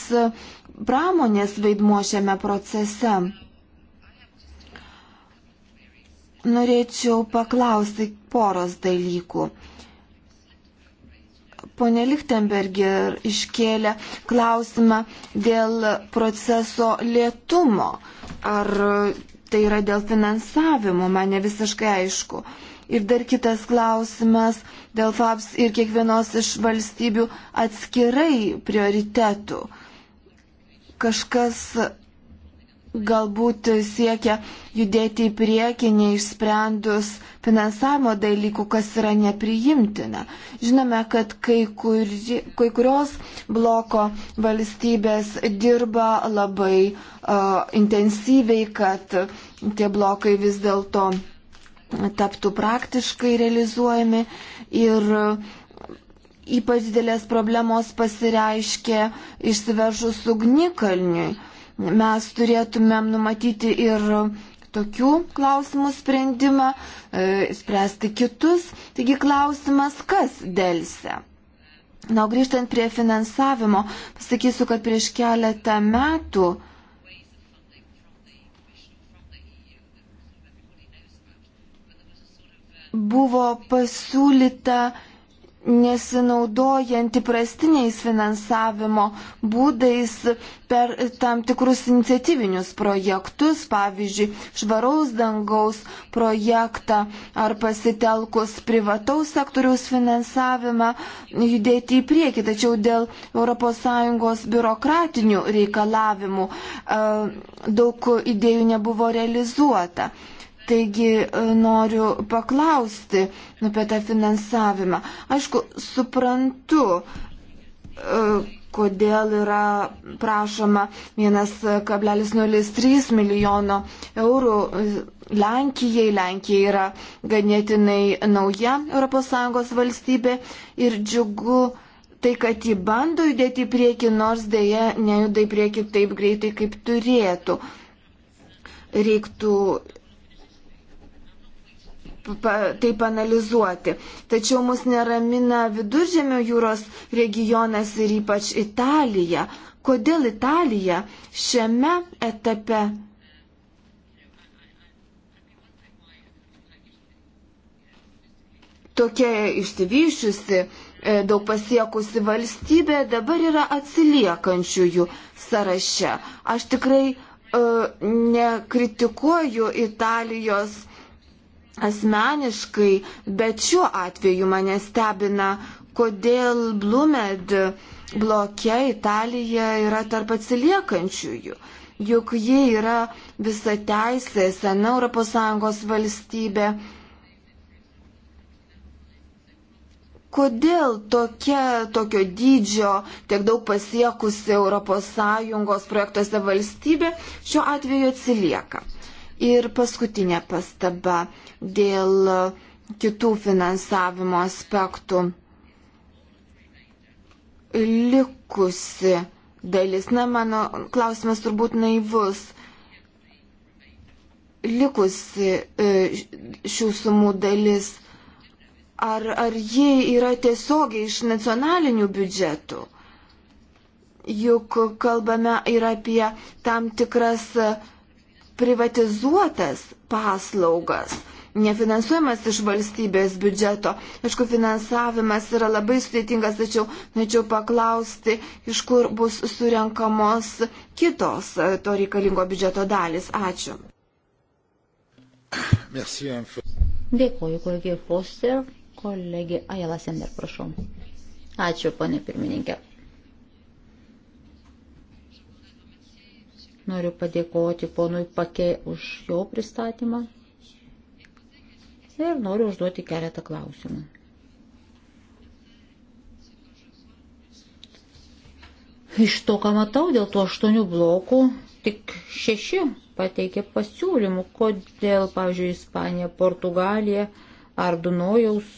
Speaker 5: pramonės vaidmuo šiame procese. Norėčiau paklausti poros dalykų. Pone Lichtenberger iškėlė klausimą dėl proceso lėtumo. Ar tai yra dėl finansavimo, man ne visiškai aišku. Ir dar kitas klausimas dėl FAPS ir kiekvienos iš valstybių atskirai prioritetų. Kažkas galbūt siekia judėti į priekį, neišsprendus finansavimo dalykų, kas yra nepriimtina. Žinome, kad kai, kur, kai kurios bloko valstybės dirba labai uh, intensyviai, kad tie blokai vis dėlto taptų praktiškai realizuojami ir uh, ypač didelės problemos pasireiškė išsivežus ugnikalniui. Uh, mes turėtumėm numatyti ir tokių klausimų sprendimą, e, spręsti kitus. Taigi klausimas, kas dėlse? Na, o grįžtant prie finansavimo, pasakysiu, kad prieš keletą metų buvo pasiūlyta nesinaudojant įprastiniais finansavimo būdais per tam tikrus iniciatyvinius projektus, pavyzdžiui, švaraus dangaus projektą ar pasitelkus privataus sektoriaus finansavimą judėti į priekį. Tačiau dėl ES biurokratinių reikalavimų e, daug idėjų nebuvo realizuota. Taigi e, noriu paklausti apie tą finansavimą. Aišku, suprantu, e, kodėl yra prašoma 1,03 milijono eurų Lenkijai. Lenkija yra ganėtinai nauja ES valstybė ir džiugu tai, kad jį bando judėti į priekį, nors dėja nejuda į priekį taip greitai, kaip turėtų. Reiktų tai panalizuoti. Tačiau mus neramina viduržėmio jūros regionas ir ypač Italija. Kodėl Italija šiame etape? Tokia išsivyščiusi, e, daug pasiekusi valstybė dabar yra atsiliekančiųjų sąraše. Aš tikrai uh, nekritikuoju Italijos uh, asmeniškai, bet šiuo atveju mane stebina, kodėl Blumed bloke Italija yra tarp atsiliekančiųjų. Juk ji yra visa teisė, sena ES valstybė. Kodėl tokia, tokio dydžio, tiek daug pasiekusi ES projektuose valstybė šiuo atveju atsilieka? Ir paskutinė pastaba dėl kitų finansavimo aspektų. Likusi dalis, na, mano klausimas turbūt naivus. Likusi e, šių sumų dalis, ar, ar ji yra tiesiogiai iš nacionalinių biudžetų? Juk kalbame ir apie tam tikras uh, privatizuotas paslaugas, nefinansuojamas iš valstybės biudžeto. Aišku, finansavimas yra labai sudėtingas, tačiau norėčiau paklausti, iš kur bus surenkamos kitos e, to reikalingo
Speaker 1: biudžeto dalis. Ačiū. Merci, Dėkuoju, kolegė Foster, kolegė Ajala Sender, prašau. Ačiū, ponė pirmininkė. Noriu padėkoti ponui Pake už jo pristatymą ir noriu užduoti keletą klausimų. Iš to, ką matau, dėl tų aštuonių blokų tik šeši pateikė pasiūlymų, kodėl, pavyzdžiui, Ispanija, Portugalija ar Dunojaus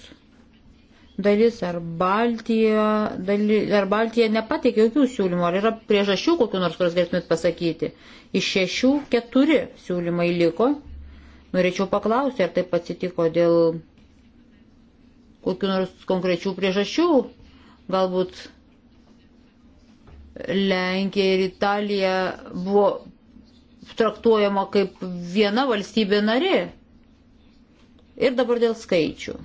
Speaker 1: dalis ar Baltija, daly, ar Baltija nepateikė jokių siūlymų, ar yra priežasčių kokiu nors, kurias galėtumėt pasakyti. Iš šešių keturi siūlymai liko. Norėčiau paklausti, ar taip atsitiko dėl kokiu nors konkrečių priežasčių. Galbūt Lenkija ir Italija buvo traktuojama kaip viena valstybė narė. Ir dabar dėl skaičių.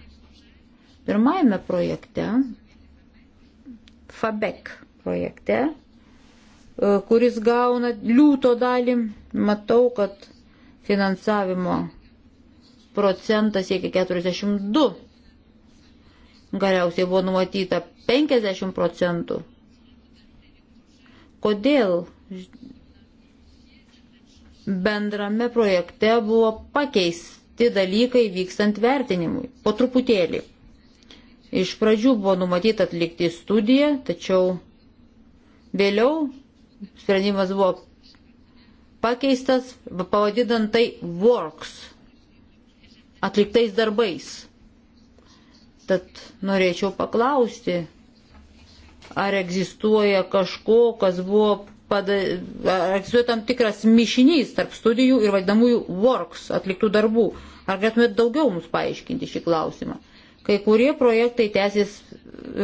Speaker 1: Pirmajame projekte, FABEC projekte, e, kuris gauna liūto dalį, matau, kad finansavimo procentas siekia 42. Galiausiai buvo numatyta 50 procentų. Kodėl bendrame projekte buvo pakeisti dalykai vykstant vertinimui? Po truputėlį. Iš pradžių buvo numatyta atlikti studiją, tačiau vėliau sprendimas buvo pakeistas, pavadinant tai works, atliktais darbais. Tad norėčiau paklausti, ar egzistuoja kažko, kas buvo, pada, ar egzistuoja tam tikras mišinys tarp studijų ir vadinamųjų works atliktų darbų. Ar galėtumėt daugiau mums paaiškinti šį klausimą? Kai kurie projektai tęsis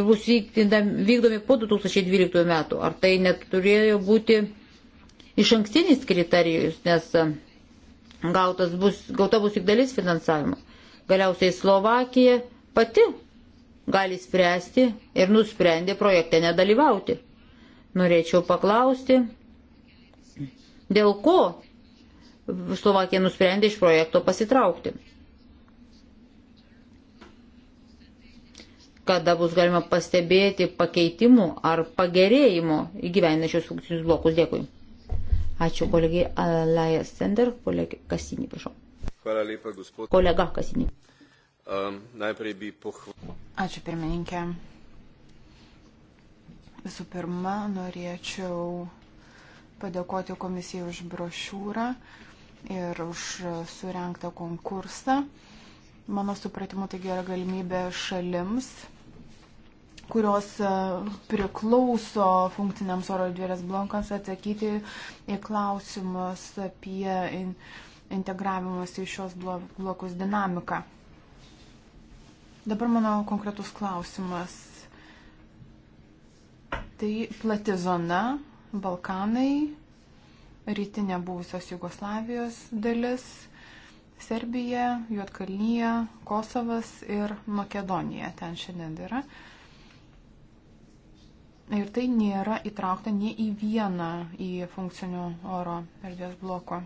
Speaker 1: bus vykdomi po 2012 metų. Ar tai neturėjo būti iš ankstinis kriterijus, nes um, gautas bus, gauta bus tik dalis finansavimo. Galiausiai Slovakija pati gali spręsti ir nusprendė projekte nedalyvauti. Norėčiau paklausti, dėl ko Slovakija nusprendė iš projekto pasitraukti. kada bus galima pastebėti pakeitimų ar pagerėjimų įgyvenančios funkcinius blokus. Dėkui. Ačiū kolegiai Alaja Sender, kolegė Kasinį, prašau.
Speaker 4: Lepa, Kolega Kasinį. Um,
Speaker 1: Ačiū pirmininkė.
Speaker 3: Visų pirma, norėčiau padėkoti komisijai už brošiūrą ir už surenktą konkursą. Mano supratimu, tai gera galimybė šalims kurios e, priklauso funkciniams oro erdvės blokams atsakyti į klausimus apie integravimas į šios blokus dinamiką. Dabar mano konkretus klausimas. Tai plati zona, Balkanai, rytinė buvusios Jugoslavijos dalis, Serbija, Juotkalnyje, Kosovas ir Makedonija ten šiandien yra. Uh, Ir tai nėra įtraukta nei į vieną į funkcinių oro erdvės bloko.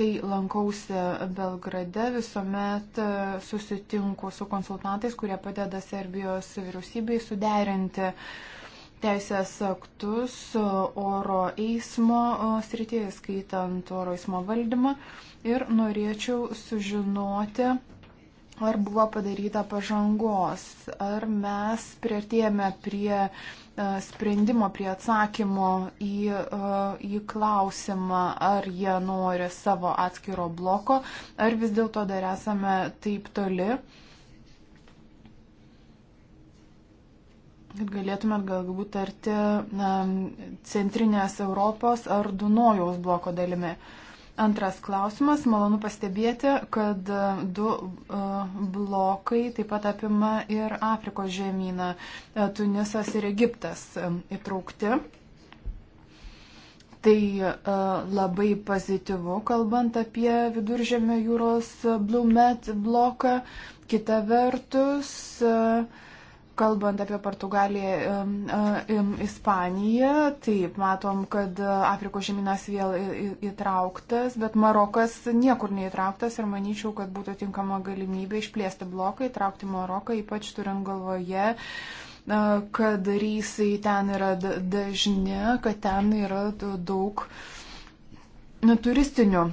Speaker 3: Kai lankausi Belgrade, visuomet e, susitinku su konsultantais, kurie padeda Serbijos vyriausybei suderinti teisės aktus e, oro eismo e, srityje, skaitant oro eismo valdymą. Ir norėčiau sužinoti, ar buvo padaryta pažangos, ar mes prieartėjame prie e, sprendimo, prie atsakymo į, e, į klausimą, ar jie nori savo atskiro bloko, ar vis dėlto dar esame taip toli. kad galėtumėt galbūt tarti na, centrinės Europos ar Dunojaus bloko dalimi. Uh, Antras klausimas. Malonu pastebėti, kad du e, blokai taip pat apima ir Afrikos žemyną. E, Tunisas ir Egiptas e, įtraukti. Tai labai pozityvu, kalbant apie viduržėmio jūros Blumet bloką. Kita vertus, uh, kalbant apie Portugaliją, Ispaniją, taip, matom, kad Afrikos žemynas vėl įtrauktas, bet Marokas niekur neįtrauktas ir manyčiau, kad būtų tinkama galimybė išplėsti bloką, įtraukti Maroką, ypač turint galvoje kad rysai ten yra dažni, kad ten yra daug nu, turistinių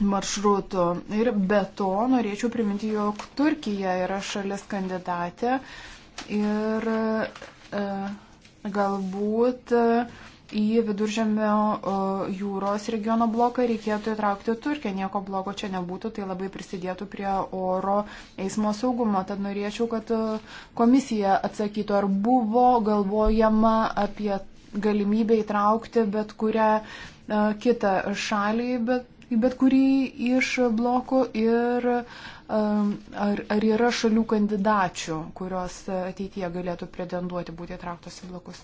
Speaker 3: maršrutų. Ir be to norėčiau priminti, jog Turkija yra šalis kandidatė ir e, galbūt e, į viduržėmio e, jūros regiono bloką reikėtų įtraukti Turkiją. Nieko blogo čia nebūtų, tai labai prisidėtų prie oro eismo saugumo. Tad norėčiau, kad e, komisija atsakytų, ar buvo galvojama apie galimybę įtraukti bet kurią kitą šalį, bet į bet kurį iš blokų ir um, ar, ar yra šalių kandidačių, kurios ateityje galėtų pretenduoti būti įtrauktos
Speaker 1: į blokus.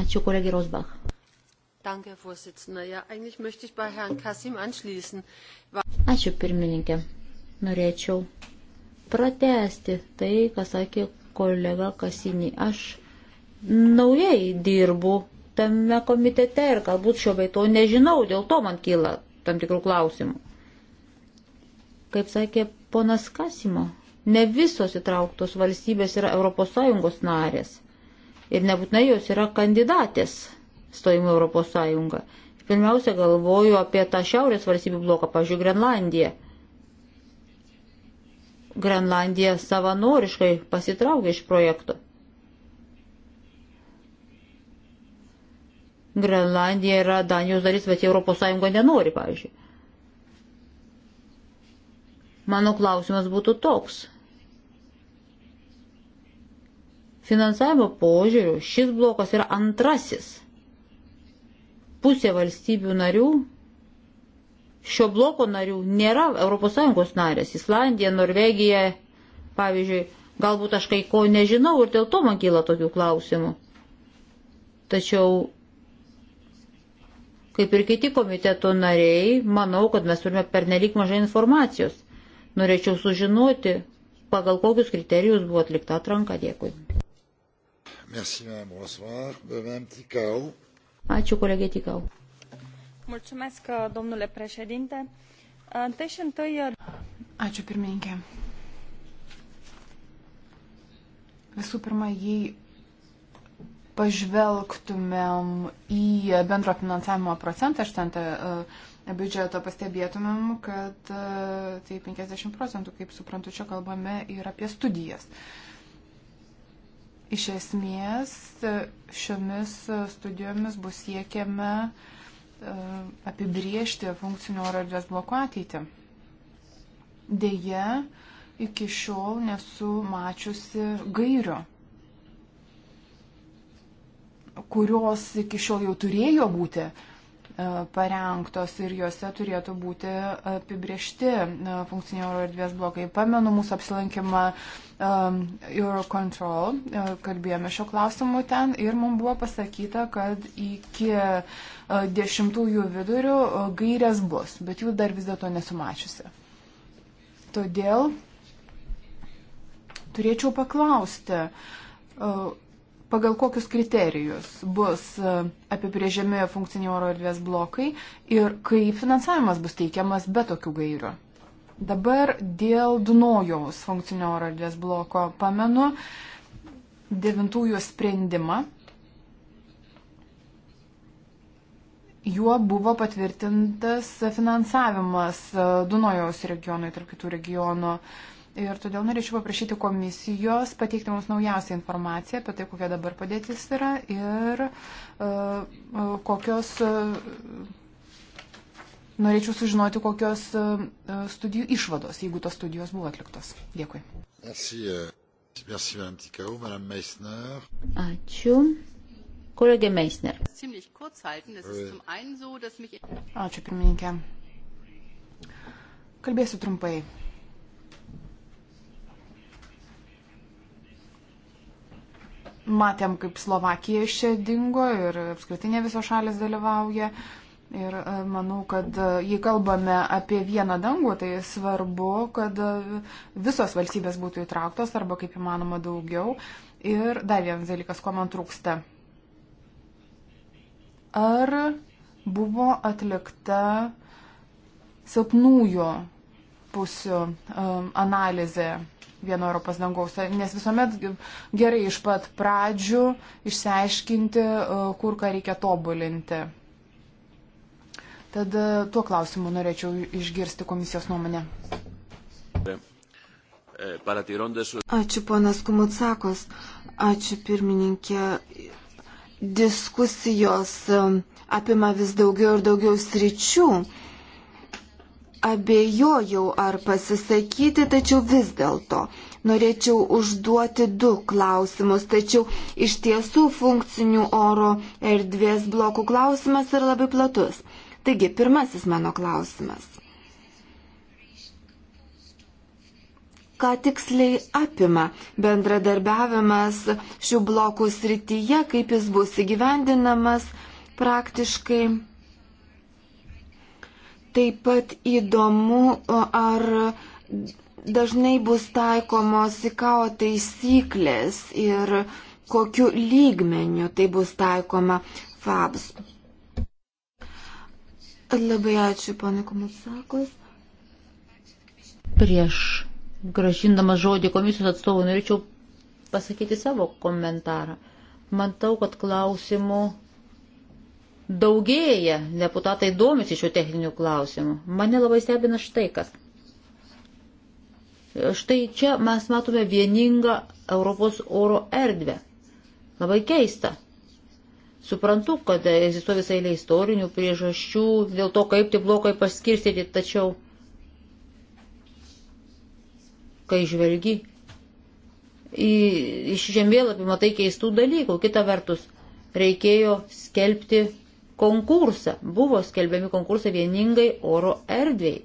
Speaker 1: Ačiū, kolegė Rosbach. Danke, Herr Vorsitzender. Ja, eigentlich möchte ich bei Herrn Kasim anschließen. Ačiū, pirmininkė. Norėčiau pratesti tai, ką sakė kolega Kasinį. Aš naujai dirbu tame komitete ir galbūt šio veito nežinau, dėl to man kyla tam tikrų klausimų. Kaip sakė ponas Kasimo, ne visos įtrauktos valstybės yra ES narės ir nebūtinai jos yra kandidatės stojimo ES. Pirmiausia, galvoju apie tą šiaurės valstybių bloką, pažiūrėjau, Grenlandiją. Grenlandija savanoriškai pasitraukė iš projekto. Grenlandija yra Danijos dalis, bet Europos Sąjunga nenori, pavyzdžiui. Mano klausimas būtų toks. Finansavimo požiūriu šis blokas yra antrasis. Pusė valstybių narių, šio bloko narių nėra ES narės. Islandija, Norvegija, pavyzdžiui, galbūt aš kai ko nežinau ir dėl to man kyla tokių klausimų. Tačiau Kaip ir kiti komiteto nariai, manau, kad mes turime pernelik mažai informacijos. Norėčiau sužinoti, pagal kokius kriterijus buvo atlikta atranka. Dėkui. Merci, Ačiū, kolegė Tikau.
Speaker 5: Mulțumesc, domnule președinte. Întâi și întâi...
Speaker 1: Ačiū,
Speaker 3: pirmininkė. Visų pirma, jei pažvelgtumėm į bendro finansavimo procentą, aštuntą e, biudžeto, pastebėtumėm, kad e, tai 50 procentų, kaip suprantu, čia kalbame ir apie studijas. Iš esmės, šiomis studijomis bus siekiame apibriežti funkcinio oro erdvės bloko ateitį. Deja, iki šiol nesu mačiusi gairių kurios iki šiol jau turėjo būti e, parengtos ir juose turėtų būti apibriešti e, funkcinio oro erdvės blokai. Pamenu mūsų apsilankimą e, Eurocontrol, kalbėjome šio klausimu ten ir mums buvo pasakyta, kad iki dešimtųjų vidurių gairės bus, bet jų dar vis dėlto nesumačiusi. Todėl turėčiau paklausti, pagal kokius kriterijus bus e, apibrėžiami funkciniai oro erdvės blokai ir kaip finansavimas bus teikiamas be tokių gairių. Dabar dėl Dunojaus funkcinio oro erdvės bloko pamenu devintųjų sprendimą. Juo buvo patvirtintas finansavimas e, Dunojaus regionui, tarp kitų regionų uh, Ir todėl norėčiau paprašyti komisijos pateikti mums naujausią informaciją apie tai, kokia dabar padėtis yra ir uh, kokios. Uh, Norėčiau sužinoti, kokios uh, studijų išvados, jeigu tos studijos
Speaker 1: buvo atliktos. Dėkui.
Speaker 2: Merci, merci, Tikau,
Speaker 1: Ačiū. Kolegė Meisner. Äh. Ačiū, pirmininkė. Kalbėsiu trumpai.
Speaker 3: Matėm, kaip Slovakija iš čia dingo ir apskritai ne visos šalis dalyvauja. Ir e, manau, kad e, jei kalbame apie vieną dangų, tai svarbu, kad e, visos valstybės būtų įtrauktos arba kaip įmanoma daugiau. Ir dar vienas dalykas, ko man trūksta. Ar buvo atlikta silpnųjų pusių um, analizė vieno Europos dangaus, nes visuomet gerai iš pat pradžių išsiaiškinti, e, kur ką reikia tobulinti. Tad e, tuo klausimu norėčiau išgirsti komisijos nuomonę.
Speaker 4: Ačiū
Speaker 5: ponas Kumutsakos, ačiū pirmininkė. Diskusijos e, apima vis daugiau ir daugiau sričių abejojau ar pasisakyti, tačiau vis dėlto norėčiau užduoti du klausimus. Tačiau iš tiesų funkcinių oro erdvės blokų klausimas yra labai platus. Taigi, pirmasis mano klausimas. Ką tiksliai apima bendradarbiavimas šių blokų srityje, kaip jis bus įgyvendinamas praktiškai? Taip pat įdomu, ar dažnai bus taikomos IKAO taisyklės ir kokiu lygmeniu tai bus taikoma FABS.
Speaker 1: Labai ačiū, ponai komisakos. Prieš gražindama žodį komisijos atstovų norėčiau pasakyti savo komentarą. Matau, kad klausimų daugėja, deputatai domisi šių techninių klausimų. Mane labai stebina štai kas. Štai čia mes matome vieningą Europos oro erdvę. Labai keista. Suprantu, kad egzistuoja visai eilė istorinių priežasčių dėl to, kaip tie blokai paskirstyti, tačiau kai žvelgi į, iš žemėlapį matai keistų dalykų. Kita vertus, reikėjo skelbti konkursą. Buvo skelbiami konkursai vieningai oro erdvėjai.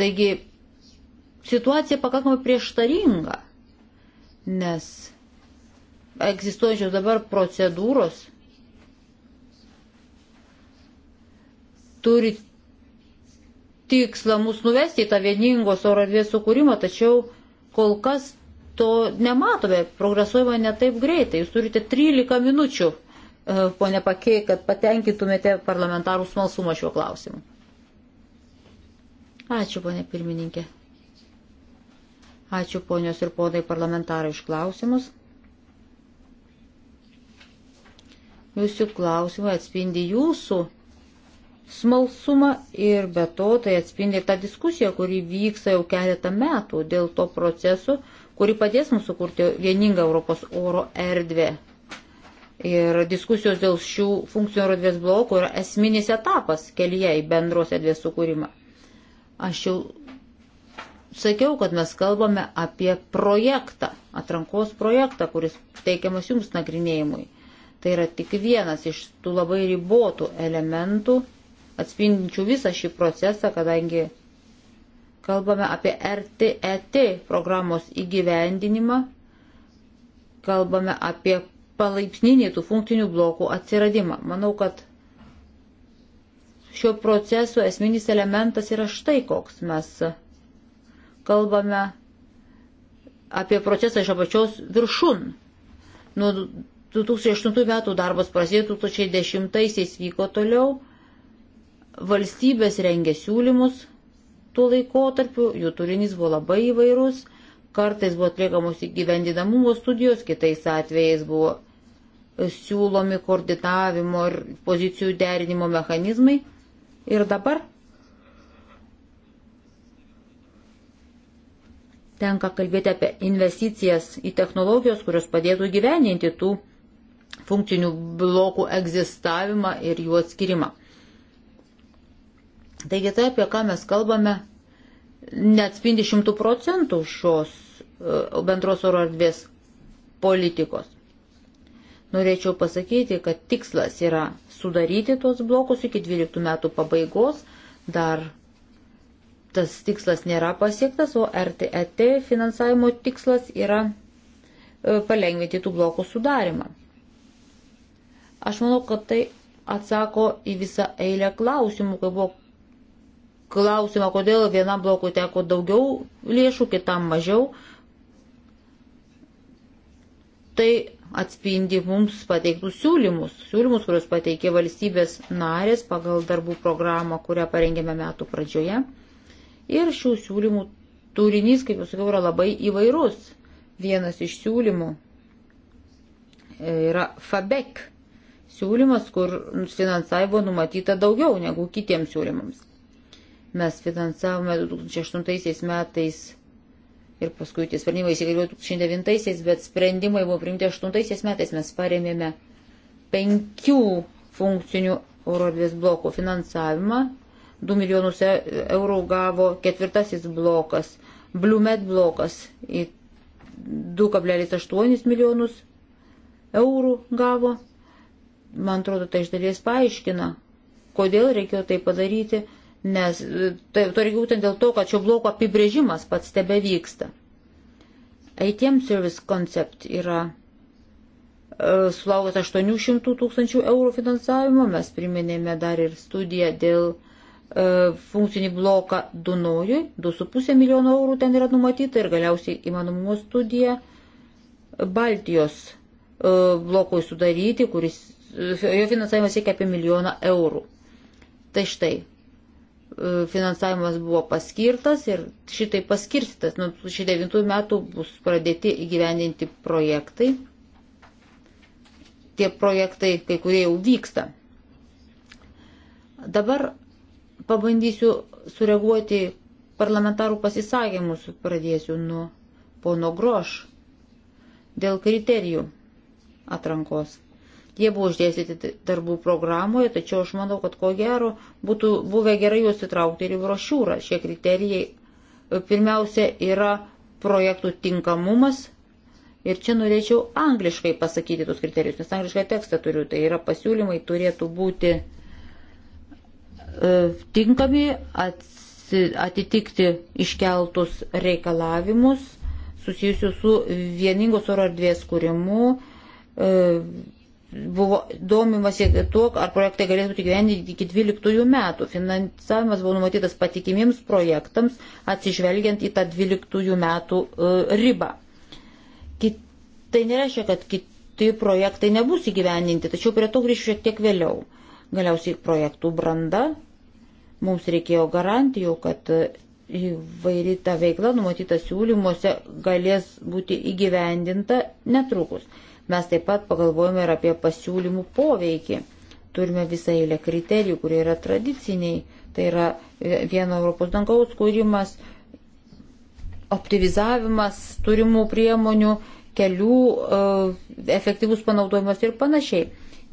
Speaker 1: Taigi situacija pakankamai prieštaringa, nes egzistuojančios dabar procedūros turi tikslą mus nuvesti į tą vieningos oro erdvės sukūrimą, tačiau kol kas to nematome, progresuojama netaip greitai. Jūs turite 13 minučių E, ponė Pakei, kad patenkintumėte parlamentarų smalsumą šiuo klausimu. Ačiū, ponė pirmininkė. Ačiū ponios ir ponai parlamentarai iš klausimus. Jūsų klausimai atspindi jūsų smalsumą ir be to tai atspindi tą diskusiją, kuri vyksta jau keletą metų dėl to proceso, kuri padės mums sukurti vieningą Europos oro erdvę Ir diskusijos dėl šių funkcijų erdvės blokų yra esminis etapas kelyje į bendros erdvės sukūrimą. Aš jau sakiau, kad mes kalbame apie projektą, atrankos projektą, kuris teikiamas jums nagrinėjimui. Tai yra tik vienas iš tų labai ribotų elementų, atspindinčių visą šį procesą, kadangi kalbame apie RTET e programos įgyvendinimą, kalbame apie palaipsninį tų funkcinių blokų atsiradimą. Manau, kad šio proceso esminis elementas yra štai koks. Mes kalbame apie procesą iš apačios viršun. Nuo 2008 metų darbas prasidėjo, 2010-aisiais vyko toliau, valstybės rengė siūlymus tuo laikotarpiu, jų turinys buvo labai įvairus, kartais buvo atliekamos įgyvendinamumo studijos, kitais atvejais buvo siūlomi koordinavimo ir pozicijų derinimo mechanizmai. Ir dabar tenka kalbėti apie investicijas į technologijos, kurios padėtų gyveninti tų funkcinių blokų egzistavimą ir jų atskirimą. Taigi tai, apie ką mes kalbame, neatspindi šimtų procentų šios e, bendros oro erdvės politikos. Norėčiau pasakyti, kad tikslas yra sudaryti tuos blokus iki 12 metų pabaigos. Dar tas tikslas nėra pasiektas, o RTET e finansavimo tikslas yra e, palengvinti tų blokų sudarimą. Aš manau, kad tai atsako į visą eilę klausimų, kai buvo klausimą, kodėl vienam blokui teko daugiau lėšų, kitam mažiau. Tai atspindi mums pateiktus siūlymus, siūlymus, kuriuos pateikė valstybės narės pagal darbų programą, kurią parengėme metų pradžioje. Ir šių siūlymų turinys, kaip jau sakiau, yra labai įvairus. Vienas iš siūlymų e, yra FABEC siūlymas, kur finansavimo numatyta daugiau negu kitiems siūlymams. Mes finansavome 2008 metais ir paskui tie sprendimai įsigaliojo 2009-aisiais, bet sprendimai buvo priimti 2008 metais, mes paremėme penkių funkcinių oro erdvės blokų finansavimą, 2 milijonus e, eurų gavo ketvirtasis blokas, Blumet blokas į 2,8 milijonus eurų gavo. Man atrodo, tai iš dalies paaiškina, kodėl reikėjo tai padaryti Nes e, tai, to reikia būtent dėl to, kad šio bloko apibrėžimas pats tebe vyksta. ATM service concept yra e, sulaukęs 800 tūkstančių eurų finansavimo. Mes priminėme dar ir studiją dėl e, funkcinį bloką Dunojui. 2,5 milijono eurų ten yra numatyta ir galiausiai įmanomumo studija Baltijos e, blokui sudaryti, kuris e, jo finansavimas siekia apie milijoną eurų. Tai štai, finansavimas buvo paskirtas ir šitai paskirstytas. Nuo 2009 metų bus pradėti įgyvendinti projektai. Tie projektai, kai kurie jau vyksta. Dabar pabandysiu sureaguoti parlamentarų pasisakymus, pradėsiu nuo pono Groš dėl kriterijų atrankos. Jie buvo uždėstyti darbų programoje, tačiau aš manau, kad ko gero būtų buvę gerai juos įtraukti ir į brošiūrą. Šie kriterijai e, pirmiausia yra projektų tinkamumas. Ir čia norėčiau angliškai pasakyti tus kriterijus, nes anglišką tekstą turiu. Tai yra pasiūlymai turėtų būti e, tinkami, atitikti iškeltus reikalavimus susijusius su vieningos oro erdvės kūrimu, e, buvo domimasi tuo, ar projektai galėtų būti gyveninti iki 12 metų. Finansavimas buvo numatytas patikimiems projektams, atsižvelgiant į tą 12 metų e, ribą. Kit, tai nereiškia, kad kiti projektai nebus įgyveninti, tačiau prie to grįšiu šiek tiek vėliau. Galiausiai projektų branda, mums reikėjo garantijų, kad įvairi ta veikla numatyta siūlymuose galės būti įgyvendinta netrukus. Mes taip pat pagalvojame ir apie pasiūlymų poveikį. Turime visą eilę kriterijų, kurie yra tradiciniai. Tai yra vieno Europos dangaus kūrimas, optimizavimas turimų priemonių, kelių e, efektyvus panaudojimas ir panašiai.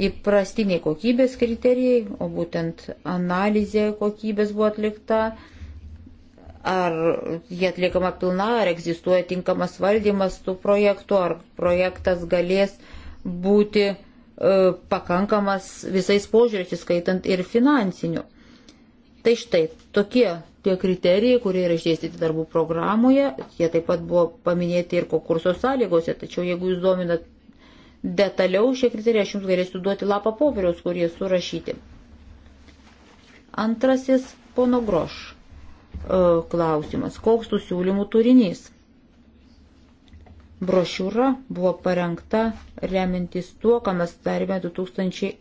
Speaker 1: Įprastiniai kokybės kriterijai, o būtent analizė kokybės buvo atlikta, e, ar jie atliekama pilna, ar egzistuoja tinkamas valdymas tų projektų, ar projektas galės būti e, pakankamas visais požiūrės, įskaitant ir finansiniu. Tai štai tokie tie kriterijai, kurie yra išdėstyti darbų programoje, jie taip pat buvo paminėti ir konkurso sąlygose, tačiau jeigu jūs dominat detaliau šie kriterijai, aš jums galėsiu duoti lapą popieriaus, kurie surašyti. Antrasis pono Groš E, klausimas, koks tų siūlymų turinys. Brošiūra buvo parengta remintis tuo, ką mes darėme 2008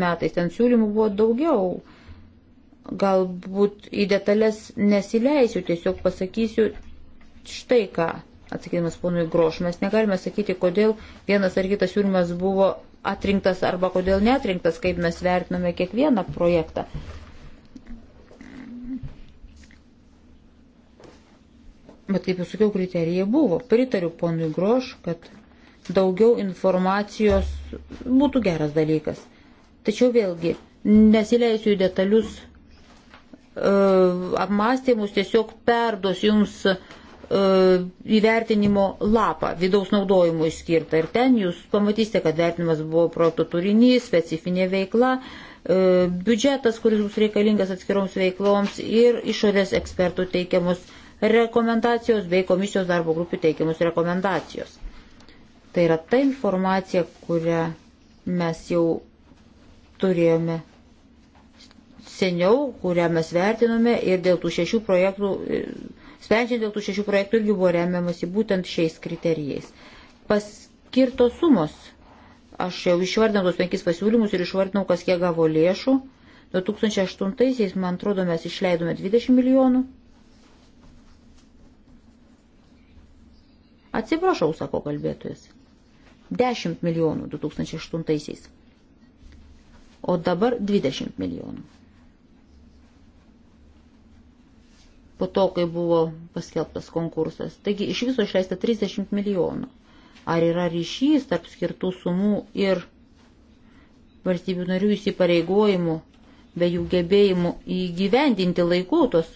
Speaker 1: metais. Ten siūlymų buvo daugiau. Galbūt į detalės nesileisiu, tiesiog pasakysiu štai ką. Atsakydamas ponui Groš, mes negalime sakyti, kodėl vienas ar kitas siūlymas buvo atrinktas arba kodėl netrinktas, kaip mes vertiname kiekvieną projektą. Bet kaip jau sakiau, kriterijai buvo. Pritariu ponui Groš, kad daugiau informacijos būtų geras dalykas. Tačiau vėlgi, nesileisiu į detalius e, apmąstymus, tiesiog perduos jums e, įvertinimo lapą, vidaus naudojimo išskirtą. Ir ten jūs pamatysite, kad vertinimas buvo projekto turinys, specifinė veikla, e, biudžetas, kuris bus reikalingas atskiroms veikloms ir išorės ekspertų teikiamos informacijos rekomendacijos bei komisijos darbo grupių teikiamus rekomendacijos. Tai yra ta informacija, kurią mes jau turėjome seniau, kurią mes vertinome ir dėl tų šešių projektų, sprendžiant dėl tų šešių projektų irgi buvo remiamasi būtent šiais kriterijais. Paskirtos sumos. Aš jau išvardinau tos penkis pasiūlymus ir išvardinau, kas kiek gavo lėšų. 2008-aisiais, man atrodo, mes išleidome 20 milijonų, Atsiprašau, sako kalbėtojas. 10 milijonų 2008-aisiais. O dabar 20 milijonų. Po to, kai buvo paskelbtas konkursas. Taigi iš viso išleista 30 milijonų. Ar yra ryšys tarp skirtų sumų ir valstybių narių įsipareigojimų be jų gebėjimų įgyvendinti laiku tos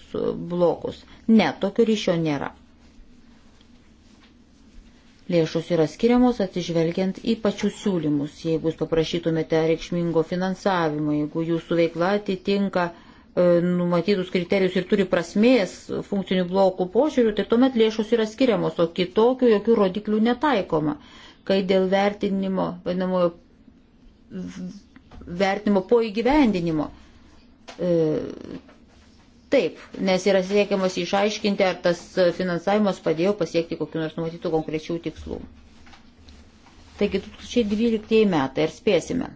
Speaker 1: blokus? Ne, tokio ryšio nėra. Lėšos yra skiriamos atsižvelgiant į pačius siūlymus, jeigu jūs paprašytumėte reikšmingo finansavimo, jeigu jūsų veikla atitinka e, numatytus kriterijus ir turi prasmės funkcinių blokų požiūrių, tai tuomet lėšos yra skiriamos, o kitokių jokių rodiklių netaikoma. Kai dėl vertinimo, vadinamojo, vertinimo po įgyvendinimo, e, Taip, nes yra siekiamas išaiškinti, ar tas finansavimas padėjo pasiekti kokiu nors numatytų konkrečių tikslų. Taigi 2012 metai, ar spėsime?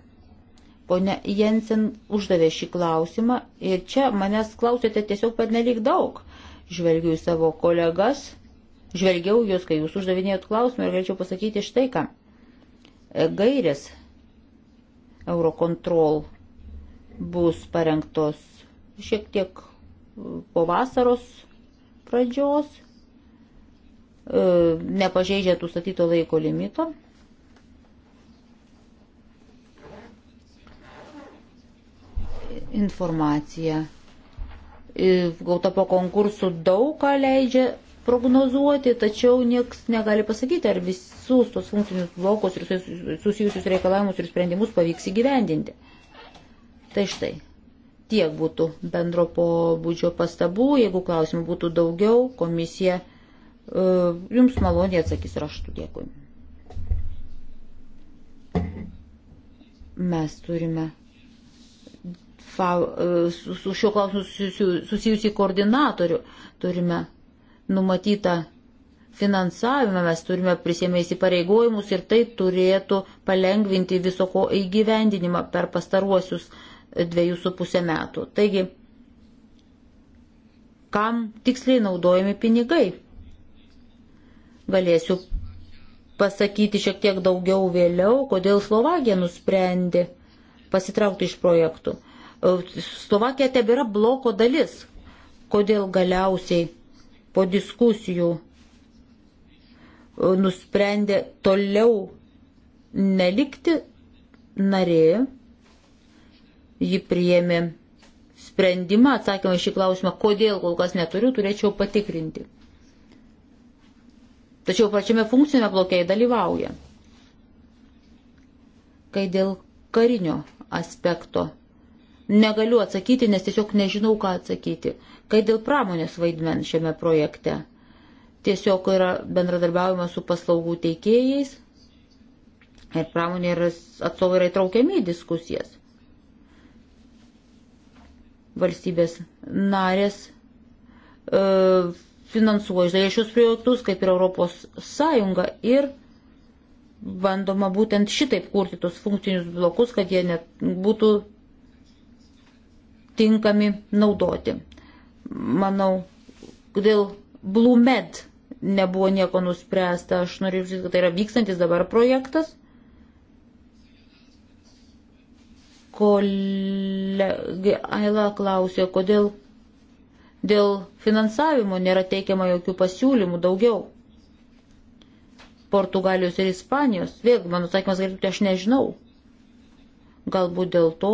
Speaker 1: Pone Jensen uždavė šį klausimą ir čia manęs klausėte tiesiog pat nelik daug. Žvelgiu į savo kolegas, žvelgiau jūs, kai jūs uždavinėjot klausimą ir galėčiau pasakyti štai ką. E, gairės Eurocontrol bus parengtos šiek tiek po vasaros pradžios, e, nepažeidžia tų statyto laiko limito. Informacija e, gauta po konkursų daug ką leidžia prognozuoti, tačiau niekas negali pasakyti, ar visus tos funkcinius blokus ir susijusius reikalavimus ir sprendimus pavyks įgyvendinti. Tai štai. Tiek būtų bendro pobūdžio pastabų. Jeigu klausimų būtų daugiau, komisija e, jums maloniai atsakys raštu. Dėkui. Mes turime e, su šiuo klausimu susijusi koordinatorių. Turime numatytą finansavimą, mes turime prisėmę įsipareigojimus ir tai turėtų palengvinti viso ko įgyvendinimą per pastaruosius dviejų su pusę metų. Taigi, kam tiksliai naudojami pinigai? Galėsiu pasakyti šiek tiek daugiau vėliau, kodėl Slovakija nusprendė pasitraukti iš projektų. Slovakija tebėra bloko dalis. Kodėl galiausiai po diskusijų e, nusprendė toliau nelikti narė ji priėmė sprendimą, atsakymą šį klausimą, kodėl kol kas neturiu, turėčiau patikrinti. Tačiau pačiame funkcinėme blokiai dalyvauja. Kai dėl karinio aspekto negaliu atsakyti, nes tiesiog nežinau, ką atsakyti. Kai dėl pramonės vaidmen šiame projekte tiesiog yra bendradarbiavimas su paslaugų teikėjais ir pramonė ir atstovai yra įtraukiami į diskusijas. Valstybės narės e, finansuoja išdėlėšius projektus, kaip ir Europos Sąjunga, ir bandoma būtent šitaip kurti tos funkcinius blokus, kad jie net būtų tinkami naudoti. Manau, dėl BlueMed nebuvo nieko nuspręsta, aš noriu, kad tai yra vykstantis dabar projektas – Kolegė Aila klausė, kodėl dėl finansavimo nėra teikiama jokių pasiūlymų daugiau. Portugalijos ir Ispanijos. Vėlgi, mano atsakymas galėtų būti, aš nežinau. Galbūt dėl to,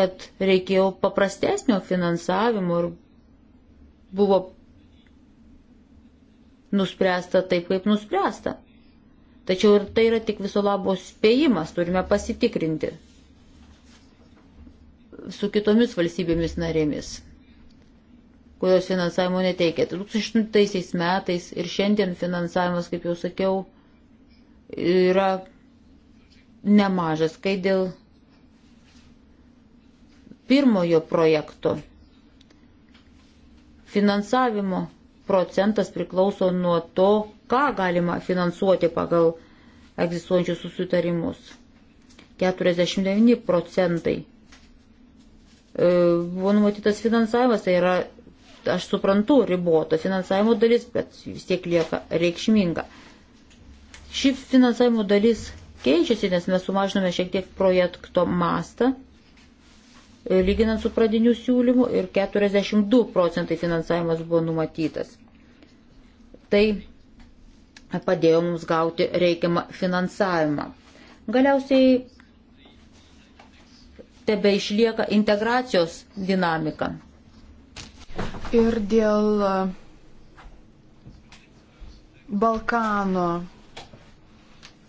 Speaker 1: kad reikėjo paprastesnio finansavimo ir buvo nuspręsta taip, kaip nuspręsta. Tačiau ir tai yra tik viso labo spėjimas, turime pasitikrinti su kitomis valstybėmis narėmis, kurios finansavimo neteikia. 2008 metais ir šiandien finansavimas, kaip jau sakiau, yra nemažas, kai dėl pirmojo projekto finansavimo procentas priklauso nuo to, ką galima finansuoti pagal egzistuojančius susitarimus. 49 procentai e, buvo numatytas finansavimas, tai yra, aš suprantu, riboto finansavimo dalis, bet vis tiek lieka reikšminga. Ši finansavimo dalis keičiasi, nes mes sumažinome šiek tiek projekto mastą lyginant su pradiniu siūlymu, ir 42 procentai finansavimas buvo numatytas. Tai padėjo mums gauti reikiamą finansavimą. Galiausiai tebe išlieka integracijos dinamika. Ir dėl e, Balkano.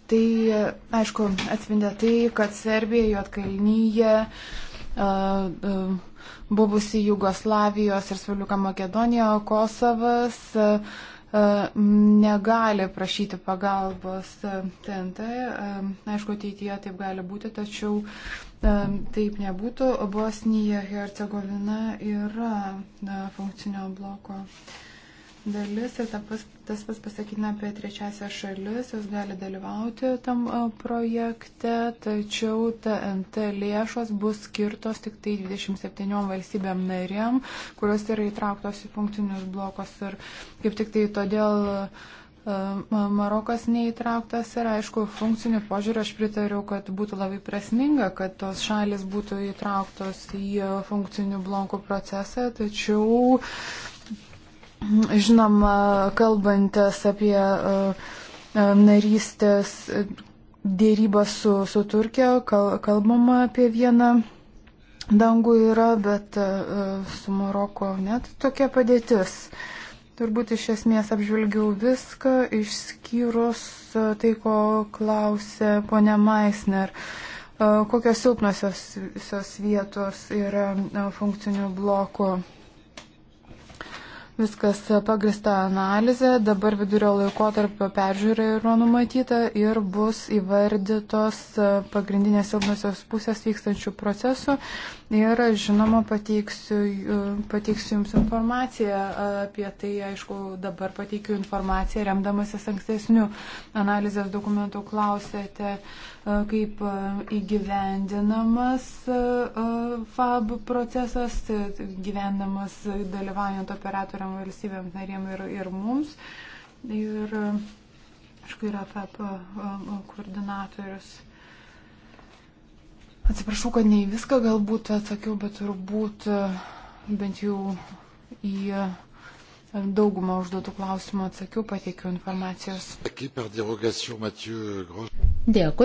Speaker 1: Tai, e,
Speaker 3: aišku, atspindė tai, kad Serbija, Jotkalnyje, uh, buvusi Jugoslavijos ir Svaliuka Makedonija, Kosovas negali prašyti pagalbos TNT. Aišku, ateityje taip gali būti, tačiau taip nebūtų. Bosnija, Hercegovina yra funkcinio bloko. Uh, dalis ir ta pas, tas pats pasakytina apie trečiasią šalis, jos gali dalyvauti tam projekte, tačiau TNT lėšos bus skirtos tik tai 27 valstybėm narėm, kurios yra įtrauktos į funkcinius blokus ir kaip tik tai todėl Marokas neįtrauktas ir aišku, funkcinių požiūrį aš pritariu, kad būtų labai prasminga, kad tos šalis būtų įtrauktos į funkcinių blokų procesą, tačiau Žinoma, kalbantis apie e, e, narystės dėrybą su, su Turkija, kalbama apie vieną dangų yra, bet e, su Maroko net tokia padėtis. Turbūt iš esmės apžvelgiau viską, išskyrus tai, ko klausė ponia Maisner. Kokios silpnosios vietos yra funkcinių blokų viskas pagrista analizė, dabar vidurio laiko tarp peržiūrė yra numatyta ir bus įvardytos pagrindinės silpnosios pusės vykstančių procesų ir žinoma pateiksiu, pateiksiu Jums informaciją apie tai, aišku, dabar pateikiu informaciją remdamasis ankstesnių analizės dokumentų klausėte. Tai kaip įgyvendinamas FAB procesas, gyvendamas dalyvaujant operatoriam valstybėm narėm ir, ir mums. Ir, aišku, yra FAB koordinatorius. Atsiprašau, kad ne į viską galbūt atsakiau, bet turbūt bent jau į daugumą užduotų klausimų atsakiau, pateikiau informacijos. Dėkui,